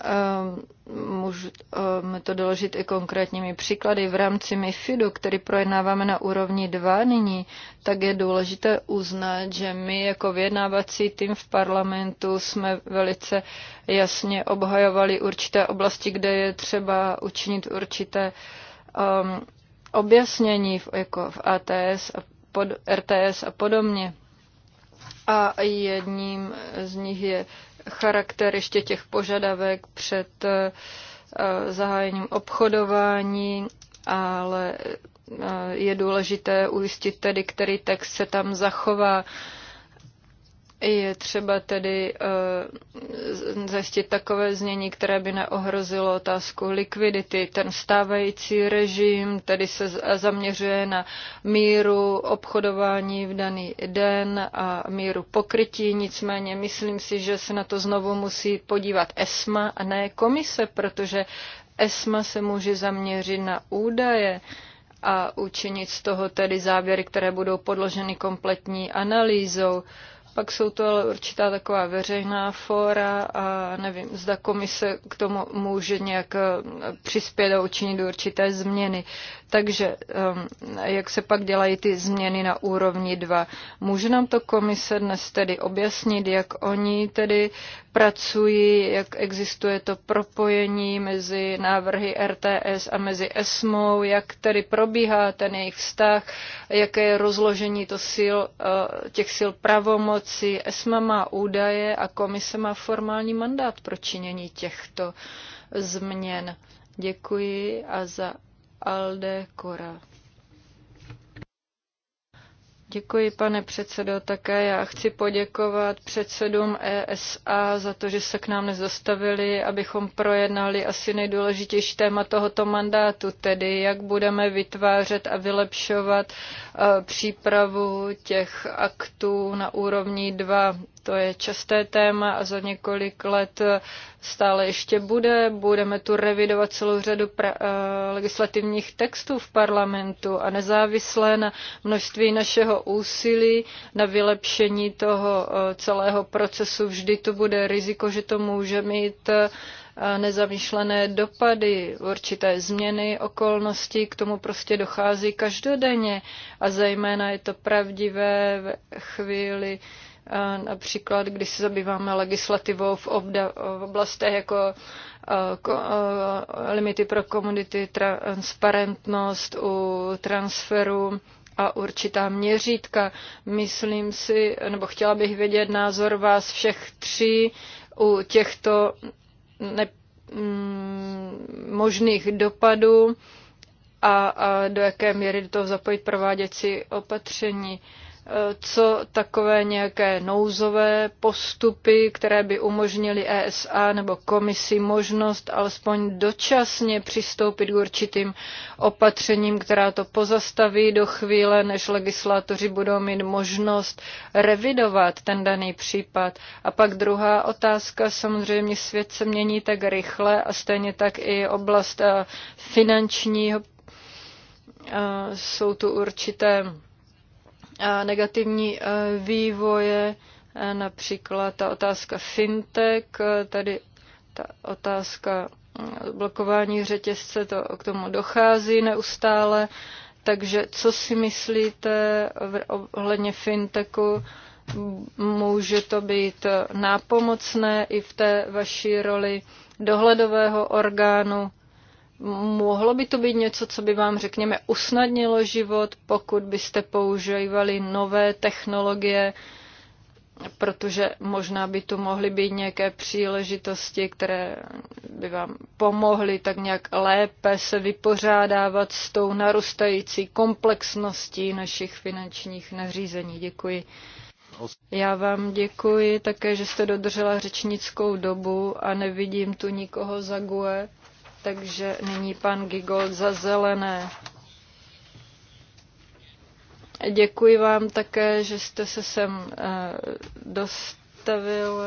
Ehm, můžeme to doložit i konkrétními příklady. V rámci MIFIDu, který projednáváme na úrovni 2 nyní, tak je důležité uznat, že my jako vyjednávací tým v parlamentu jsme velice jasně obhajovali určité oblasti, kde je třeba učinit určité um, objasnění v, jako v ATS a pod, RTS a podobně. A jedním z nich je charakter ještě těch požadavek před eh, zahájením obchodování, ale eh, je důležité ujistit tedy, který text se tam zachová. Je třeba tedy uh, zajistit takové znění, které by neohrozilo otázku likvidity. Ten stávající režim tedy se zaměřuje na míru obchodování v daný den a míru pokrytí, nicméně myslím si, že se na to znovu musí podívat ESMA a ne komise, protože ESMA se může zaměřit na údaje a učinit z toho tedy závěry, které budou podloženy kompletní analýzou. Uh, pak jsou to ale určitá taková veřejná fóra a nevím, zda komise k tomu může nějak eh, přispět a učinit určité změny. Takže ehm, jak se pak dělají ty změny na úrovni 2? Může nám to komise dnes tedy objasnit, jak oni tedy pracují, jak existuje to propojení mezi návrhy RTS a mezi ESMO, jak tedy probíhá ten jejich vztah, jaké je rozložení to sil, eh, těch sil pravomoc, prací. ESMA má údaje a komise má formální mandát pro činění těchto změn. Děkuji a za Alde Kora. Děkuji, pane předsedo. Také já chci poděkovat předsedům ESA za to, že se k nám nezastavili, abychom projednali asi nejdůležitější téma tohoto mandátu, tedy jak budeme vytvářet a vylepšovat eh, přípravu těch aktů na úrovni 2 to je časté téma a za několik let stále ještě bude. Budeme tu revidovat celou řadu pra- eh, legislativních textů v parlamentu a nezávislé na množství našeho úsilí na vylepšení toho eh, celého procesu vždy to bude riziko, že to může mít eh, nezamýšlené dopady, určité změny okolností, k tomu prostě dochází každodenně a zejména je to pravdivé v chvíli, Například, když se zabýváme legislativou v, obda, v oblastech jako e, e, limity pro komodity, transparentnost u transferu a určitá měřítka. Myslím si, nebo chtěla bych vědět názor vás všech tří u těchto ne, mm, možných dopadů a, a do jaké míry do toho zapojit prováděcí opatření. Uh, co takové nějaké nouzové postupy, které by umožnily ESA nebo komisi možnost alespoň dočasně přistoupit k určitým opatřením, která to pozastaví do chvíle, než legislátoři budou mít možnost revidovat ten daný případ. A pak druhá otázka, samozřejmě svět se mění tak rychle a stejně tak i oblast eh, finančního eh, jsou tu určité negativní e, vývoje, e, například ta otázka fintech, e, tady ta otázka mm, blokování řetězce, to k tomu dochází neustále. Takže co si myslíte ohledně fintechu? Může to být nápomocné i v té vaší roli dohledového orgánu mohlo by to být něco, co by vám, řekněme, usnadnilo život, pokud byste používali nové technologie, protože možná by tu mohly být nějaké příležitosti, které by vám pomohly tak nějak lépe se vypořádávat s tou narůstající komplexností našich finančních nařízení. Děkuji. Já vám děkuji také, že jste dodržela řečnickou dobu a nevidím tu nikoho za GUE takže nyní pan Gigol za zelené. Děkuji vám také, že jste se sem eh, dostavil.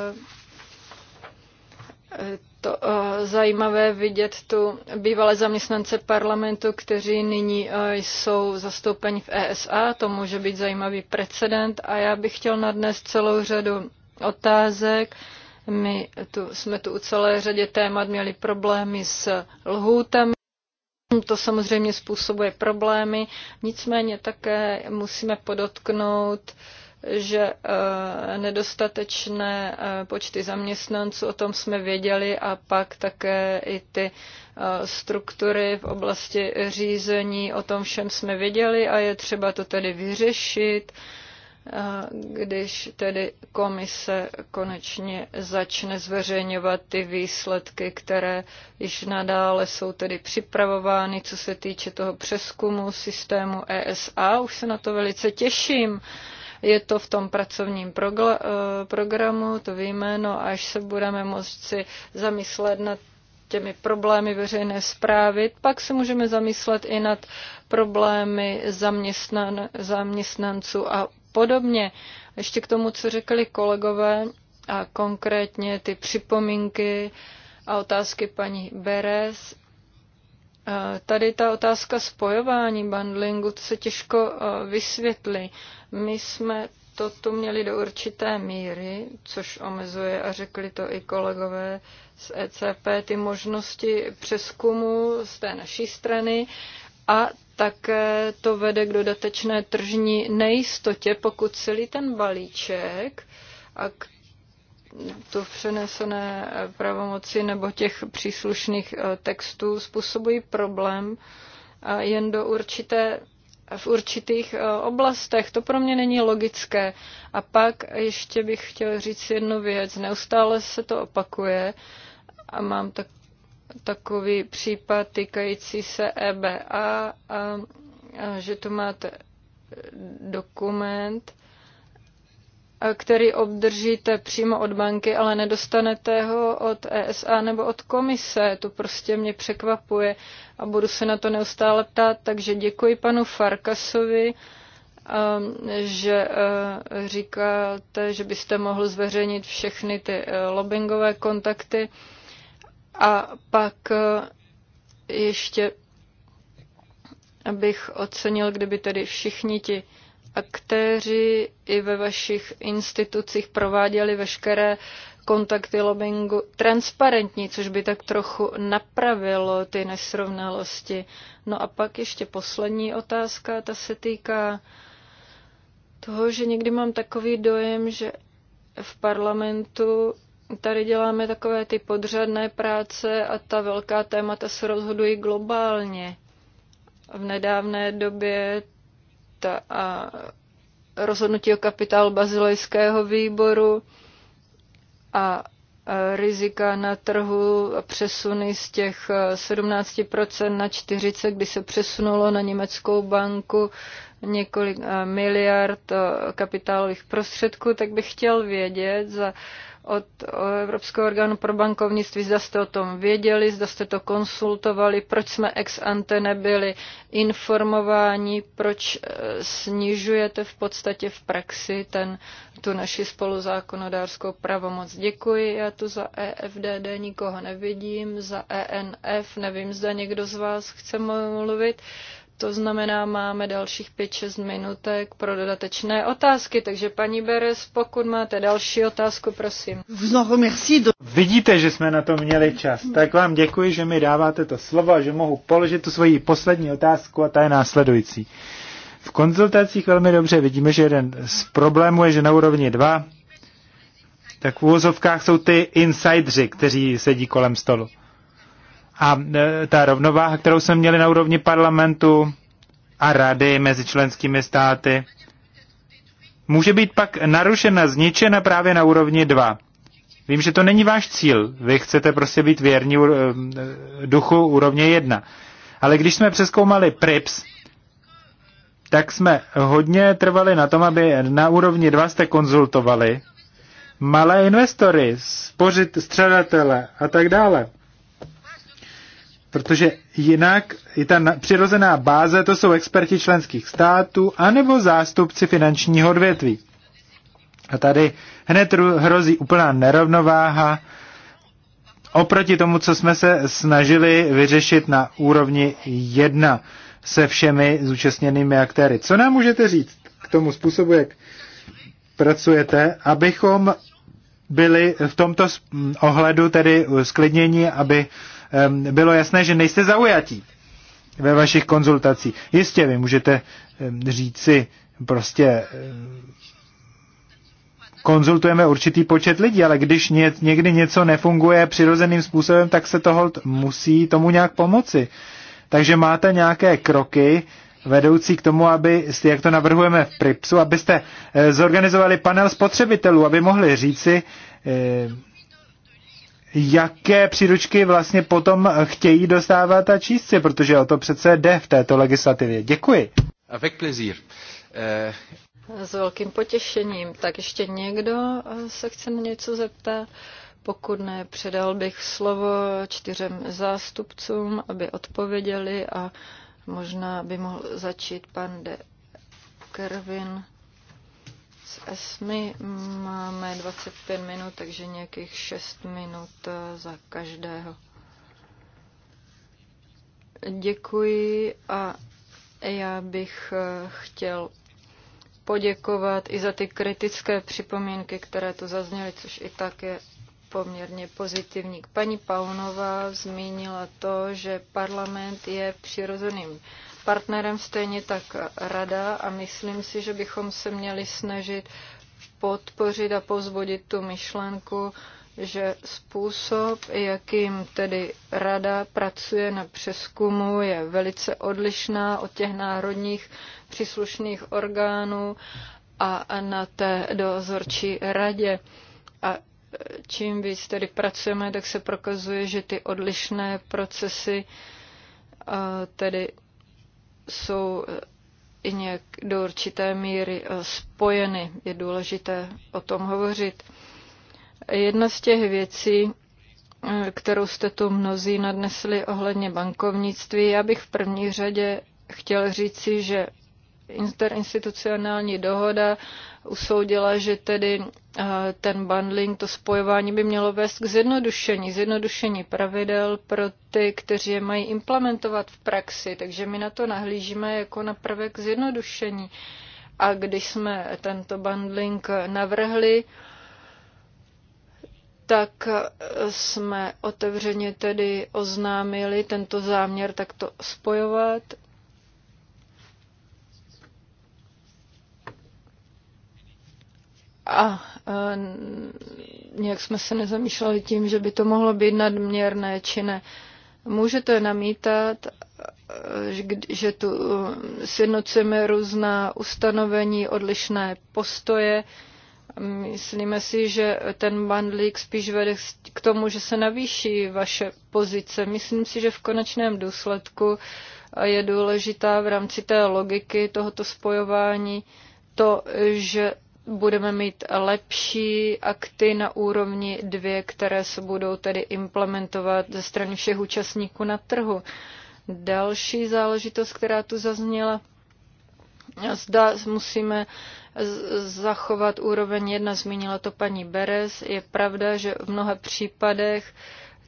Eh, to eh, zajímavé vidět tu bývalé zaměstnance parlamentu, kteří nyní jsou zastoupeni v ESA. To může být zajímavý precedent a já bych chtěl nadnést celou řadu otázek my tu, jsme tu u celé řadě témat měli problémy s lhůtami. To samozřejmě způsobuje problémy, nicméně také musíme podotknout, že e, nedostatečné e, počty zaměstnanců, o tom jsme věděli, a pak také i ty e, struktury v oblasti řízení, o tom všem jsme věděli a je třeba to tedy vyřešit když tedy komise konečně začne zveřejňovat ty výsledky, které již nadále jsou tedy připravovány, co se týče toho přeskumu systému ESA. Už se na to velice těším. Je to v tom pracovním eh, programu, to víme, no až se budeme moci zamyslet nad těmi problémy veřejné zprávy. Pak se můžeme zamyslet i nad problémy zaměstnan, zaměstnanců a podobně. Ještě k tomu, co řekli kolegové a konkrétně ty připomínky a otázky paní Beres. Tady ta otázka spojování bundlingu to se těžko vysvětlí. My jsme to tu měli do určité míry, což omezuje, a řekli to i kolegové z ECP, ty možnosti přeskumu z té naší strany a také to vede k dodatečné tržní nejistotě, pokud celý ten balíček a k to přenesené pravomoci nebo těch příslušných eh, textů způsobují problém eh, jen do určité v určitých eh, oblastech. To pro mě není logické. A pak ještě bych chtěl říct jednu věc. Neustále se to opakuje a mám tak takový případ týkající se EBA a, a že tu máte dokument, který obdržíte přímo od banky, ale nedostanete ho od ESA nebo od komise. To prostě mě překvapuje a budu se na to neustále ptát. Takže děkuji panu Farkasovi, um, že uh, říkáte, že byste mohl zveřejnit všechny ty uh, lobbyingové kontakty. A pak eh, ještě bych ocenil, kdyby tedy všichni ti aktéři i ve vašich institucích prováděli veškeré kontakty lobbingu transparentní, což by tak trochu napravilo ty nesrovnalosti. No a pak ještě poslední otázka, ta se týká toho, že někdy mám takový dojem, že v parlamentu tady děláme takové ty podřadné práce a ta velká témata se rozhodují globálně. V nedávné době ta a rozhodnutí o kapitál bazilejského výboru a rizika na trhu a přesuny z těch 17% e, na 40%, kdy se přesunulo na německou banku několik e, miliard e, kapitálových prostředků, tak bych chtěl vědět, za od Evropského orgánu pro bankovnictví, zda jste o tom věděli, zda jste to konsultovali, proč jsme ex ante nebyli informováni, proč e, snižujete v podstatě v praxi ten, tu naši spoluzákonodárskou pravomoc. Děkuji, já tu za EFDD nikoho nevidím, za ENF nevím, zda někdo z vás chce mluvit. To znamená, máme dalších 5-6 minutek pro dodatečné otázky. Takže paní Beres, pokud máte další otázku, prosím. Vidíte, že jsme na to měli čas. Tak vám děkuji, že mi dáváte to slovo a že mohu položit tu svoji poslední otázku a ta je následující. V konzultacích velmi dobře vidíme, že jeden z problémů je, že na úrovni 2 tak v úvozovkách jsou ty insidři, kteří sedí kolem stolu. A e, ta rovnováha, kterou jsme měli na úrovni parlamentu a rady mezi členskými státy, může být pak narušena, zničena právě na úrovni 2. Vím, že to není váš cíl. Vy chcete prostě být věrní e, duchu úrovně 1. Ale když jsme přeskoumali PRIPS, tak jsme hodně trvali na tom, aby na úrovni 2 jste konzultovali malé investory, spořit střadatele a tak dále. Protože jinak je ta přirozená báze, to jsou experti členských států anebo zástupci finančního odvětví. A tady hned hrozí úplná nerovnováha oproti tomu, co jsme se snažili vyřešit na úrovni 1 se všemi zúčastněnými aktéry. Co nám můžete říct k tomu způsobu, jak pracujete, abychom byli v tomto ohledu tedy sklidnění, aby bylo jasné, že nejste zaujatí ve vašich konzultacích. Jistě, vy můžete říct si prostě konzultujeme určitý počet lidí, ale když někdy něco nefunguje přirozeným způsobem, tak se toho musí tomu nějak pomoci. Takže máte nějaké kroky vedoucí k tomu, aby, jak to navrhujeme v PRIPSu, abyste eh, zorganizovali panel spotřebitelů, aby mohli říci, eh, jaké příručky vlastně potom chtějí dostávat a číst si, protože o to přece jde v této legislativě. Děkuji. A plaisir. plezír. Eh, S velkým potěšením. Tak ještě někdo eh, se chce na něco zeptat? Pokud ne, předal bych slovo čtyřem zástupcům, aby odpověděli a možná by mohl začít pan de Kervin ETS. My máme 25 minut, takže nějakých 6 minut eh, za každého. Děkuji a já bych eh, chtěl poděkovat i za ty kritické připomínky, které tu zazněly, což i tak je poměrně pozitivní. Paní Paunová zmínila to, že parlament je přirozeným partnerem, stejně tak rada a myslím si, že bychom se měli snažit podpořit a pozvodit tu myšlenku, že způsob, jakým tedy rada pracuje na přeskumu, je velice odlišná od těch národních příslušných orgánů a na té dozorčí radě. A čím víc tedy pracujeme, tak se prokazuje, že ty odlišné procesy eh, tedy jsou eh, i nějak do určité míry eh, spojeny. Je důležité o tom hovořit. Jedna z těch věcí, eh, kterou jste tu mnozí nadnesli ohledně bankovnictví, já bych v první řadě chtěl říci, že interinstitucionální dohoda usoudila, že tedy eh, ten bundling, to spojování by mělo vést k zjednodušení, zjednodušení pravidel pro ty, kteří je mají implementovat v praxi. Takže my na to nahlížíme jako na prvek zjednodušení. A když jsme tento bundling navrhli, tak eh, jsme otevřeně tedy oznámili tento záměr takto spojovat a e, nějak jsme se nezamýšleli tím, že by to mohlo být nadměrné či ne. Můžete namítat, e, že tu e, sjednocujeme různá ustanovení, odlišné postoje. Myslíme si, že ten bandlík spíš vede k tomu, že se navýší vaše pozice. Myslím si, že v konečném důsledku je důležitá v rámci té logiky tohoto spojování to, že budeme mít lepší akty na úrovni dvě, které se budou tedy implementovat ze strany všech účastníků na trhu. Další záležitost, která tu zazněla, zda musíme zachovat úroveň jedna, zmínila to paní Beres. Je pravda, že v mnoha případech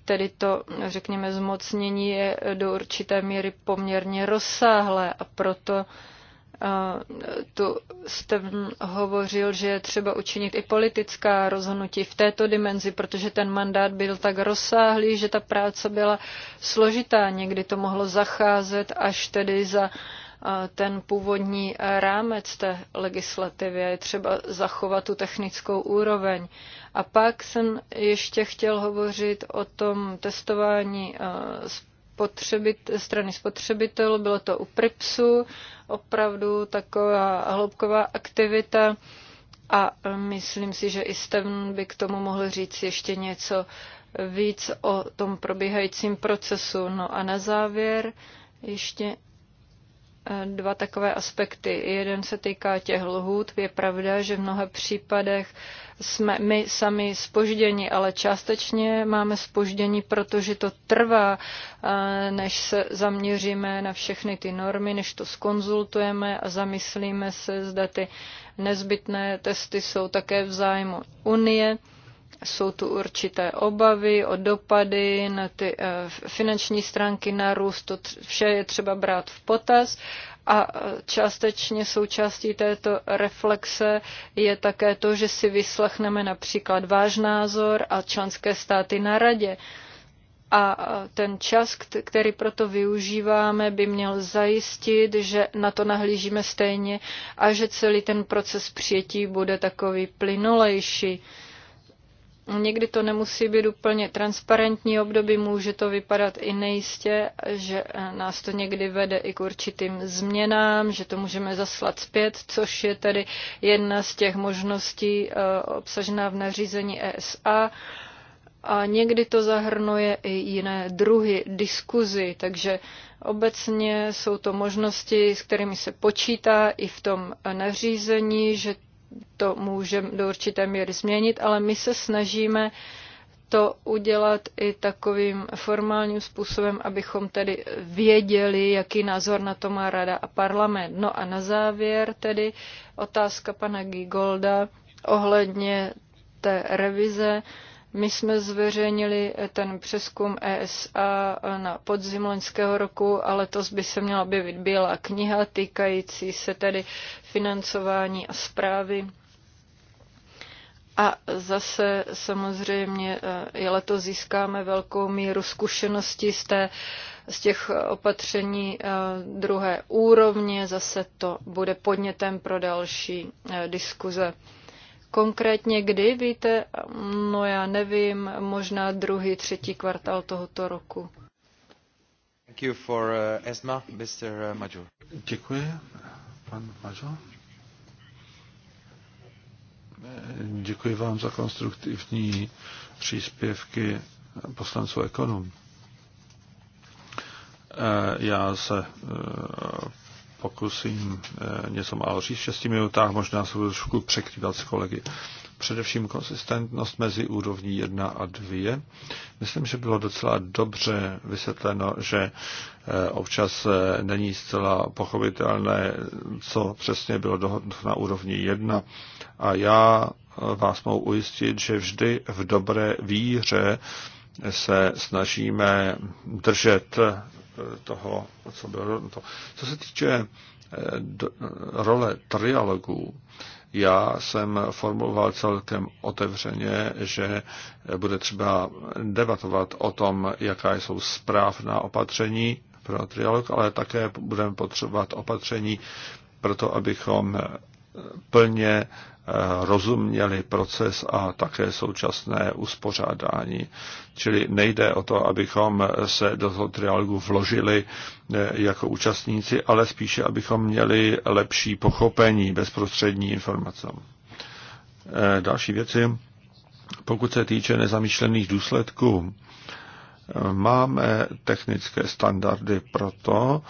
tedy to, řekněme, zmocnění je do určité míry poměrně rozsáhlé a proto uh, tu jste hovořil, že je třeba učinit i politická rozhodnutí v této dimenzi, protože ten mandát byl tak rozsáhlý, že ta práce byla složitá. Někdy to mohlo zacházet až tedy za ten původní rámec té legislativy. Je třeba zachovat tu technickou úroveň. A pak jsem ještě chtěl hovořit o tom testování spotřebit, strany spotřebitelů, bylo to u PRIPSu, opravdu taková hloubková aktivita a myslím si, že i Steven by k tomu mohl říct ještě něco víc o tom probíhajícím procesu. No a na závěr ještě dva takové aspekty. Jeden se týká těch lhůt. Je pravda, že v mnoha případech jsme my sami spožděni, ale částečně máme spoždění, protože to trvá, než se zaměříme na všechny ty normy, než to skonzultujeme a zamyslíme se, zda ty nezbytné testy jsou také v zájmu Unie. Jsou tu určité obavy o dopady na ty eh, finanční stránky, na růst, to vše je třeba brát v potaz. A eh, částečně součástí této reflexe je také to, že si vyslechneme například váš názor a členské státy na radě. A eh, ten čas, který proto využíváme, by měl zajistit, že na to nahlížíme stejně a že celý ten proces přijetí bude takový plynulejší. Někdy to nemusí být úplně transparentní období, může to vypadat i nejistě, že nás to někdy vede i k určitým změnám, že to můžeme zaslat zpět, což je tedy jedna z těch možností eh, obsažená v nařízení ESA. A někdy to zahrnuje i jiné druhy diskuzi, takže obecně jsou to možnosti, s kterými se počítá i v tom nařízení, že to můžeme do určité míry změnit, ale my se snažíme to udělat i takovým formálním způsobem, abychom tedy věděli, jaký názor na to má rada a parlament. No a na závěr tedy otázka pana Gigolda ohledně té revize. Uh, my jsme zveřejnili ten přeskum ESA na podzim loňského roku a letos by se měla objevit bílá kniha týkající se tedy financování a zprávy. A zase samozřejmě eh, i letos získáme velkou míru zkušeností z, té, z těch opatření eh, druhé úrovně. Zase to bude podnětem pro další eh, diskuze. Konkrétně kdy, víte? No já nevím, možná druhý, třetí kvartál tohoto roku. Thank you for uh, ESMA, Mr. Uh, Major. Děkuji, pan Major. Děkuji vám za konstruktivní příspěvky poslanců ekonom. Eh, já se eh, pokusím eh, něco málo říct v šesti minutách, možná se budu trošku překrývat s kolegy. Především konsistentnost mezi úrovní 1 a 2. Myslím, že bylo docela dobře vysvětleno, že eh, občas eh, není zcela pochopitelné, co přesně bylo dohodnuto na úrovni 1. A já vás mohu ujistit, že vždy v dobré víře se snažíme držet toho, co bylo dohodnuto. Co se týče eh, eh, role trialogů, já jsem formuloval celkem otevřeně, že eh, bude třeba debatovat o tom, jaká jsou správná opatření pro trialog, ale také budeme potřebovat opatření pro to, abychom plně eh, rozuměli proces a také současné uspořádání. Čili nejde o to, abychom se do toho trialogu vložili eh, jako účastníci, ale spíše, abychom měli lepší pochopení bezprostřední informace. Eh, další věci. Pokud se týče nezamýšlených důsledků, máme technické standardy pro to,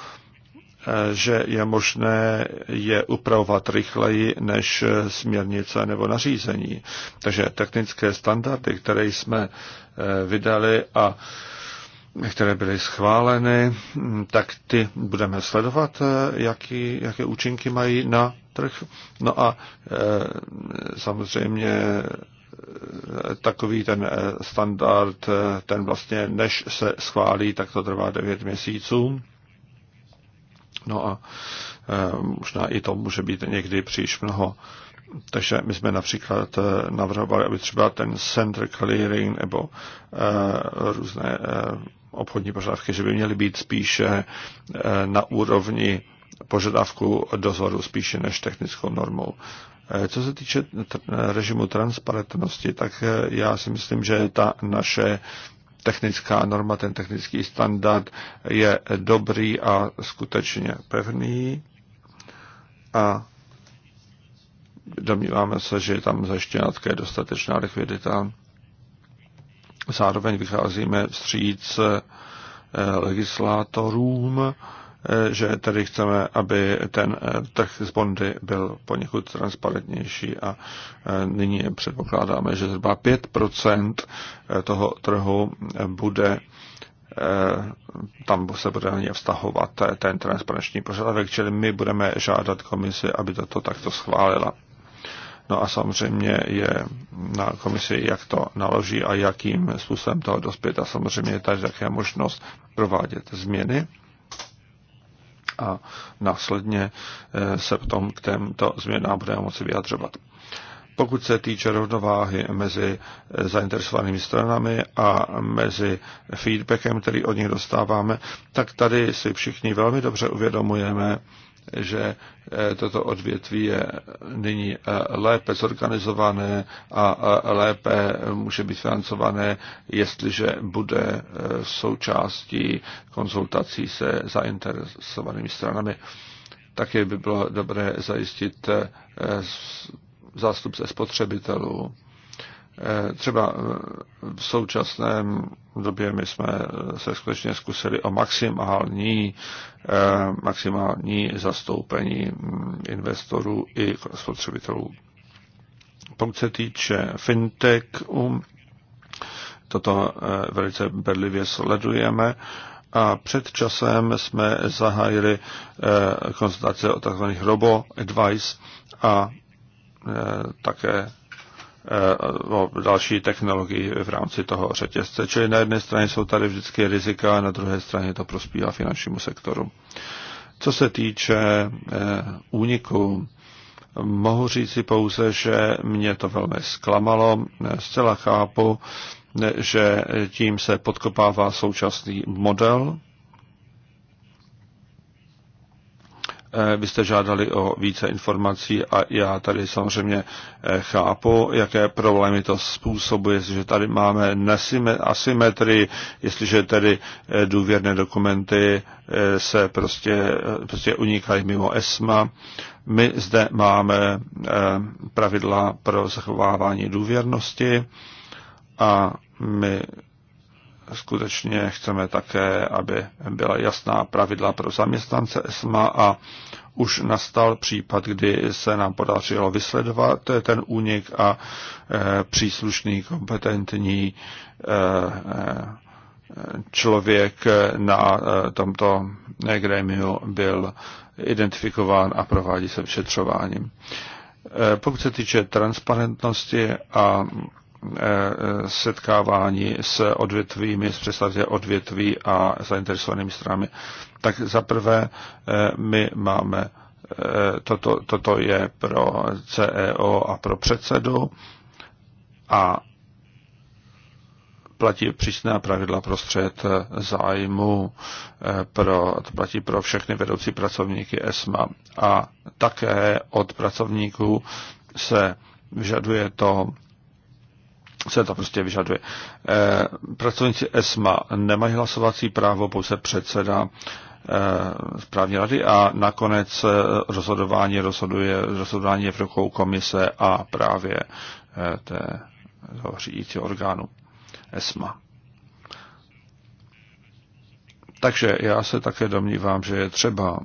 Eh, že je možné je upravovat rychleji než směrnice nebo nařízení. Takže technické standardy, které jsme eh, vydali a které byly schváleny, hm, tak ty budeme sledovat, eh, jaký, jaké účinky mají na trh. No a samozřejmě takový ten standard, ten vlastně než se schválí, tak to trvá 9 měsíců všechno a e, možná i to může být někdy příliš mnoho. Takže my jsme například e, navrhovali, aby třeba ten center clearing nebo e, různé obchodní požadavky, že by měly být spíše na úrovni požadavku dozoru spíše než technickou normou. Co se týče režimu transparentnosti, tak já si myslím, že ta naše technická norma, ten technický standard je dobrý a skutečně pevný. A domníváme se, že je tam zajištěna také dostatečná likvidita. Zároveň vycházíme vstříc eh, legislátorům, Eh, že tedy chceme, aby ten eh, trh z bondy byl poněkud transparentnější a eh, nyní předpokládáme, že zhruba 5% toho trhu bude tam se bude na ně vztahovat ten transparentní požadavek, čili my budeme žádat komisi, aby to takto schválila. No a samozřejmě je na komisi, jak to naloží a jakým způsobem toho dospět. A samozřejmě je tady také možnost provádět změny a následně eh, se potom k těmto změnám budeme moci vyjadřovat. Pokud se týče rovnováhy mezi eh, zainteresovanými stranami a mezi feedbackem, který od nich dostáváme, tak tady si všichni velmi dobře uvědomujeme, že eh, toto odvětví je nyní eh, lépe zorganizované a eh, lépe může být financované, jestliže bude součástí konzultací se zainteresovanými stranami. Také by bylo dobré zajistit zástupce spotřebitelů Eh, třeba eh, v současném době my jsme eh, se skutečně zkusili o maximální, maximální zastoupení mm, investorů i spotřebitelů. Pokud se týče fintech, toto velice bedlivě sledujeme a před časem jsme zahájili konzultace o tzv. robo-advice a také Eh, o další technologii v rámci toho řetězce. Čili na jedné straně jsou tady vždycky rizika, a na druhé straně to prospívá finančnímu sektoru. Co se týče eh, úniku, mohu říci pouze, že mě to velmi zklamalo. Zcela chápu, že tím se podkopává současný model byste eh, žádali o více informací a já tady samozřejmě eh, chápu, jaké problémy to způsobuje, že tady máme asymetrii, jestliže tedy eh, důvěrné dokumenty se prostě, prostě unikají mimo ESMA. My zde máme pravidla pro zachovávání důvěrnosti a my skutečně chceme také, aby byla jasná pravidla pro zaměstnance ESMA a už nastal případ, kdy se nám podařilo vysledovat ten únik a e, příslušný kompetentní e, člověk na e, tomto gremiu byl identifikován a provádí se vyšetřováním. E, pokud se týče transparentnosti a Eh, setkávání s odvětvími, s představiteli odvětví a zainteresovanými stranami. Tak zaprvé eh, my máme, eh, toto, toto je pro CEO a pro předsedu a platí přísná pravidla pro střed zájmu, pro, to platí pro všechny vedoucí pracovníky ESMA a také od pracovníků se vyžaduje to, se to prostě vyžaduje. Eh, pracovníci ESMA nemají hlasovací právo, pouze předseda eh, správní rady a nakonec eh, rozhodování rozhoduje, rozhodování je v rukou komise a právě té řídícího orgánu ESMA. Takže já se také domnívám, že je třeba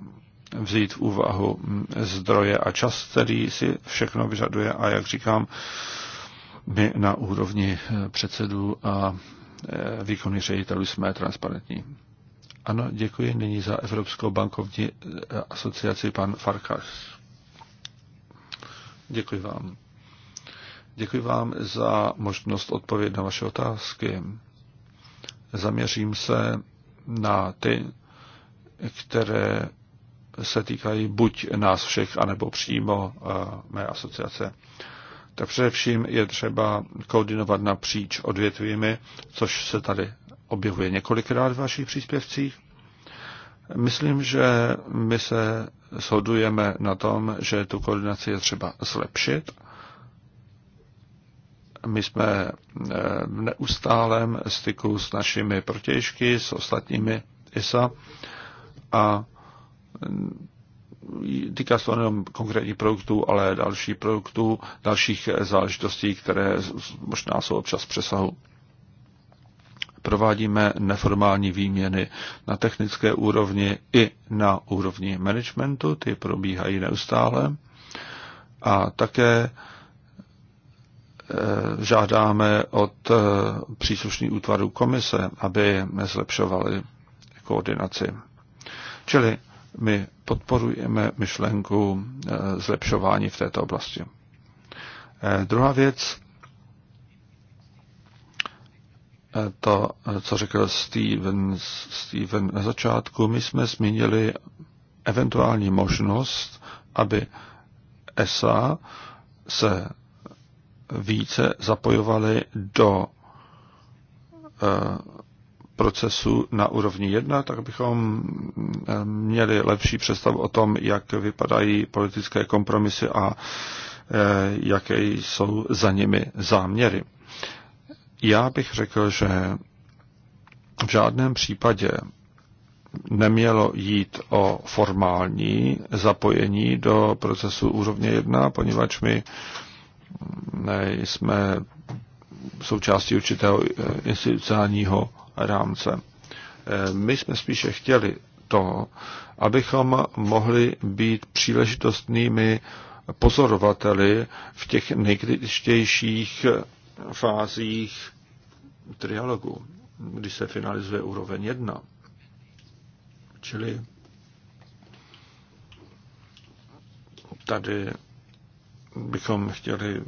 vzít v úvahu mm, zdroje a čas, který si všechno vyžaduje a jak říkám, my na úrovni eh, předsedů a eh, výkonných ředitelů jsme transparentní. Ano, děkuji nyní za Evropskou bankovní eh, asociaci pan Farkas. Děkuji vám. Děkuji vám za možnost odpovědět na vaše otázky. Zaměřím se na ty, které se týkají buď nás všech, anebo přímo mé asociace tak především je třeba koordinovat napříč odvětvími, což se tady objevuje několikrát v vašich příspěvcích. Myslím, že my se shodujeme na tom, že tu koordinaci je třeba zlepšit. My jsme v neustálém styku s našimi protějšky, s ostatními ISA a týká se to nejenom konkrétních produktů, ale další produktů, dalších záležitostí, které možná jsou občas přesahu. Provádíme neformální výměny na technické úrovni i na úrovni managementu, ty probíhají neustále. A také e, žádáme od e, příslušných útvarů komise, aby zlepšovali koordinaci. Čili my podporujeme myšlenku eh, zlepšování v této oblasti. Eh, druhá věc, eh, to, co řekl Steven, Steven na začátku, my jsme zmínili eventuální možnost, aby ESA se více zapojovali do procesu na úrovni 1, tak bychom eh, měli lepší představu o tom, jak vypadají politické kompromisy a eh, jaké jsou za nimi záměry. Já bych řekl, že v žádném případě nemělo jít o formální zapojení do procesu úrovně 1, poněvadž my eh, jsme součástí určitého institucionálního rámce. Eh, my jsme spíše chtěli to, abychom mohli být příležitostnými pozorovateli v těch nejkritičtějších fázích trialogu, kdy se finalizuje úroveň 1. Čili tady bychom chtěli,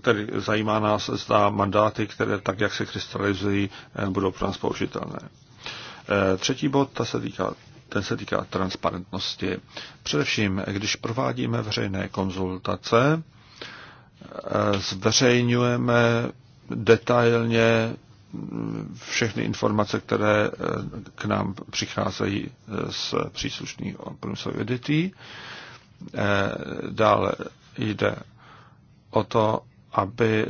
tedy zajímá nás, zda mandáty, které tak, jak se krystalizují, budou pro nás použitelné. Eh, třetí bod, ta se týká, ten se týká transparentnosti. Především, když provádíme veřejné konzultace, eh, zveřejňujeme detailně všechny informace, které eh, k nám přicházejí z příslušných průmyslových odvětví. Dále jde o to, aby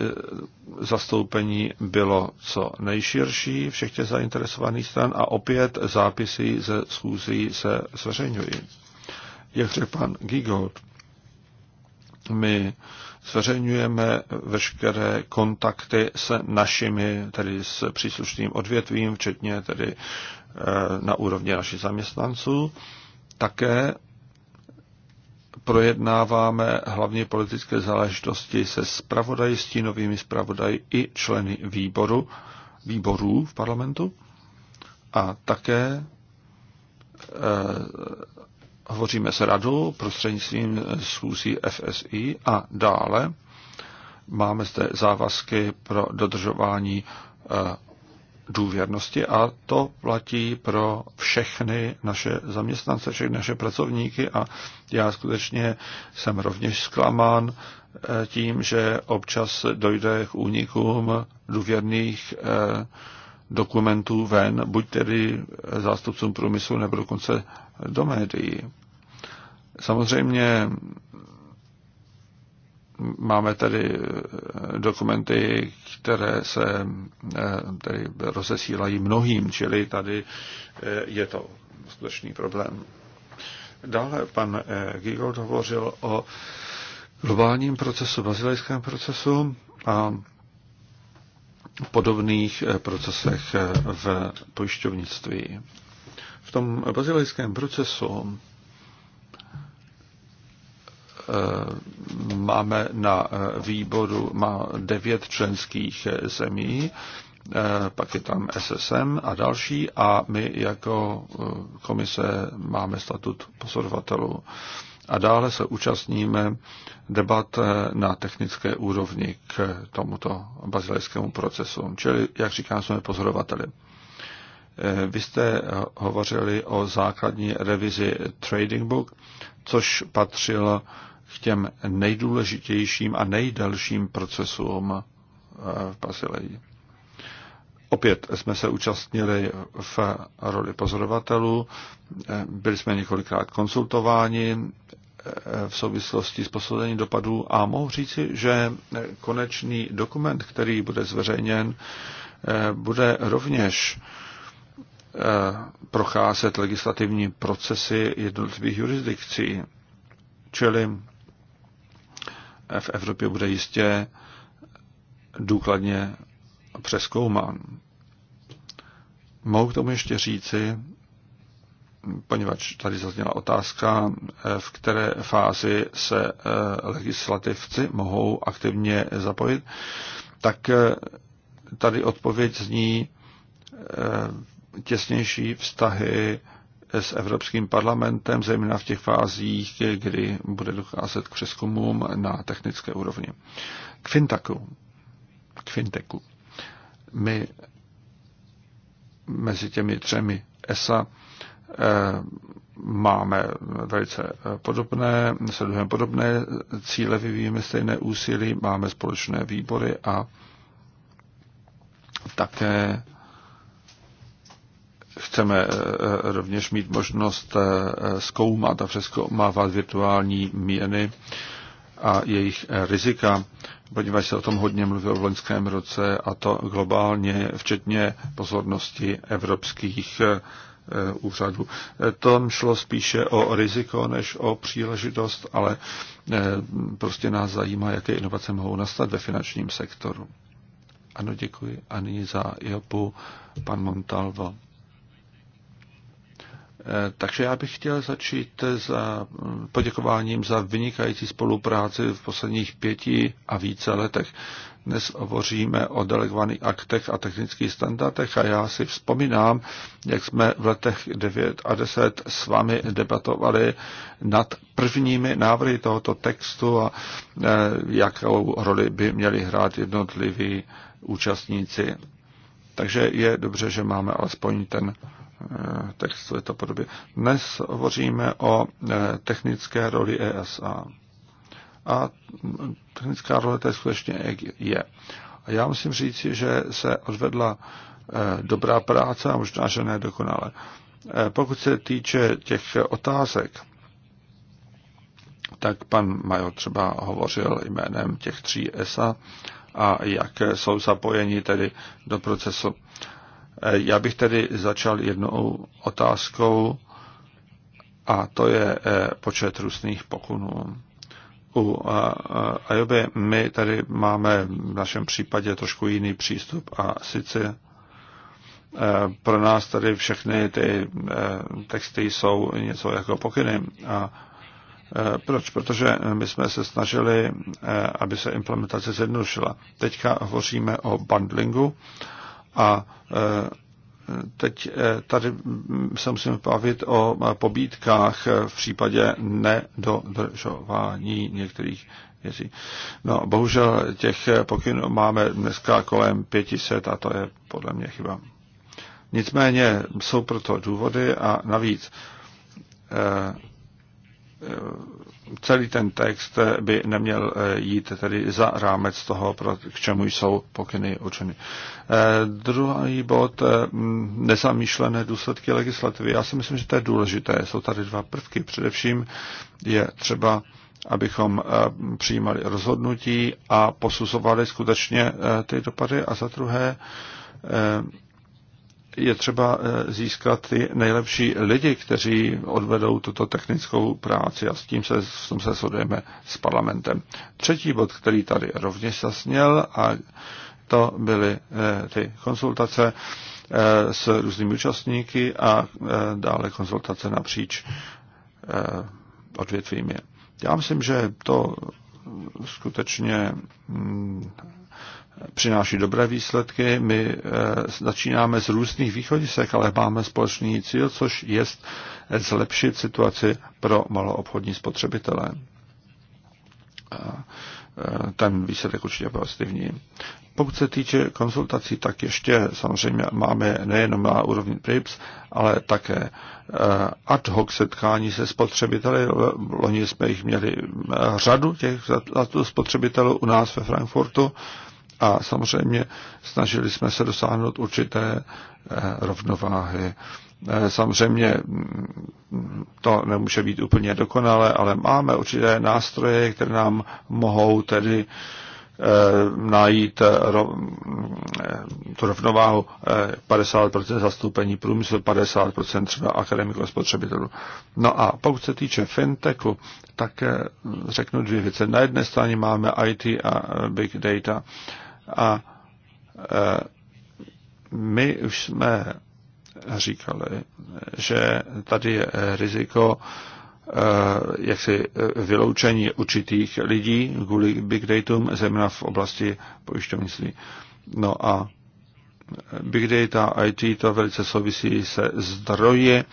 zastoupení bylo co nejširší všech těch zainteresovaných stran a opět zápisy ze schůzí se zveřejňují. Jak řekl pan Gigot, my zveřejňujeme veškeré kontakty s našimi, tedy s příslušným odvětvím, včetně tedy eh, na úrovni našich zaměstnanců. Také projednáváme hlavně politické záležitosti se spravodaji, stínovými spravodají i členy výboru, výborů v parlamentu a také eh, hovoříme s radou prostřednictvím schůzí FSI a dále máme zde závazky pro dodržování eh, důvěrnosti a to platí pro všechny naše zaměstnance, všechny naše pracovníky a já skutečně jsem rovněž zklamán eh, tím, že občas dojde k únikům důvěrných eh, dokumentů ven, buď tedy eh, zástupcům průmyslu nebo dokonce do médií. Samozřejmě máme tady eh, dokumenty, které se eh, tady rozesílají mnohým, čili tady eh, je to skutečný problém. Dále pan Gigold hovořil o globálním procesu, bazilejském procesu a podobných procesech v pojišťovnictví. V tom bazilejském procesu Eh, máme na eh, výboru má devět členských eh, zemí, pak je tam SSM a další a my jako komise máme statut pozorovatelů. A dále se účastníme debat na technické úrovni k tomuto bazilejskému procesu. Čili, jak říkám, jsme pozorovateli. Vy jste hovořili o základní revizi Trading Book, což patřilo k těm nejdůležitějším a nejdelším procesům eh, v Basileji. Opět jsme se účastnili v roli pozorovatelů, eh, byli jsme několikrát konsultováni eh, v souvislosti s posouzením dopadů a mohu říci, že konečný dokument, který bude zveřejněn, bude rovněž procházet legislativní procesy jednotlivých jurisdikcí. Čili v Evropě bude jistě důkladně přeskoumán. Mohu k tomu ještě říci, poněvadž tady zazněla otázka, v které fázi se eh, legislativci mohou aktivně zapojit, tak eh, tady odpověď zní eh, těsnější vztahy s Evropským parlamentem, zejména v těch fázích, kdy bude docházet k přeskumům na technické úrovni. K fintaku. K fintechu. My mezi těmi třemi ESA eh, máme velice eh, podobné, sledujeme podobné cíle, vyvíjíme stejné úsilí, máme společné výbory a také chceme eh, eh, rovněž mít možnost eh, zkoumat a přeskoumávat virtuální měny a jejich rizika, Podívej se o tom hodně mluvil v loňském roce a to globálně, včetně pozornosti evropských úřadu. To šlo spíše o riziko než o příležitost, ale prostě nás zajímá, jaké inovace mohou nastat ve finančním sektoru. Ano, děkuji. A nyní za IOPu pan Montalvo. Eh, takže já bych chtěl začít za mm, poděkováním za vynikající spolupráci v posledních pěti a více letech. Dnes hovoříme o delegovaných aktech a technických standardech a já si vzpomínám, jak jsme v letech 9 a 10 s vámi debatovali nad prvními návrhy tohoto textu a eh, jakou roli by měli hrát jednotliví účastníci. Takže je dobře, že máme alespoň ten Eh, textové to podobě. Dnes hovoříme o eh, technické roli ESA. A technická role je skutečně je. A já musím říct, že se odvedla eh, dobrá práce a možná, že ne dokonale. Pokud se týče těch otázek, tak pan Major třeba hovořil jménem těch tří ESA a jak jsou zapojeni tedy do procesu. Eh, já bych tedy začal jednou otázkou a to je eh, počet různých pokunů. U Ajoby my tady máme v našem případě trošku jiný přístup a sice eh, pro nás tady všechny ty texty jsou něco jako pokyny. A proč? Protože my jsme se snažili, aby se implementace zjednodušila. Teďka hovoříme o bundlingu a e, teď e, tady se musíme bavit o pobídkách v případě nedodržování některých věcí. No, bohužel těch pokynů máme dneska kolem 500 a to je podle mě chyba. Nicméně jsou proto důvody a navíc e, celý ten text by neměl eh, jít tedy za rámec toho, k čemu jsou pokyny učeny. Eh, druhý bod, eh, nezamýšlené důsledky legislativy. Já si myslím, že to je důležité. Jsou tady dva prvky. Především je třeba abychom přijímali rozhodnutí a posuzovali skutečně ty dopady. A za druhé, je třeba eh, získat ty nejlepší lidi, kteří odvedou tuto technickou práci a s tím se, s tom se shodujeme s parlamentem. Třetí bod, který tady rovněž zasněl a to byly eh, ty konsultace eh, s různými účastníky a dále konzultace napříč odvětvími. Já myslím, že to skutečně mm, přináší dobré výsledky. My začínáme z různých východisek, ale máme společný cíl, což je zlepšit situaci pro maloobchodní spotřebitele. Ten výsledek určitě pozitivní. Pokud se týče konzultací, tak ještě samozřejmě máme nejenom na úrovni PRIPS, ale také ad hoc setkání se spotřebiteli. Loni jsme jich měli řadu těch spotřebitelů u nás ve Frankfurtu a samozřejmě snažili jsme se dosáhnout určité eh, rovnováhy. Eh, samozřejmě mm, to nemůže být úplně dokonalé, ale máme určité nástroje, které nám mohou tedy eh, najít mm, tu rovnováhu 50% zastoupení průmyslu, 50% třeba akademiků a spotřebitelů. No a pokud se týče fintechu, tak řeknu dvě věci. Na jedné straně máme IT a big data. A e, my už jsme říkali, že tady je riziko e, jaksi vyloučení určitých lidí kvůli big datum, zejména v oblasti pojišťovnictví. No a Big Data IT to velice souvisí se zdroji,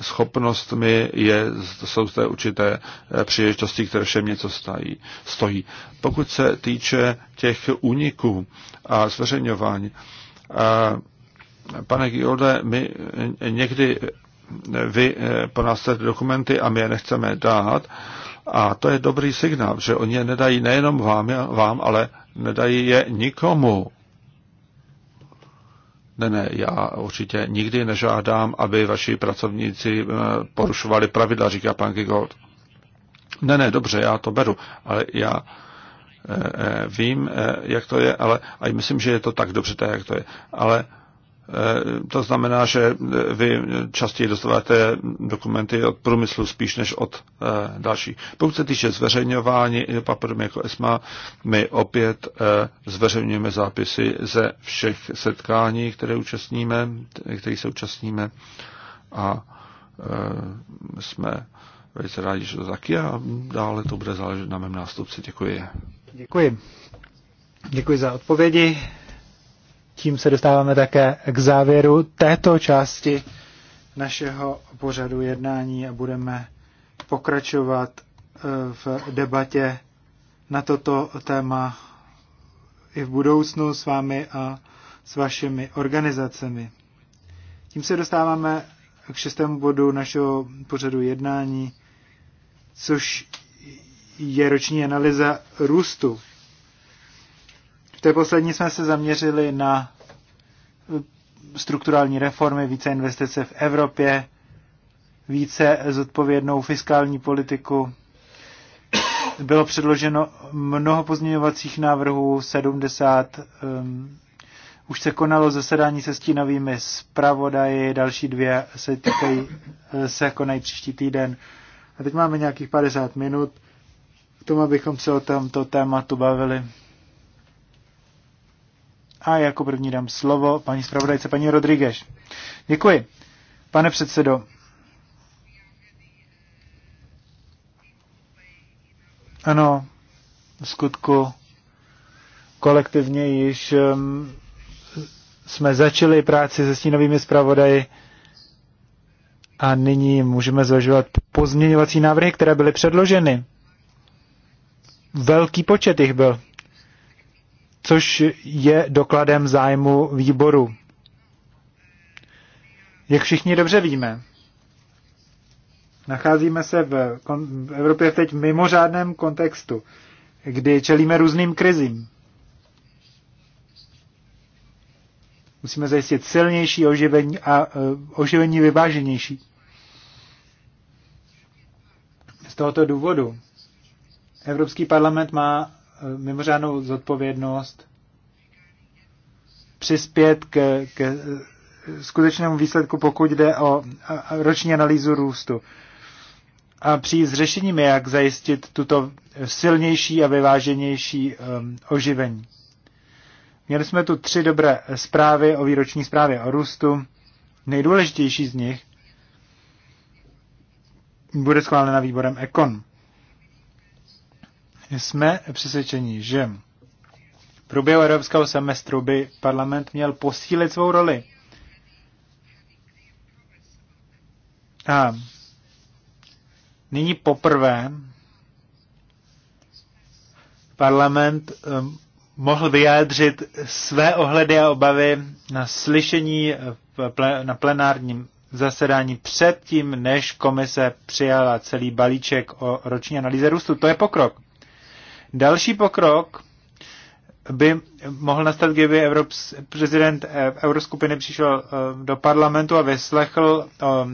schopnostmi, je, jsou zde určité eh, příležitosti, které všem něco stají, stojí. Pokud se týče těch úniků a zveřejňování, eh, pane Giode, my eh, někdy vy po nás chcete dokumenty a my je nechceme dát a to je dobrý signál, že oni je nedají nejenom vám, vám ale nedají je nikomu ne, ne, já určitě nikdy nežádám, aby vaši pracovníci eh, porušovali pravidla, říká pan Gigold. Ne, ne, dobře, já to beru, ale já eh, eh, vím, jak to je, ale a myslím, že je to tak dobře, tak jak to je. Ale Eh, to znamená, že eh, vy častěji dostáváte dokumenty od průmyslu spíš než od eh, další. Pokud se týče zveřejňování papírem jako ESMA, my opět zveřejňujeme zápisy ze všech setkání, které účastníme, které se účastníme a jsme velice rádi, že to taky a dále to bude záležet na mém nástupci. Děkuji. Děkuji. Děkuji za odpovědi tím se dostáváme také k závěru této části našeho pořadu jednání a budeme pokračovat eh, v debatě na toto téma i v budoucnu s vámi a s vašimi organizacemi. Tím se dostáváme k šestému bodu našeho pořadu jednání, což je roční analýza růstu. V té poslední jsme se zaměřili na eh, strukturální reformy, více investice v Evropě, více zodpovědnou fiskální politiku. Bylo předloženo mnoho pozměňovacích návrhů, 70. Um, ehm, už se konalo zasedání se stínovými zpravodaji, další dvě se, týkají, eh, se konají příští týden. A teď máme nějakých 50 minut k tomu, abychom se o tomto tématu bavili. A jako první dám slovo paní zpravodajce, paní Rodríguez. Děkuji. Pane předsedo, ano, v skutku kolektivně již um, jsme začali práci se stínovými zpravodaji a nyní můžeme zvažovat pozměňovací návrhy, které byly předloženy. Velký počet jich byl což je dokladem zájmu výboru. Jak všichni dobře víme, nacházíme se v, v Evropě teď v mimořádném kontextu, kdy čelíme různým krizím. Musíme zajistit silnější oživení a e, oživení vyváženější. Z tohoto důvodu Evropský parlament má mimořádnou zodpovědnost přispět k, k skutečnému výsledku, pokud jde o roční analýzu růstu. A přijít s řešením, jak zajistit tuto silnější a vyváženější um, oživení. Měli jsme tu tři dobré zprávy o výroční zprávě o růstu. Nejdůležitější z nich bude schválena výborem Econ. Jsme přesvědčeni, že v průběhu evropského semestru by parlament měl posílit svou roli. A nyní poprvé parlament ehm, mohl vyjádřit své ohledy a obavy na slyšení na plenárním zasedání předtím, než komise přijala celý balíček o roční analýze růstu. To je pokrok. Další pokrok by mohl nastat, kdyby Evrops, prezident eh, Euroskupiny přišel eh, do parlamentu a vyslechl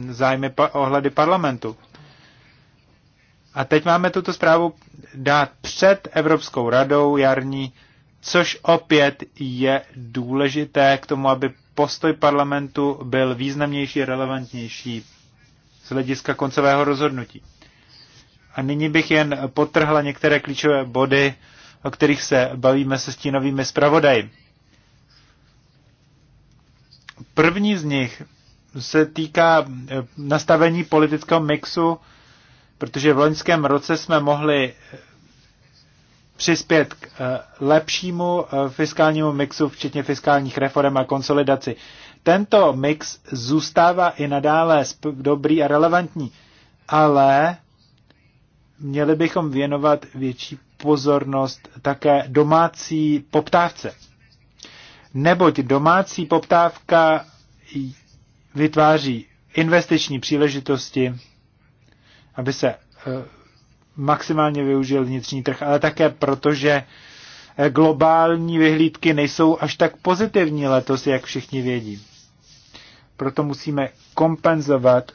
eh, zájmy ohledy parlamentu. A teď máme tuto zprávu dát před Evropskou radou jarní, což opět je důležité k tomu, aby postoj parlamentu byl významnější, relevantnější z hlediska koncového rozhodnutí. A nyní bych jen potrhla některé klíčové body, o kterých se bavíme se stínovými zpravodaji. První z nich se týká eh, nastavení politického mixu, protože v loňském roce jsme mohli eh, přispět k eh, lepšímu fiskálnímu mixu, včetně fiskálních reform a konsolidaci. Tento mix zůstává i nadále dobrý a relevantní, ale měli bychom věnovat větší pozornost také domácí poptávce. Neboť domácí poptávka vytváří investiční příležitosti, aby se eh, maximálně využil vnitřní trh, ale také protože eh, globální vyhlídky nejsou až tak pozitivní letos, jak všichni vědí. Proto musíme kompenzovat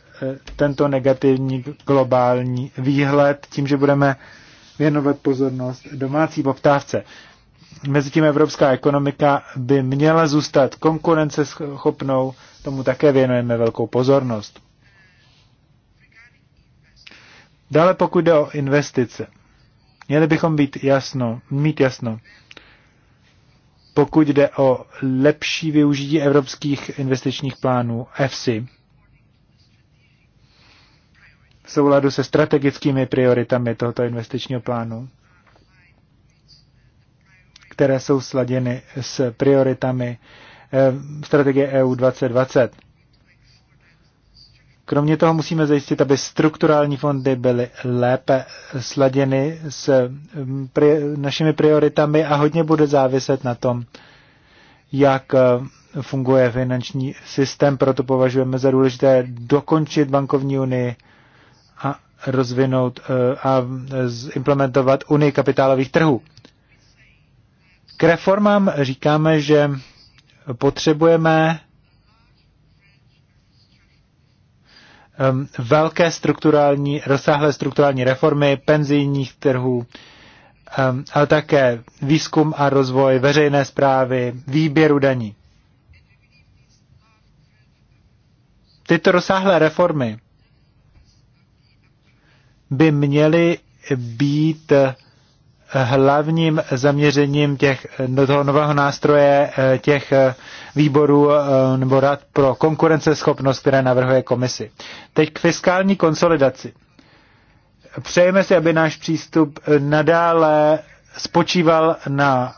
tento negativní globální výhled tím, že budeme věnovat pozornost domácí poptávce. Mezitím evropská ekonomika by měla zůstat konkurenceschopnou, tomu také věnujeme velkou pozornost. Dále pokud jde o investice, měli bychom být jasno, mít jasno, pokud jde o lepší využití evropských investičních plánů EFSI, v souladu se strategickými prioritami tohoto investičního plánu, které jsou sladěny s prioritami eh, strategie EU 2020. Kromě toho musíme zajistit, aby strukturální fondy byly lépe sladěny s mm, našimi prioritami a hodně bude záviset na tom, jak eh, funguje finanční systém. Proto považujeme za důležité dokončit bankovní unii rozvinout eh, a eh, implementovat unii kapitálových trhů. K reformám říkáme, že potřebujeme ehm, velké strukturální, rozsáhlé strukturální reformy penzijních trhů, ehm, ale také výzkum a rozvoj veřejné zprávy, výběru daní. Tyto rozsáhlé reformy by měly být hlavním zaměřením těch, do toho nového nástroje eh, těch eh, výborů eh, nebo rad pro konkurenceschopnost, které navrhuje komisi. Teď k fiskální konsolidaci. Přejeme si, aby náš přístup nadále spočíval na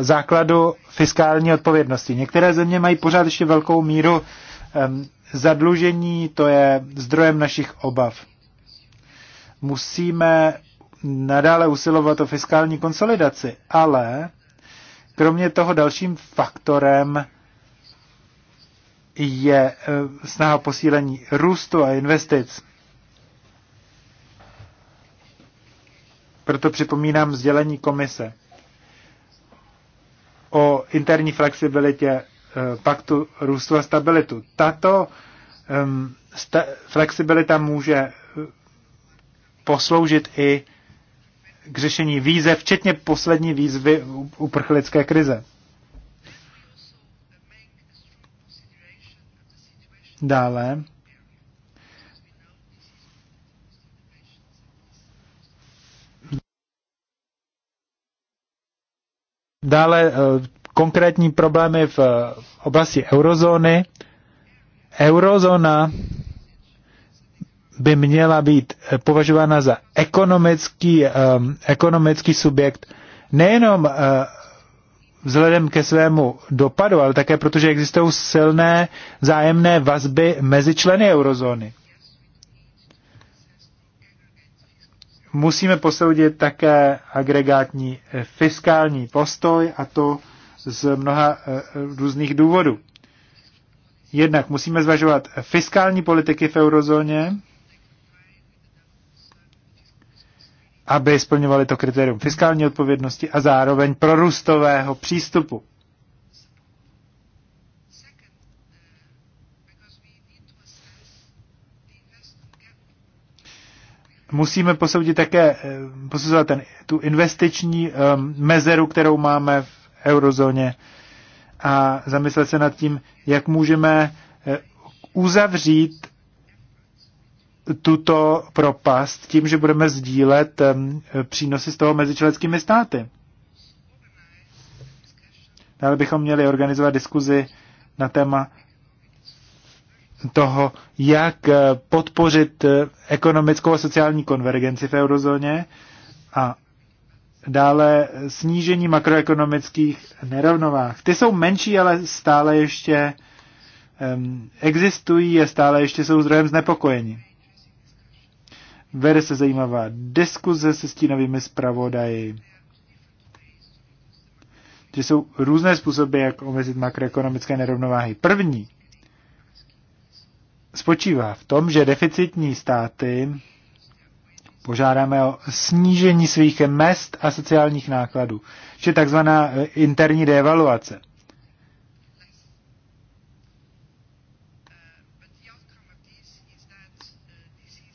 základu fiskální odpovědnosti. Některé země mají pořád ještě velkou míru zadlužení, to je zdrojem našich obav musíme nadále usilovat o fiskální konsolidaci, ale kromě toho dalším faktorem je e, snaha posílení růstu a investic. Proto připomínám sdělení komise o interní flexibilitě e, paktu růstu a stabilitu. Tato um, sta- flexibilita může posloužit i k řešení víze, včetně poslední výzvy uprchlické krize. Dále. Dále eh, konkrétní problémy eh, v oblasti eurozóny. Eurozóna by měla být eh, považována za ekonomický, um, ekonomický subjekt nejenom uh, vzhledem ke svému dopadu, ale také protože existují silné zájemné vazby mezi členy eurozóny. Musíme posoudit také agregátní fiskální postoj a to z mnoha různých důvodů. Jednak musíme zvažovat fiskální politiky v eurozóně, aby splňovali to kritérium fiskální odpovědnosti a zároveň prorůstového přístupu. Musíme posoudit také eh, posuzovat ten, tu investiční um, mezeru, kterou máme v eurozóně a zamyslet se nad tím, jak můžeme eh, uzavřít tuto propast tím, že budeme sdílet přínosy z toho mezi členskými státy. Dále bychom měli organizovat diskuzi na téma toho, jak eh, podpořit eh, ekonomickou a sociální konvergenci v eurozóně a dále snížení makroekonomických nerovnovách. Ty jsou menší, ale stále ještě existují a stále ještě jsou zdrojem znepokojení. Vede se zajímavá diskuze se stínovými zpravodaji. Že jsou různé způsoby, jak omezit makroekonomické nerovnováhy. První spočívá v tom, že deficitní státy požádáme o snížení svých mest a sociálních nákladů, či takzvaná interní devaluace.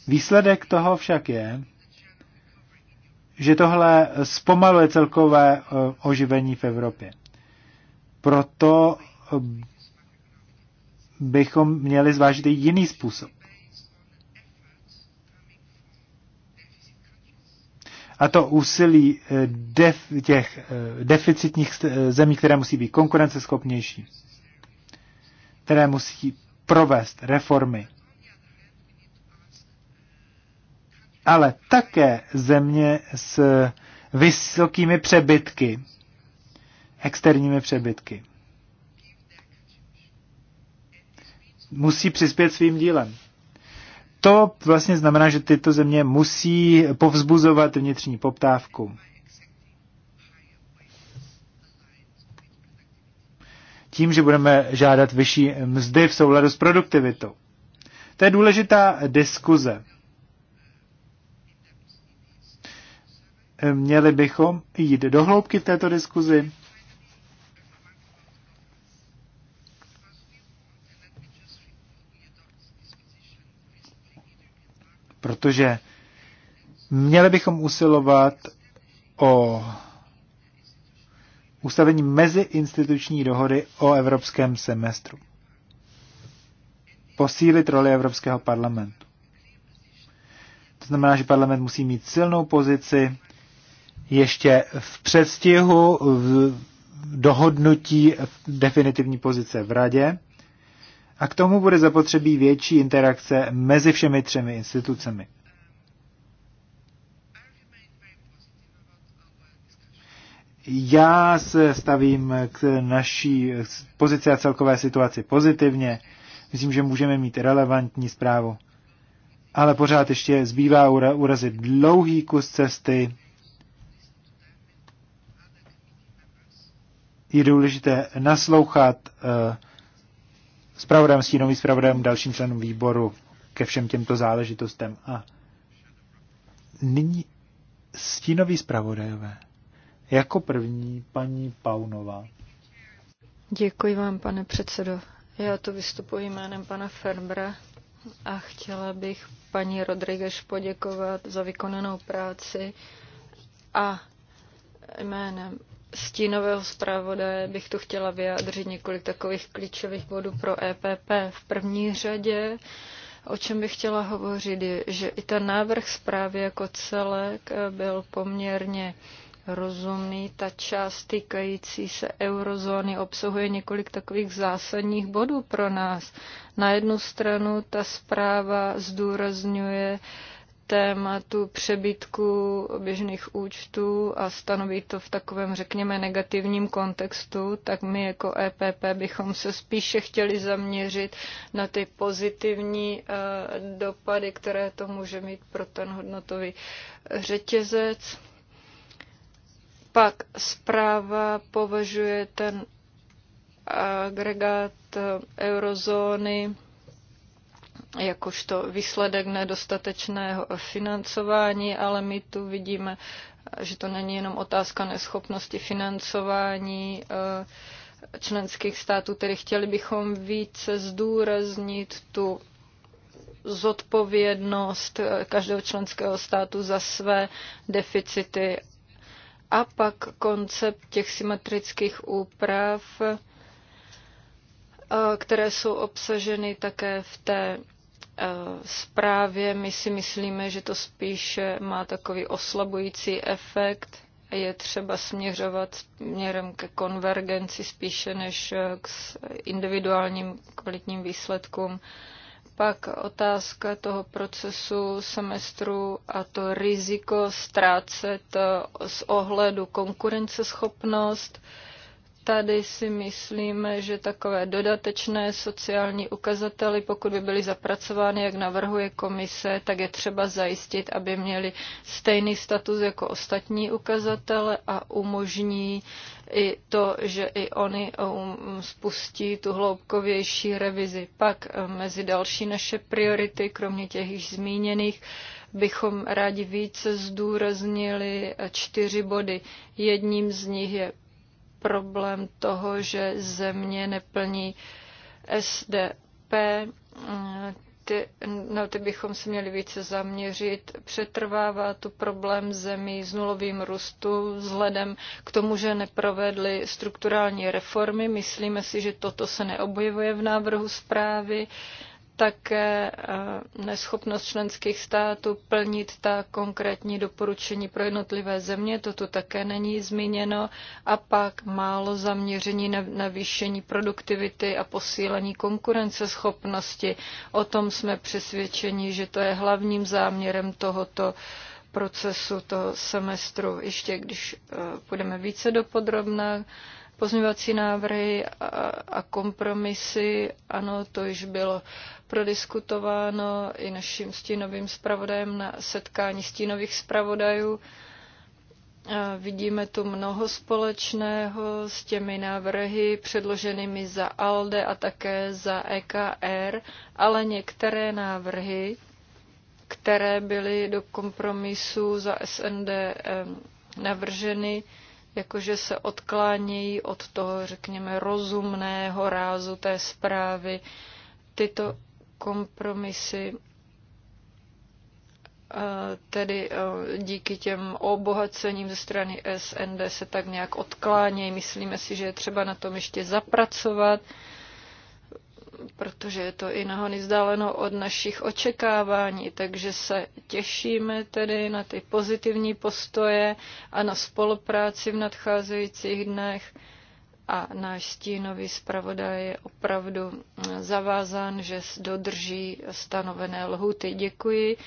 Výsledek toho však je, že tohle zpomaluje celkové e, oživení v Evropě. Proto e, bychom měli zvážit i jiný způsob. A to úsilí e, def, těch deficitních zemí, které musí být konkurenceschopnější, které musí provést reformy, ale také země s vysokými přebytky, externími přebytky. Musí přispět svým dílem. To vlastně znamená, že tyto země musí povzbuzovat vnitřní poptávku. Tím, že budeme žádat vyšší mzdy v souladu s produktivitou. To je důležitá diskuze měli bychom jít do hloubky v této diskuzi. Protože měli bychom usilovat o ustavení meziinstituční dohody o evropském semestru. Posílit roli Evropského parlamentu. To znamená, že parlament musí mít silnou pozici ještě v předstihu v dohodnutí definitivní pozice v radě a k tomu bude zapotřebí větší interakce mezi všemi třemi institucemi. Já se stavím k naší pozici a celkové situaci pozitivně. Myslím, že můžeme mít relevantní zprávu. Ale pořád ještě zbývá urazit dlouhý kus cesty je důležité naslouchat eh, zpravodem, stínovým zpravodem, dalším členům výboru ke všem těmto záležitostem. A nyní stínový zpravodajové. Jako první paní Paunová. Děkuji vám, pane předsedo. Já tu vystupuji jménem pana Ferbra a chtěla bych paní Rodriguez poděkovat za vykonanou práci a jménem stínového zpravodaje bych tu chtěla vyjádřit několik takových klíčových bodů pro EPP. V první řadě O čem bych chtěla hovořit je, že i ten návrh zprávy jako celek byl poměrně rozumný. Ta část týkající se eurozóny obsahuje několik takových zásadních bodů pro nás. Na jednu stranu ta zpráva zdůrazňuje tématu přebytku běžných účtů a stanoví to v takovém, řekněme, negativním kontextu, tak my jako EPP bychom se spíše chtěli zaměřit na ty pozitivní eh, dopady, které to může mít pro ten hodnotový řetězec. Pak zpráva považuje ten agregát eh, eurozóny jakožto výsledek nedostatečného financování, ale my tu vidíme, že to není jenom otázka neschopnosti financování eh, členských států, tedy chtěli bychom více zdůraznit tu zodpovědnost eh, každého členského státu za své deficity. A pak koncept těch symetrických úprav, eh, které jsou obsaženy také v té Eh, zprávě. My si myslíme, že to spíše má takový oslabující efekt a je třeba směřovat směrem ke konvergenci spíše než eh, k individuálním kvalitním výsledkům. Pak otázka toho procesu semestru a to riziko ztrácet eh, z ohledu konkurenceschopnost. schopnost Tady si myslíme, že takové dodatečné sociální ukazately, pokud by byly zapracovány, jak navrhuje komise, tak je třeba zajistit, aby měly stejný status jako ostatní ukazatele a umožní i to, že i oni um, spustí tu hloubkovější revizi. Pak um, mezi další naše priority, kromě těch již zmíněných, bychom rádi více zdůraznili eh, čtyři body. Jedním z nich je problém toho, že země neplní SDP. Ty, no, ty bychom se měli více zaměřit. Přetrvává tu problém zemí s nulovým růstu vzhledem k tomu, že neprovedly strukturální reformy. Myslíme si, že toto se neobjevuje v návrhu zprávy. Uh, také eh, neschopnost členských států plnit ta konkrétní doporučení pro jednotlivé země, to tu také není zmíněno, a pak málo zaměření na navýšení produktivity a posílení konkurenceschopnosti. O tom jsme přesvědčeni, že to je hlavním záměrem tohoto procesu, toho semestru. Ještě když eh, půjdeme více do podrobna, pozměňovací návrhy a, a kompromisy, ano, to již bylo prodiskutováno i naším stínovým zpravodajem na setkání stínových zpravodajů. Vidíme tu mnoho společného s těmi návrhy předloženými za ALDE a také za EKR, ale některé návrhy, které byly do kompromisu za SND navrženy, jakože se odklánějí od toho, řekněme, rozumného rázu té zprávy. Tyto kompromisy eh, tedy eh, díky těm obohacením ze strany SND se tak nějak odklánějí. Myslíme si, že je třeba na tom ještě zapracovat, protože je to i nahony vzdáleno od našich očekávání, takže se těšíme tedy na ty pozitivní postoje a na spolupráci v nadcházejících dnech a náš stínový zpravodaj je opravdu zavázán, že dodrží stanovené lhuty. Děkuji.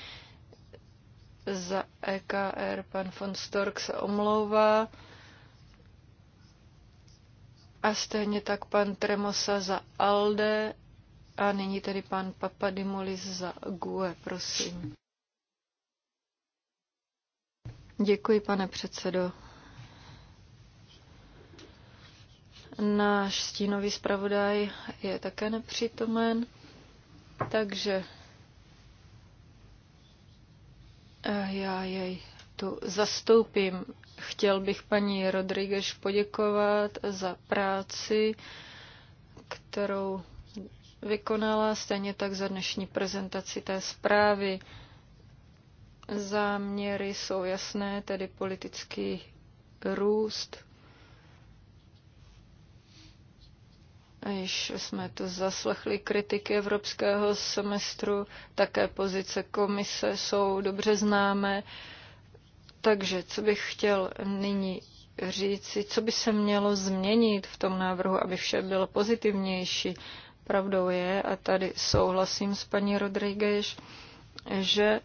Za EKR pan von Stork se omlouvá. A stejně tak pan Tremosa za ALDE a nyní tedy pan Papadimulis za GUE, prosím. Děkuji, pane předsedo. Náš stínový zpravodaj je také nepřítomen, takže eh, já jej tu zastoupím. Chtěl bych paní Rodriguez poděkovat za práci, kterou vykonala, stejně tak za dnešní prezentaci té zprávy. Záměry jsou jasné, tedy politický růst, Již jsme tu zaslechli kritiky evropského semestru, také pozice komise jsou dobře známé. Takže co bych chtěl nyní říci, co by se mělo změnit v tom návrhu, aby vše bylo pozitivnější. Pravdou je, a tady souhlasím s paní Rodriguez, že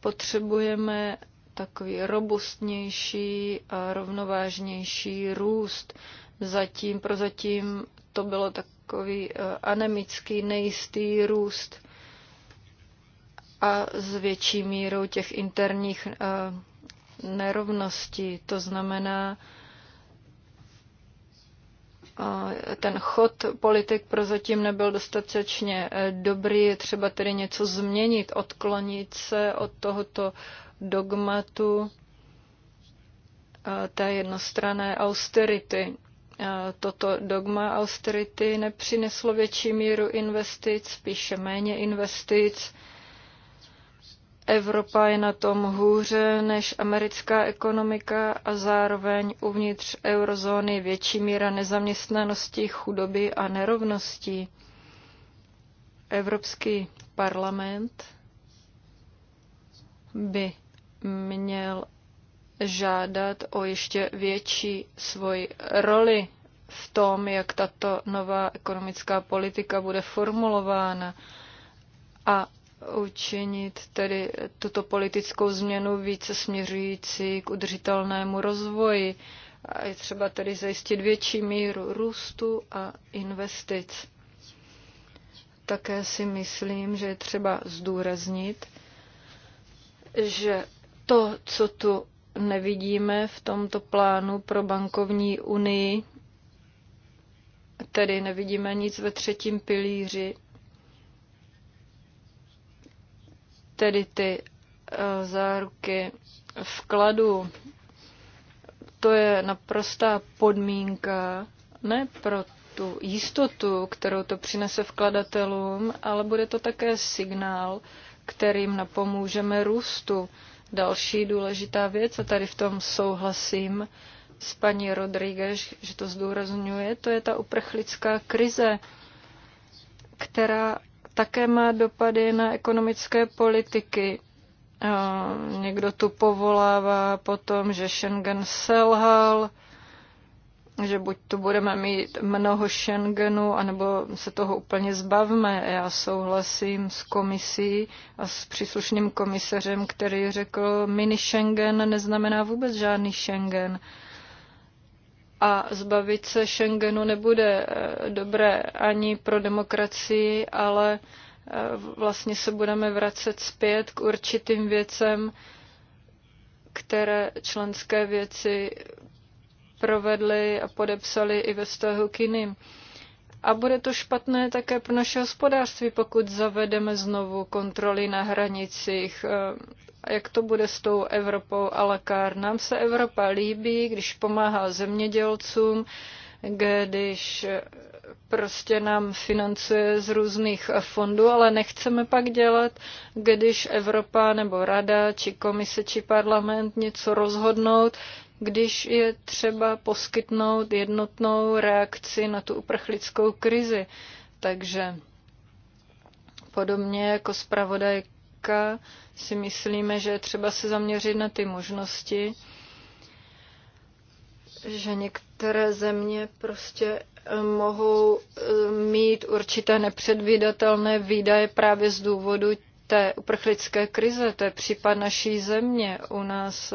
potřebujeme takový robustnější a rovnovážnější růst. Zatím, prozatím to bylo takový eh, anemický, nejistý růst a s větší mírou těch interních eh, nerovností. To znamená, eh, ten chod politik prozatím nebyl dostatečně dobrý, je třeba tedy něco změnit, odklonit se od tohoto dogmatu té jednostrané austerity toto dogma austerity nepřineslo větší míru investic, spíše méně investic. Evropa je na tom hůře než americká ekonomika a zároveň uvnitř eurozóny větší míra nezaměstnanosti, chudoby a nerovností. Evropský parlament by měl žádat o ještě větší svoji roli v tom, jak tato nová ekonomická politika bude formulována a učinit tedy tuto politickou změnu více směřující k udržitelnému rozvoji a je třeba tedy zajistit větší míru růstu a investic. Také si myslím, že je třeba zdůraznit, že to, co tu nevidíme v tomto plánu pro bankovní unii, tedy nevidíme nic ve třetím pilíři, tedy ty eh, záruky vkladu. To je naprostá podmínka, ne pro tu jistotu, kterou to přinese vkladatelům, ale bude to také signál, kterým napomůžeme růstu. Další důležitá věc, a tady v tom souhlasím s paní Rodriguez, že to zdůrazňuje, to je ta uprchlická krize, která také má dopady na ekonomické politiky. Někdo tu povolává potom, že Schengen selhal, že buď tu budeme mít mnoho Schengenu, anebo se toho úplně zbavme. Já souhlasím s komisí a s příslušným komisařem, který řekl, mini Schengen neznamená vůbec žádný Schengen. A zbavit se Schengenu nebude eh, dobré ani pro demokracii, ale eh, vlastně se budeme vracet zpět k určitým věcem, které členské věci provedli a podepsali i ve vztahu k jiným. A bude to špatné také pro naše hospodářství, pokud zavedeme znovu kontroly na hranicích. Eh, jak to bude s tou Evropou a lakár? Nám se Evropa líbí, když pomáhá zemědělcům, když eh, prostě nám financuje z různých fondů, ale nechceme pak dělat, když Evropa nebo Rada, či Komise, či Parlament něco rozhodnout, když je třeba poskytnout jednotnou reakci na tu uprchlickou krizi. Takže podobně jako zpravodajka si myslíme, že je třeba se zaměřit na ty možnosti, že některé země prostě eh, mohou eh, mít určité nepředvídatelné výdaje právě z důvodu té uprchlické krize, to je případ naší země. U nás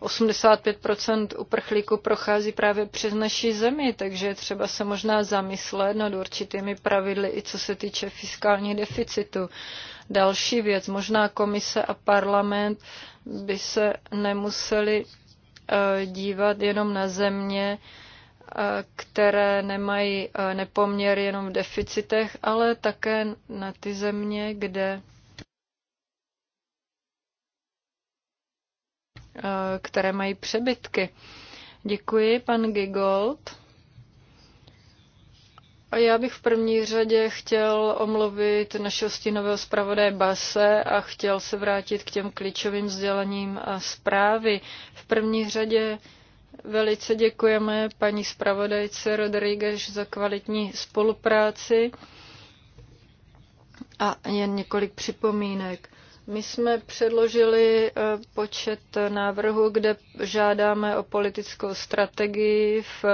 85 eh, uprchlíků prochází právě přes naší zemi, takže je třeba se možná zamyslet nad určitými pravidly, i co se týče fiskální deficitu. Další věc, možná komise a parlament by se nemuseli eh, dívat jenom na země, eh, které nemají nepoměr jenom v deficitech, ale také na ty země, kde Eh, které mají přebytky. Děkuji, pan Gigold. A já bych v první řadě chtěl omluvit našeho stínového zpravodaje Base a chtěl se vrátit k těm klíčovým sdělením a zprávy. V první řadě velice děkujeme paní zpravodajce Rodriguez za kvalitní spolupráci a jen několik připomínek. My jsme předložili eh, počet návrhů, kde žádáme o politickou strategii v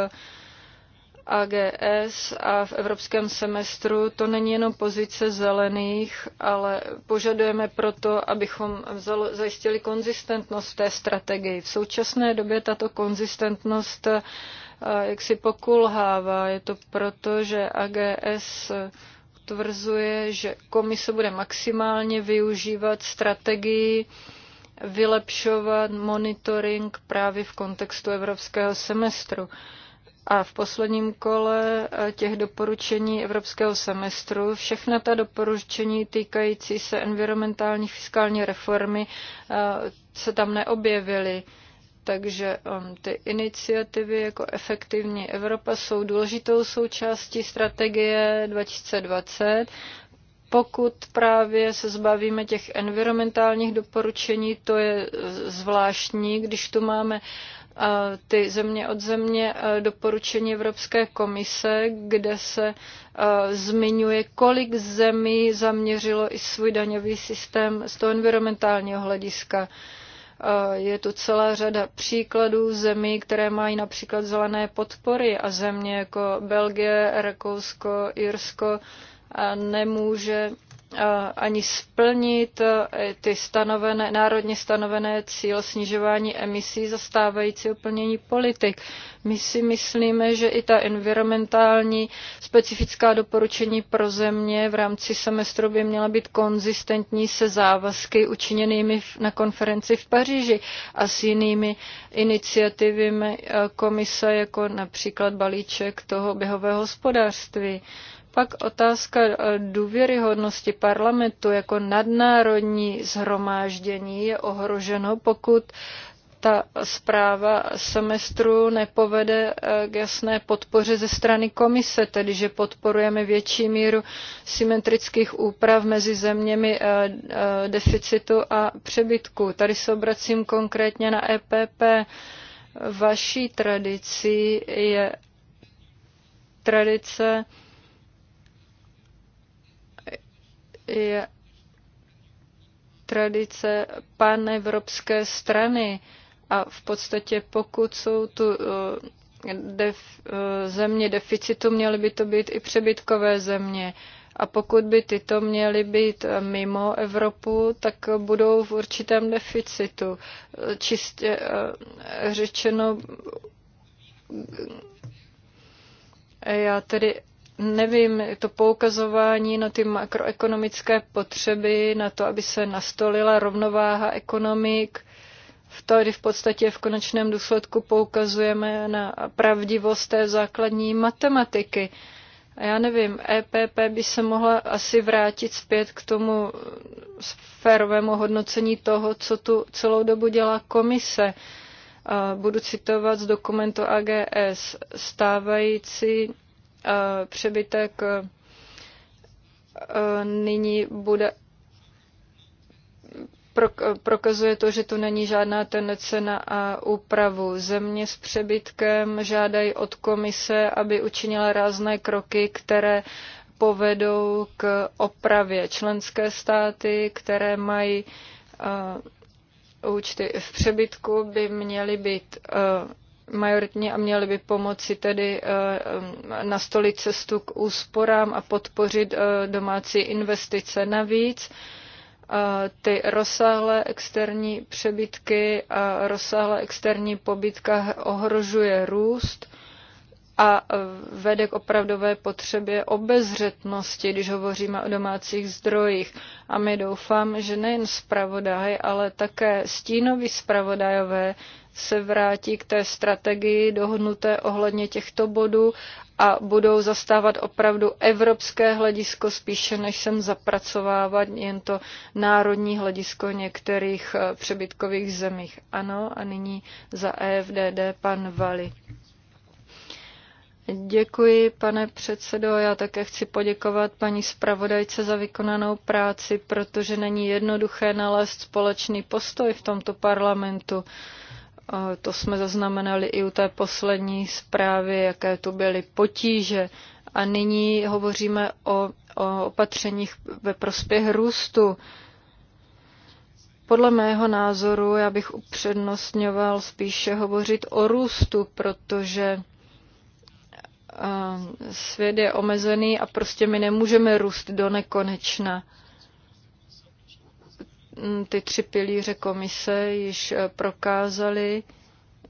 AGS a v evropském semestru. To není jenom pozice zelených, ale požadujeme proto, abychom vzalo, zajistili konzistentnost té strategii. V současné době tato konzistentnost eh, jak si pokulhává. Je to proto, že AGS potvrzuje, že komise bude maximálně využívat strategii vylepšovat monitoring právě v kontextu evropského semestru. A v posledním kole eh, těch doporučení evropského semestru všechna ta doporučení týkající se environmentální fiskální reformy eh, se tam neobjevily. Takže um, ty iniciativy jako Efektivní Evropa jsou důležitou součástí strategie 2020. Pokud právě se zbavíme těch environmentálních doporučení, to je e, zvláštní, když tu máme uh, ty země od země uh, doporučení Evropské komise, kde se uh, zmiňuje, kolik zemí zaměřilo i svůj daňový systém z toho environmentálního hlediska. Uh, je tu celá řada příkladů zemí, které mají například zelené podpory a země jako Belgie, Rakousko, Irsko nemůže ani splnit e, ty stanovené, národně stanovené cíl snižování emisí za stávající plnění politik. My si myslíme, že i ta environmentální specifická doporučení pro země v rámci semestru by měla být konzistentní se závazky učiněnými na konferenci v Paříži a s jinými iniciativami e, komise, jako například balíček toho běhového hospodářství. Pak otázka eh, důvěryhodnosti parlamentu jako nadnárodní zhromáždění je ohroženo, pokud ta zpráva semestru nepovede eh, k jasné podpoře ze strany komise, tedy že podporujeme větší míru symetrických úprav mezi zeměmi eh, deficitu a přebytku. Tady se obracím konkrétně na EPP. Vaší tradicí je tradice je tradice panevropské strany a v podstatě pokud jsou tu eh, def, eh, země deficitu, měly by to být i přebytkové země. A pokud by tyto měly být eh, mimo Evropu, tak budou v určitém deficitu. Čistě řečeno, já tedy nevím, to poukazování na ty makroekonomické potřeby, na to, aby se nastolila rovnováha ekonomik, v kdy v podstatě v konečném důsledku poukazujeme na pravdivost té základní matematiky. A já nevím, EPP by se mohla asi vrátit zpět k tomu sférovému hodnocení toho, co tu celou dobu dělá komise. Budu citovat z dokumentu AGS. Stávající přebytek nyní bude prokazuje to, že tu není žádná tendence na úpravu. Země s přebytkem žádají od komise, aby učinila rázné kroky, které povedou k opravě. Členské státy, které mají účty v přebytku, by měly být majoritně a měli by pomoci tedy eh, nastolit cestu k úsporám a podpořit eh, domácí investice. Navíc eh, ty rozsáhlé externí přebytky a rozsáhlá externí pobytka ohrožuje růst a vede k opravdové potřebě obezřetnosti, když hovoříme o domácích zdrojích. A my doufám, že nejen zpravodaj, ale také stínoví zpravodajové se vrátí k té strategii dohodnuté ohledně těchto bodů a budou zastávat opravdu evropské hledisko spíše, než sem zapracovávat jen to národní hledisko některých eh, přebytkových zemích. Ano, a nyní za EFDD pan Vali. Děkuji, pane předsedo. Já také chci poděkovat paní zpravodajce za vykonanou práci, protože není jednoduché nalézt společný postoj v tomto parlamentu. To jsme zaznamenali i u té poslední zprávy, jaké tu byly potíže. A nyní hovoříme o, o opatřeních ve prospěch růstu. Podle mého názoru já bych upřednostňoval spíše hovořit o růstu, protože svět je omezený a prostě my nemůžeme růst do nekonečna. Mm, ty tři pilíře komise již eh, prokázaly,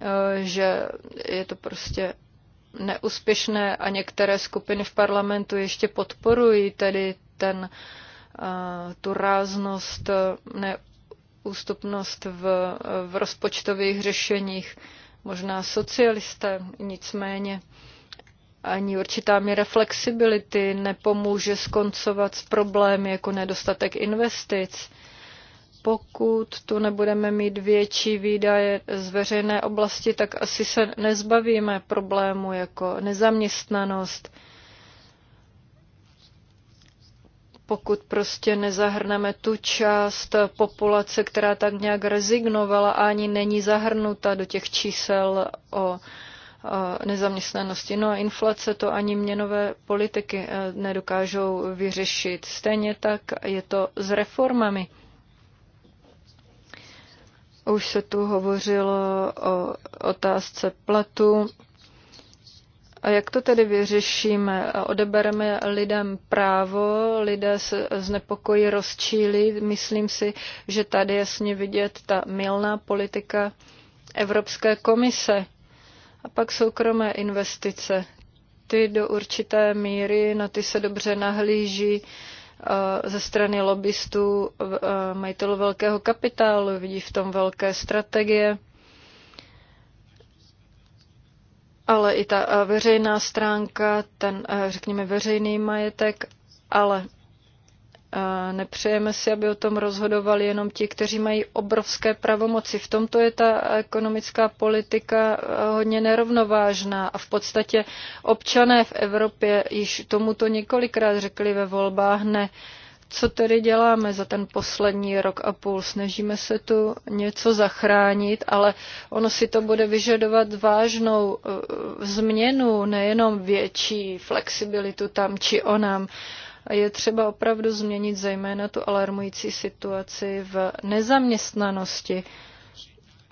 eh, že je to prostě neúspěšné a některé skupiny v parlamentu ještě podporují tedy ten, eh, tu ráznost, neústupnost v, v rozpočtových řešeních, možná socialisté, nicméně ani určitá míra flexibility nepomůže skoncovat s problémy jako nedostatek investic pokud tu nebudeme mít větší výdaje z veřejné oblasti, tak asi se nezbavíme problému jako nezaměstnanost. Pokud prostě nezahrneme tu část populace, která tak nějak rezignovala a ani není zahrnuta do těch čísel o nezaměstnanosti. No a inflace to ani měnové politiky eh, nedokážou vyřešit. Stejně tak je to s reformami. Už se tu hovořilo o otázce platu. A jak to tedy vyřešíme? Odebereme lidem právo, lidé se znepokojí rozčílí. Myslím si, že tady jasně vidět ta milná politika Evropské komise. A pak soukromé investice. Ty do určité míry, na ty se dobře nahlíží. Uh, Eh, ze strany lobbystů eh, majitelů velkého kapitálu, vidí v tom velké strategie. Ale i ta eh, veřejná stránka, ten, řekněme, veřejný majetek, ale Nepřejeme si, aby o tom rozhodovali jenom ti, kteří mají obrovské pravomoci. V tomto je ta ekonomická politika eh, hodně nerovnovážná a v podstatě občané v Evropě již tomuto několikrát řekli ve volbách ne. Co tedy děláme za ten poslední rok a půl? Snažíme se tu něco zachránit, ale ono si to bude vyžadovat vážnou eh, změnu, nejenom větší flexibilitu tam či onam je třeba opravdu změnit zejména tu alarmující situaci v nezaměstnanosti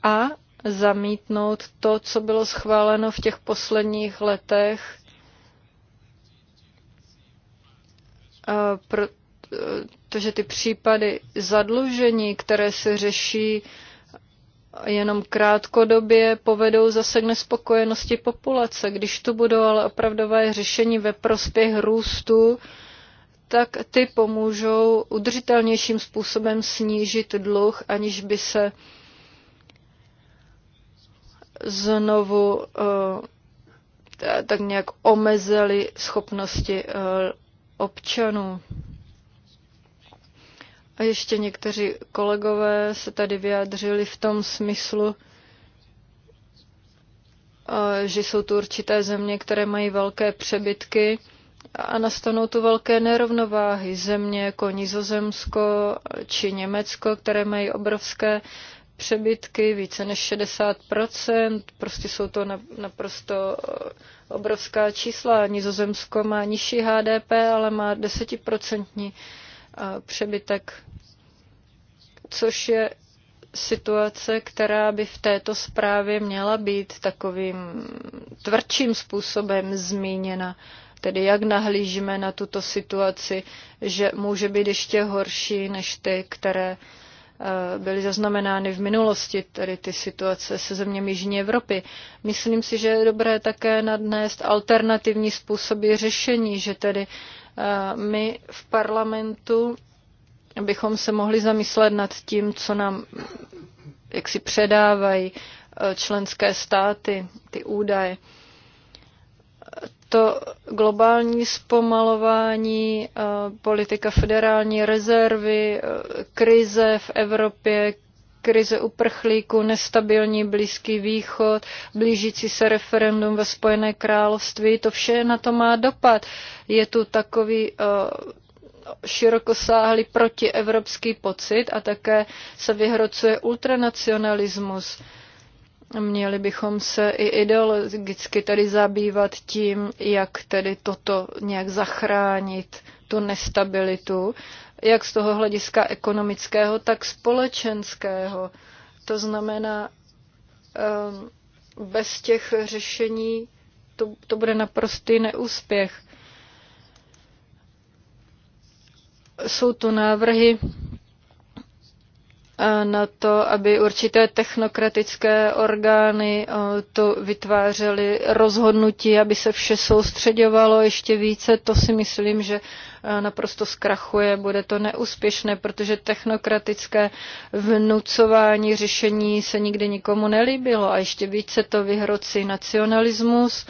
a zamítnout to, co bylo schváleno v těch posledních letech, protože ty případy zadlužení, které se řeší jenom krátkodobě, povedou zase k nespokojenosti populace. Když tu budou ale opravdové řešení ve prospěch růstu, tak ty pomůžou udržitelnějším způsobem snížit dluh, aniž by se znovu eh, tak nějak omezily schopnosti eh, občanů. A ještě někteří kolegové se tady vyjádřili v tom smyslu, eh, že jsou tu určité země, které mají velké přebytky a nastanou tu velké nerovnováhy. Země jako Nizozemsko či Německo, které mají obrovské přebytky, více než 60%, prostě jsou to naprosto eh, obrovská čísla. Nizozemsko má nižší HDP, ale má desetiprocentní eh, přebytek, což je situace, která by v této zprávě měla být takovým tvrdším způsobem zmíněna Tedy jak nahlížíme na tuto situaci, že může být ještě horší než ty, které eh, byly zaznamenány v minulosti, tedy ty situace se zeměmi Jižní Evropy. Myslím si, že je dobré také nadnést alternativní způsoby řešení, že tedy eh, my v parlamentu bychom se mohli zamyslet nad tím, co nám jak si předávají eh, členské státy, ty údaje to globální zpomalování, eh, politika federální rezervy, eh, krize v Evropě, krize uprchlíků, nestabilní Blízký východ, blížící se referendum ve Spojené království, to vše na to má dopad. Je tu takový eh, širokosáhlý protievropský pocit a také se vyhrocuje ultranacionalismus. Měli bychom se i ideologicky tady zabývat tím, jak tedy toto nějak zachránit, tu nestabilitu, jak z toho hlediska ekonomického, tak společenského. To znamená, ehm, bez těch řešení to, to bude naprostý neúspěch. Jsou to návrhy na to, aby určité technokratické orgány e, to vytvářely rozhodnutí, aby se vše soustředovalo ještě více, to si myslím, že e, naprosto zkrachuje, bude to neúspěšné, protože technokratické vnucování řešení se nikdy nikomu nelíbilo a ještě více to vyhrocí nacionalismus,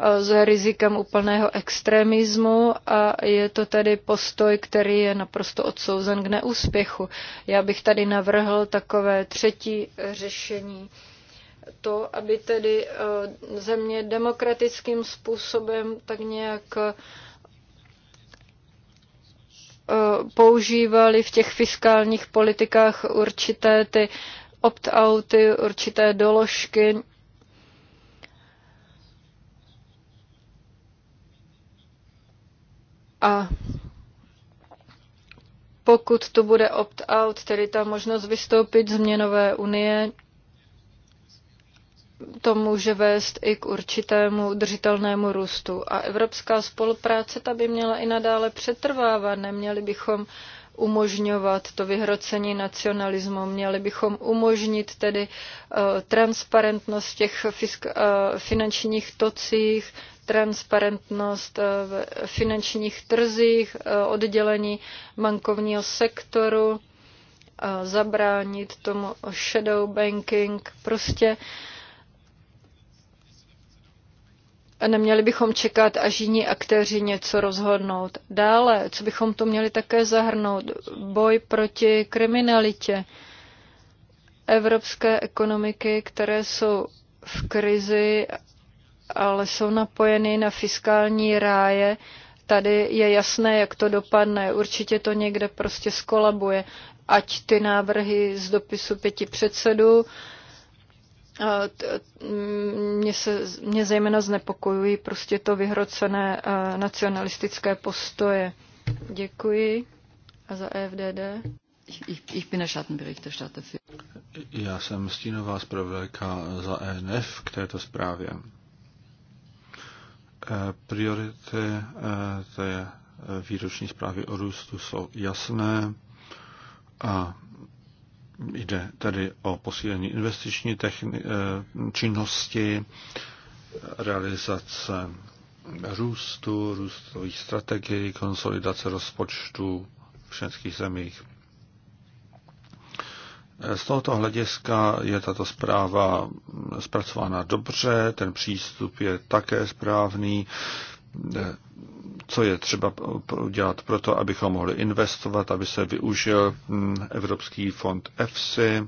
s rizikem úplného extremismu a je to tedy postoj, který je naprosto odsouzen k neúspěchu. Já bych tady navrhl takové třetí řešení to, aby tedy eh, země demokratickým způsobem tak nějak eh, používali v těch fiskálních politikách určité ty opt-outy, určité doložky, A pokud to bude opt-out, tedy ta možnost vystoupit z měnové unie, to může vést i k určitému udržitelnému růstu. A evropská spolupráce ta by měla i nadále přetrvávat. Neměli bychom umožňovat to vyhrocení nacionalismu. Měli bychom umožnit tedy eh, transparentnost těch eh, finančních tocích, transparentnost eh, v finančních trzích, eh, oddělení bankovního sektoru, eh, zabránit tomu shadow banking, prostě neměli bychom čekat, až jiní aktéři něco rozhodnout. Dále, co bychom to měli také zahrnout, boj proti kriminalitě evropské ekonomiky, které jsou v krizi ale jsou napojeny na fiskální ráje, tady je jasné, jak to dopadne. Určitě to někde prostě skolabuje. Ať ty návrhy z dopisu pěti předsedů, mm, mě, se, mě zejména znepokojují prostě to vyhrocené nacionalistické postoje. Děkuji. A za EFDD? Ich Já jsem stínová zpravodajka za ENF k této zprávě. Eh, priority eh, té eh, výroční zprávy o růstu jsou jasné a jde tedy o posílení investiční techni- činnosti, realizace růstu, růstových strategií, konsolidace rozpočtu v všech zemích. Z tohoto hlediska je tato zpráva zpracována dobře, ten přístup je také správný, co je třeba udělat pro to, abychom mohli investovat, aby se využil hm, Evropský fond EFSI, eh,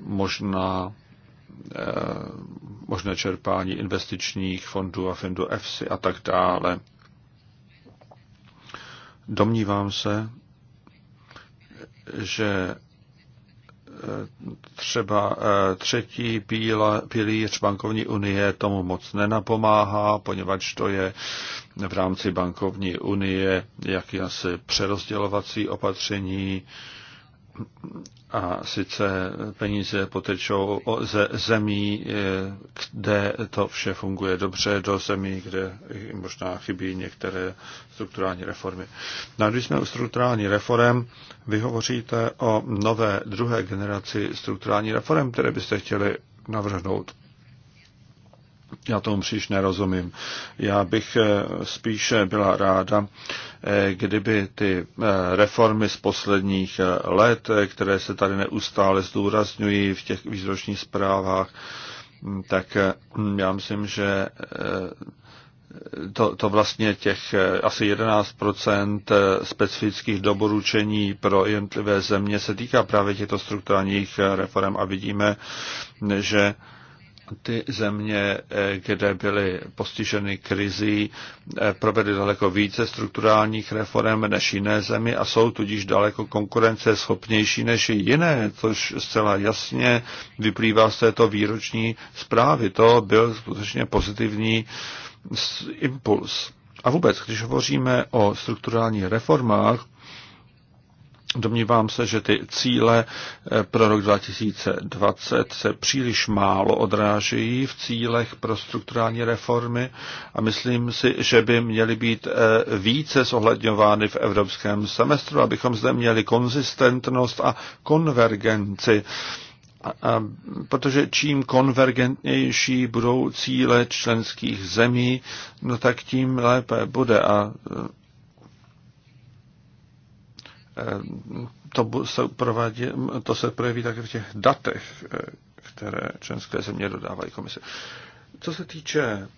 možná eh, možné čerpání investičních fondů a fondů EFSI a tak dále. Domnívám se, že třeba eh, třetí píla, pilíř bankovní unie tomu moc nenapomáhá, poněvadž to je v rámci bankovní unie jakýsi přerozdělovací opatření a sice peníze potečou ze zemí, eh, kde to vše funguje dobře, do zemí, kde možná chybí některé strukturální reformy. No a když jsme u strukturální reform, vy hovoříte o nové druhé generaci strukturální reform, které byste chtěli navrhnout. Já tomu příliš nerozumím. Já bych eh, spíše byla ráda, eh, kdyby ty eh, reformy z posledních let, které se tady neustále zdůrazňují v těch výročních zprávách, hm, tak hm, já myslím, že to, to vlastně těch asi 11 specifických doporučení pro jednotlivé země se týká právě těchto strukturálních reform a vidíme, že ty země, eh, kde byly postiženy krizí, eh, provedly daleko více strukturálních reform než jiné země a jsou tudíž daleko konkurenceschopnější než jiné, což zcela jasně vyplývá z této výroční zprávy. To byl skutečně pozitivní impuls. A vůbec, když hovoříme o strukturálních reformách, Domnívám se, že ty cíle eh, pro rok 2020 se příliš málo odrážejí v cílech pro strukturální reformy a myslím si, že by měly být eh, více zohledňovány v evropském semestru, abychom zde měli konzistentnost a konvergenci. A, a, protože čím konvergentnější budou cíle členských zemí, no tak tím lépe bude. A to se, provádí, to se projeví také v těch datech, které členské země dodávají komise. Co se týče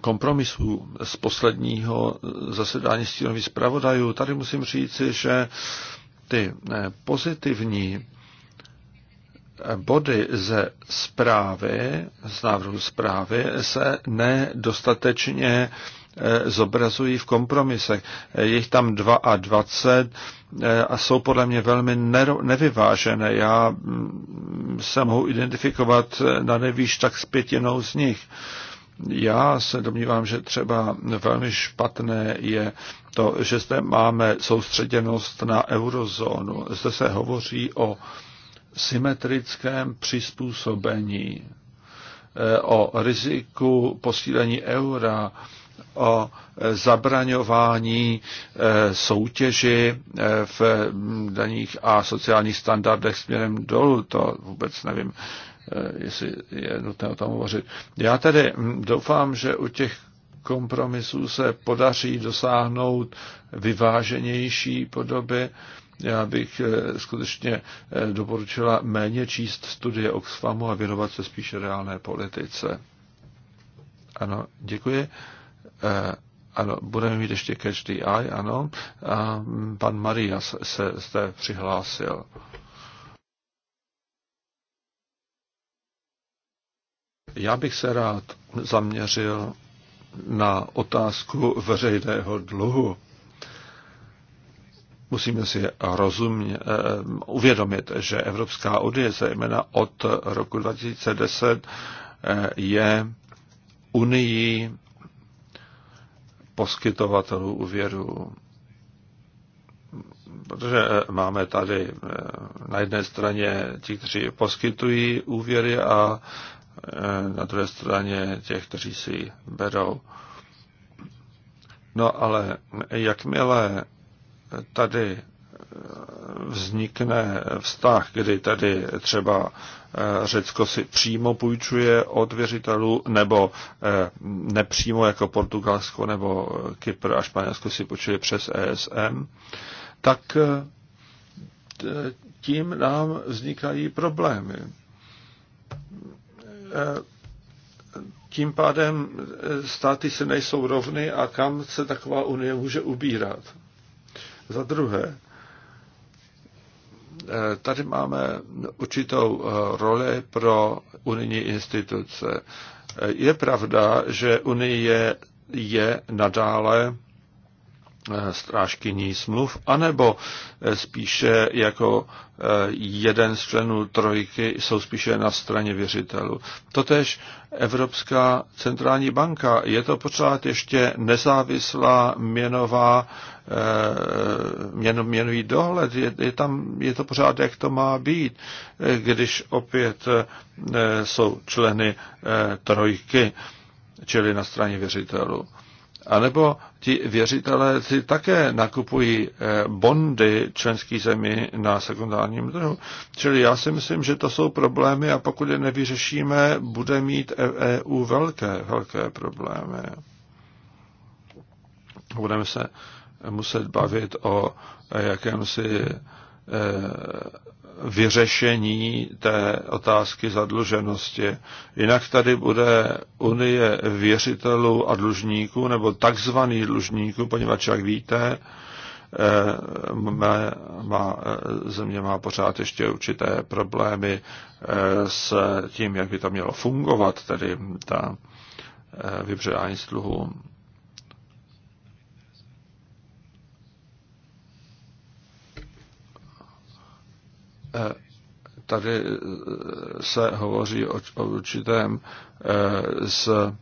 kompromisů z posledního zasedání stínových zpravodajů, tady musím říci, že ty eh, pozitivní eh, body ze zprávy, z návrhu zprávy, se nedostatečně Eh, zobrazují v kompromisech. Eh, je jich tam 22 eh, a jsou podle mě velmi nevyvážené. Já mm, se mohu identifikovat na nevíš tak s pětinou z nich. Já se domnívám, že třeba velmi špatné je to, že zde máme soustředěnost na eurozónu. Zde se hovoří o symetrickém přizpůsobení, o riziku posílení eura, o zabraňování eh, soutěži eh, v mm, daních a sociálních standardech směrem dolů, to vůbec nevím, eh, jestli je nutné o tom hovořit. Já tedy mm, doufám, že u těch kompromisů se podaří dosáhnout vyváženější podoby. Já bych skutečně doporučila méně číst studie Oxfamu a věnovat se spíše reálné politice. Ano, děkuji. Eh, ano, budeme mít ještě catch the eye, ano. A mm, pan Maria se zde přihlásil. Já bych se rád zaměřil na otázku veřejného dluhu. Musíme si rozumě, eh, uvědomit, že Evropská unie, zejména od roku 2010, eh, je unii poskytovatelů úvěru. Protože eh, máme tady eh, na jedné straně ti, kteří poskytují úvěry a eh, na druhé straně těch, kteří si berou. No ale jakmile tady vznikne vztah, kdy tedy třeba eh, Řecko si přímo půjčuje od věřitelů, nebo eh, nepřímo jako Portugalsko nebo eh, Kypr a Španělsko si půjčuje přes ESM, tak tím nám vznikají problémy. Tím pádem státy se nejsou rovny a kam se taková unie může ubírat. Za druhé, Eh, tady máme určitou eh, roli pro unijní instituce. Eh, je pravda, že Unie je nadále Eh, strážkyní smluv, anebo eh, spíše jako eh, jeden z členů trojky jsou spíše na straně věřitelů. Totež Evropská centrální banka je to pořád ještě nezávislá měnová měn, měnový dohled, je, je, tam, je to pořád, jak to má být, když opět jsou členy trojky, čili na straně věřitelů. A nebo ti věřitelé si také nakupují eh, bondy členských zemí na sekundárním trhu. Čili já si myslím, že to jsou problémy a pokud je nevyřešíme, bude mít EU e velké, velké problémy. Budeme se muset bavit o jakémsi eh, vyřešení té otázky zadluženosti. Jinak tady bude unie věřitelů a dlužníků, nebo takzvaných dlužníků, poněvadž, jak víte, eh, má, má, eh, země má pořád ještě určité problémy eh, s tím, jak by to mělo fungovat, tedy ta vybředání z tady eh, se hovoří o, o určitém z, eh,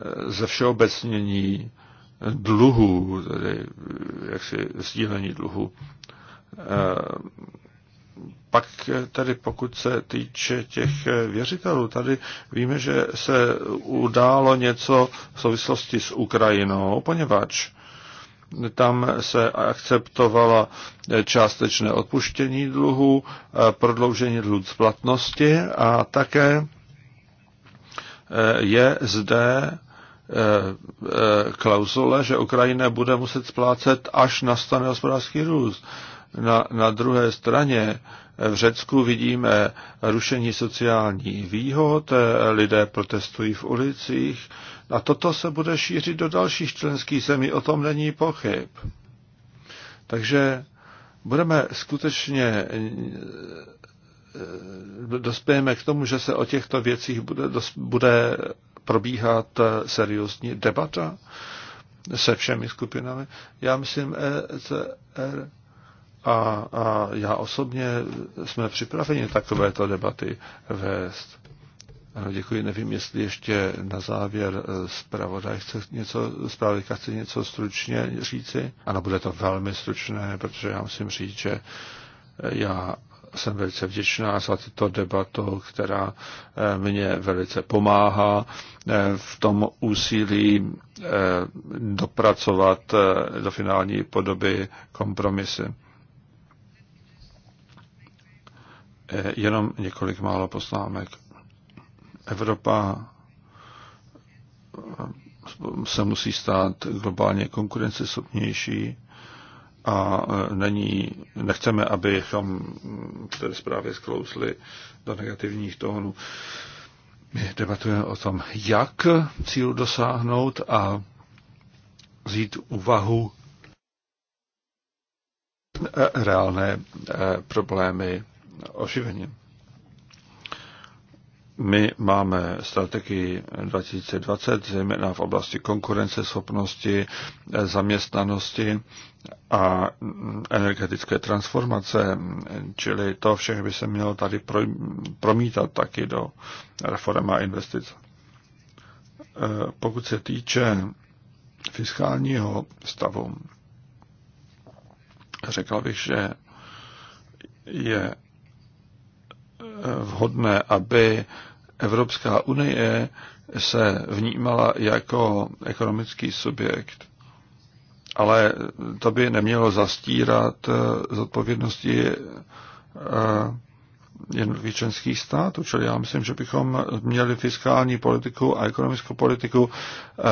eh, ze všeobecnění dluhů, tedy jaksi sdílení dluhu. Pak tedy pokud se týče těch věřitelů, tady víme, že se událo něco v souvislosti s Ukrajinou, poněvadž tam se akceptovala částečné odpuštění dluhu, prodloužení dluhu splatnosti a také eh, je zde eh, klauzule, že Ukrajina bude muset splácet, až nastane hospodářský růst. Na, na druhé straně eh, v Řecku vidíme rušení sociálních výhod, lidé protestují v ulicích, a toto se bude šířit do dalších členských zemí, o tom není pochyb. Takže budeme skutečně eh, dospějeme k tomu, že se o těchto věcích bude, bude probíhat eh, seriózní debata se všemi skupinami. Já myslím ECR a, a já osobně jsme připraveni takovéto debaty vést. Ano, děkuji. Nevím, jestli ještě na závěr eh, zpravodaj chce něco, zpravodajka chce něco stručně říci. Ano, bude to velmi stručné, protože já musím říct, že eh, já jsem velice vděčná za tyto debatu, která eh, mě velice pomáhá v tom úsilí dopracovat do finální podoby kompromisy. Jenom několik málo poznámek. Evropa se musí stát globálně konkurenceschopnější a e, není, nechceme, abychom v té zprávě sklouzli do negativních tónů. My debatujeme o tom, jak cílu dosáhnout a vzít úvahu reálné e, problémy oživení. My máme strategii 2020, zejména v oblasti konkurenceschopnosti, zaměstnanosti a energetické transformace, čili to všechno by se mělo tady promítat taky do reform a investic. E, pokud se týče fiskálního stavu, řekl bych, že je vhodné, aby Evropská unie se vnímala jako ekonomický subjekt. Ale to by nemělo zastírat eh, zodpovědnosti eh, jednotlivých členských států. Čili já myslím, že bychom měli fiskální politiku a ekonomickou politiku eh,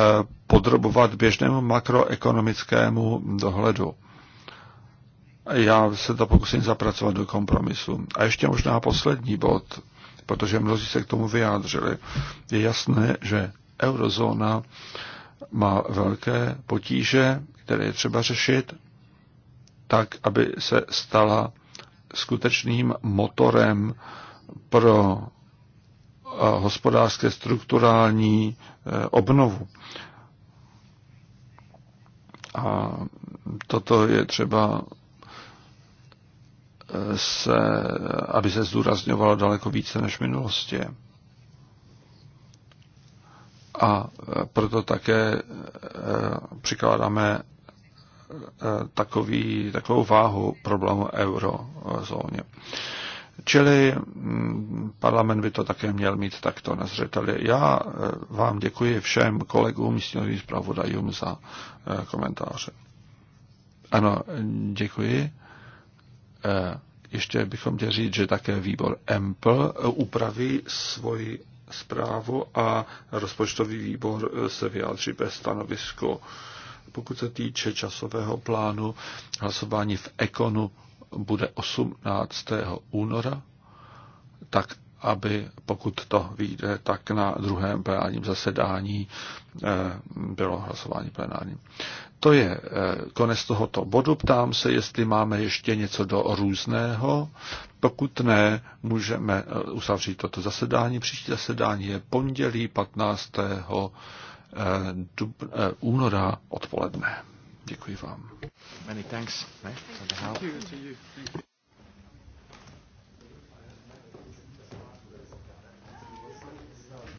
podrobovat běžnému makroekonomickému dohledu. Já se to pokusím zapracovat do kompromisu. A ještě možná poslední bod, protože mnozí se k tomu vyjádřili. Je jasné, že eurozóna má velké potíže, které je třeba řešit, tak, aby se stala skutečným motorem pro eh, hospodářské strukturální eh, obnovu. A toto je třeba se, aby se zdůrazňovalo daleko více než v minulosti. A proto také eh, přikládáme eh, takový, takovou váhu problému eurozóně. Čili mm, parlament by to také měl mít takto na zřeteli. Já eh, vám děkuji všem kolegům, místním zpravodajům za komentáře. Ano, děkuji. Eh, ještě bychom chtěli říct, že také výbor EMPL upraví svoji zprávu a rozpočtový výbor eh, se vyjádří bez stanovisko. Pokud se týče časového plánu, hlasování v Ekonu bude 18. února, tak aby pokud to vyjde, tak na druhém plenárním zasedání eh, bylo hlasování plenárním. To je eh, konec tohoto bodu. Ptám se, jestli máme ještě něco do různého. Pokud ne, můžeme eh, uzavřít toto zasedání. Příští zasedání je pondělí 15. února odpoledne. Děkuji vám. Many thanks, mate, for the help. Thank you. Thank you.